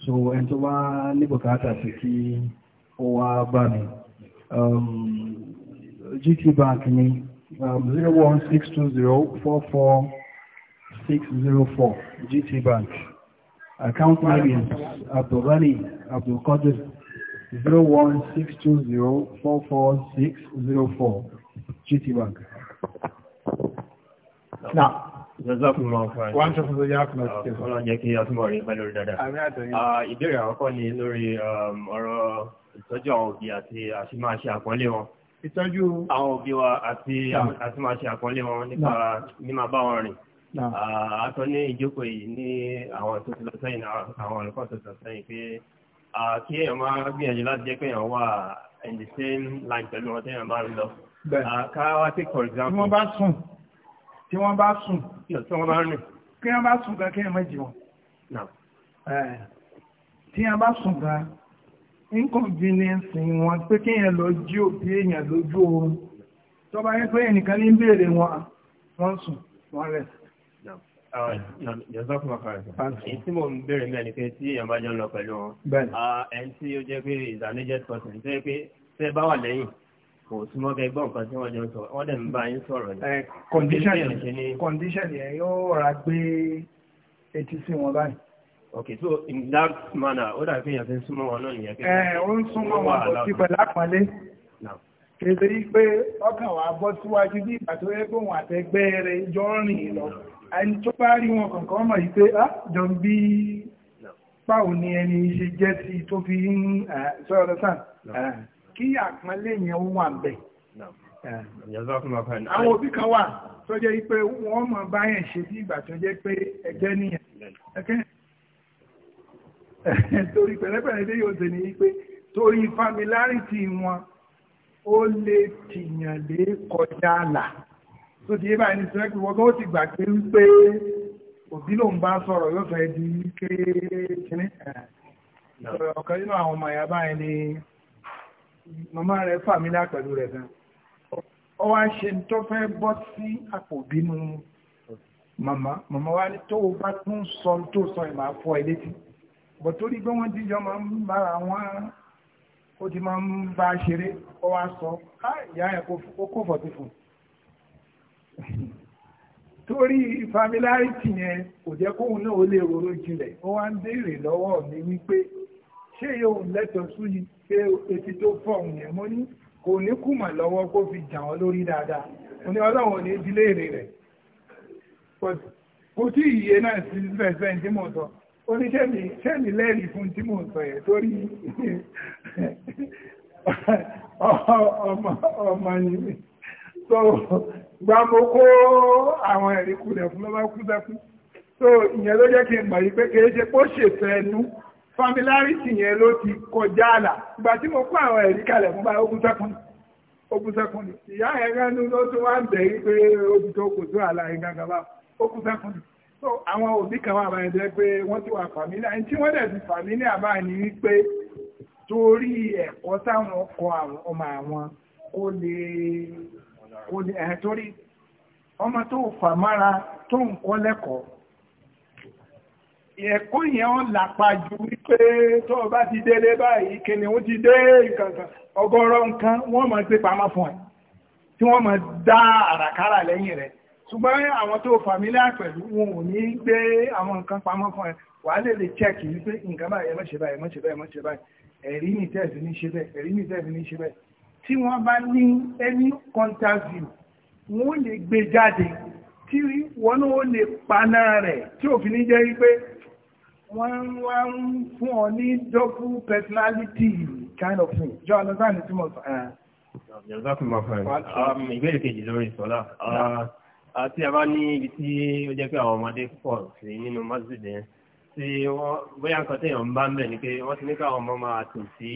so ẹni tó bá níbùkátà sí kí ó wá bá mi um, GT Bank ni um, 01620444604 GT Bank account name is Abdulghani Abdulkadir 01620444604 GT Bank. Now, Ìbéèrè àkọ́kọ́ ni lórí um, ọ̀rọ̀ ìtọ́jú àwọn òbí àti àṣìmáṣe àpọ́nlé wọn. Ìtọ́jú àwọn òbí wa àti àṣìmáṣe àpọ́nlé wọn nípa mímá bá wọn rìn. Àtọ́ ní ìjókòó yìí ní àwọn tó ti lọ sẹ́yìn àwọn olùkọ́ tó ti lọ sẹ́yìn pé kí èèyàn máa gbìyànjú láti jẹ́ pé èèyàn wà in the same line pẹ̀lú wọn tẹ́yàn bá ń lọ. Ká wá take for example. Tí wọ́n bá sùn tí wọ́n bá sùn tí wọ́n bá rìn kí wọ́n bá sùn gan kí wọ́n má jí wọn tí wọ́n bá sùn gan inconvenience wọn pé kí wọ́n lọ jí òbí èèyàn lójú oorun tó bá yẹ pé ẹnìkan ní béèrè wọn wọ́n sùn wọ́n rẹ̀ Jọ́sọ́ fún ọkọ̀ rẹ̀. Èyí tí mò ń béèrè mẹ́rin pé tí èèyàn bá jọ ń lọ pẹ̀lú wọn. Bẹ́ẹ̀ni. Ẹni tí ó jẹ́ pé is an aged person, tó yẹ pé tẹ́ bá wà lẹ́yìn, kò súnmọ́ kẹ gbọ́n kan tí wọ́n jọ sọ wọ́n dẹ̀ ń bá yín sọ̀rọ̀ ní. condition yẹn yóò ra gbé etí sí wọn so in that manner ó dàbí èèyàn fi ń súnmọ́ wọn náà nìyẹn. ẹ ó ń súnmọ́ wọn kò sí pẹ̀lú àpọ́nlé. kèdè yìí pé ọkàn wa bọ́ síwájú bí ìgbà tó yẹ kó wọn rẹ̀ jọ rìn lọ ẹni tó bá rí wọn kankan mọ̀ yìí pé ah jọ ń bí báwo ni ẹni ṣe jẹ́ sí tó fi ń sọ̀rọ̀ sáà kí àpọ́nlé yẹn ó wà bẹ̀. àwọn òbí kan wà tó jẹ́ pé wọ́n mọ̀ báyẹn ṣe bí ìgbà tó jẹ́ pé ẹgbẹ́ nìyẹn <laughs> torí pẹ̀lẹ́pẹ̀lẹ́ dé yóò ṣe ní pé torí familiarity wọn ó lè tìyàn lé kọjá àlà tó di ébà ní sẹ́kì wọ́gán ó ti gbà pé wípé òbí ló bá sọ̀rọ̀ yóò fẹ́ di kékeré ọ̀kan nínú àwọn ọmọ ìyá báyìí ni màmá rẹ̀ fà mí lápẹ̀lú rẹ̀ gan ọ wá ṣe tó fẹ́ bọ́ sí àpò bínú màmá màmá wa ní tó bá tún sọ tó sọ ìmọ̀ àfọ ẹ létí bọ̀ torí pé wọ́n jíjọ máa ń bára wọn ó ti máa ń bá a ṣeré ọ wá sọ ká ìyá ẹ̀ kó kó fọ̀ tó fún <laughs> torí familiarity yẹn kò jẹ́ kóun náà ó lè ronú jinlẹ̀ ó wá ń béèrè lọ́wọ́ mi wípé ṣé yóò lẹ́tọ̀ọ́ sú yìí pé etí tó fọ́ òun yẹn mo ní kò ní kùmọ̀ lọ́wọ́ kó fi jà wọ́n lórí dáadáa mo ní ọlọ́run ò ní dílé èrè rẹ̀ kò tí ìyè náà sí fẹ̀fẹ̀ tí mo sọ ó ní ṣẹ́mi lẹ́rìí fún tí sọ yẹn torí <laughs> ọmọ yìí so gbàmọ́ kó àwọn ẹ̀rí kulẹ̀ fún lọ́wọ́ kúzẹ́kú so ìyẹn ló jẹ́ kí n mọ̀ yìí pé kì í ṣe pé ó ṣèfẹ́ familiarity yẹn ló ti kọjá àlà ìgbà tí mo kó àwọn ẹ̀rí kalẹ̀ fún báyìí ogun sẹ́kùn ogun sẹ́kùn ni ìyá ẹ̀rẹ́ ló tún wá ń bẹ̀ yí pé ogun tó kò tó àlà yìí gangan bá ogun sẹ́kùn so àwọn òbí kan wà báyìí jẹ́ pé wọ́n ti wà fàmílà ẹni tí wọ́n dẹ̀ ti fàmílà báyìí ni wípé torí ẹ̀kọ́ táwọn ọkọ̀ ọmọ àwọn kó lè kó lè ẹ̀ torí ọmọ tó fà tó ń kọ́ lẹ́kọ̀ọ́ ẹ̀kọ́ yẹn wọ́n làpá ju wípé tó o bá ti délé báyìí kìnìún wọ́n ti dé nǹkan ọgọ́rọ̀ nǹkan wọ́n máa gbé pamọ́ fún ẹ̀ tí wọ́n máa dá àràkárà lẹ́yìn rẹ̀ ṣùgbọ́n àwọn tó fàmílà pẹ̀lú wọn ò ní gbé àwọn nǹkan pamọ́ fún ẹ̀ wàá lè lè chẹ́ẹ̀kì wípé nǹkan báyìí ẹ má ṣe báyìí ẹ má báyìí ẹ̀rí wọ́n wá ń fún ọ ní double personality kind of thing jọ ọlọ́sàn ní túmọ̀ sọ. ìbéèrè kejì lórí ìsọlá uh, àti àbá ní ibi tí ó jẹ́ pé àwọn ọmọdé pọ̀ sí nínú masjid yẹn tí wọ́n bóyá nǹkan téèyàn ń bá ń bẹ̀ ni pé wọ́n ti ní káwọn ọmọ máa tò sí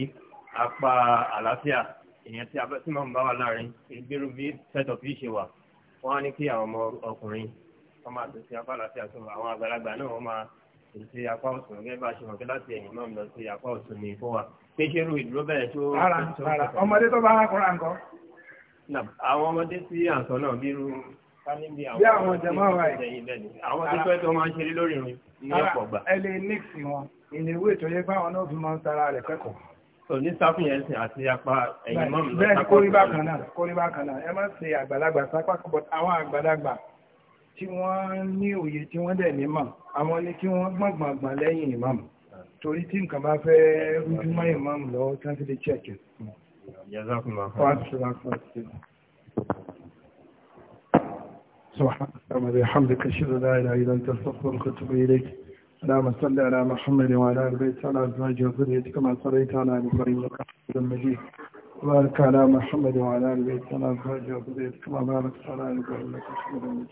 apá àlàáfíà èèyàn tí abẹ́ tí máa ń bá wà láàrin ìgbérú bí set of issue wà wọ́n á ní kí àwọn ọmọ ọkùnrin wọ́n máa tò sí apá àlàáfíà tó àwọn àgbàlagbà náà wọ́n máa kò sí apá ọ̀tún gẹ́gẹ́ bá ṣe mọ̀ pé láti ẹ̀yìn náà lọ sí apá ọ̀tún ní ìfọ́ wa pé ṣé irú ìdúró bẹ̀rẹ̀ tó. rárá ọmọdé tó bá kọ́ra nǹkan. àwọn ọmọdé tí à ń sọ náà bí irú bí àwọn jẹmọ́ wa yìí àwọn tó fẹ́ tó máa ń ṣeré lórí rin ní ọ̀pọ̀ gbà. ẹ lè ní ìsìn wọn ìnáwó ètò yẹn fáwọn náà fi máa ń tara rẹ̀ kẹ́kọ̀ọ́ ní sáfún yẹn sìn àti apá ẹ̀yìn mọ́mù lọ́sàkọ́. bẹ́ẹ̀ kórìbá kan náà kórìbá kan náà ẹ má ṣe àgbàlagbà sápá kan bọ̀ àwọn àgbàlagbà tí wọ́n ní òye tí wọ́n dẹ̀ ní mà àwọn ni kí wọ́n gbọ̀ngbọ̀ngbọ̀n lẹ́yìn ìmáàmù torí tí nǹkan bá fẹ́ rújú mọ́ ìmáàmù lọ́wọ́ tí wọ́n ti lè chẹ́ẹ̀kì. سبحانك وبحمدك اشهد ان لا اله الا انت استغفرك واتوب اليك اللهم صل على محمد وعلى ال بيت على ازواجه وذريته كما صليت على ال ابراهيم انك حميد مجيد وبارك على محمد وعلى ال بيت على ازواجه وذريته كما باركت على ال ابراهيم انك حميد مجيد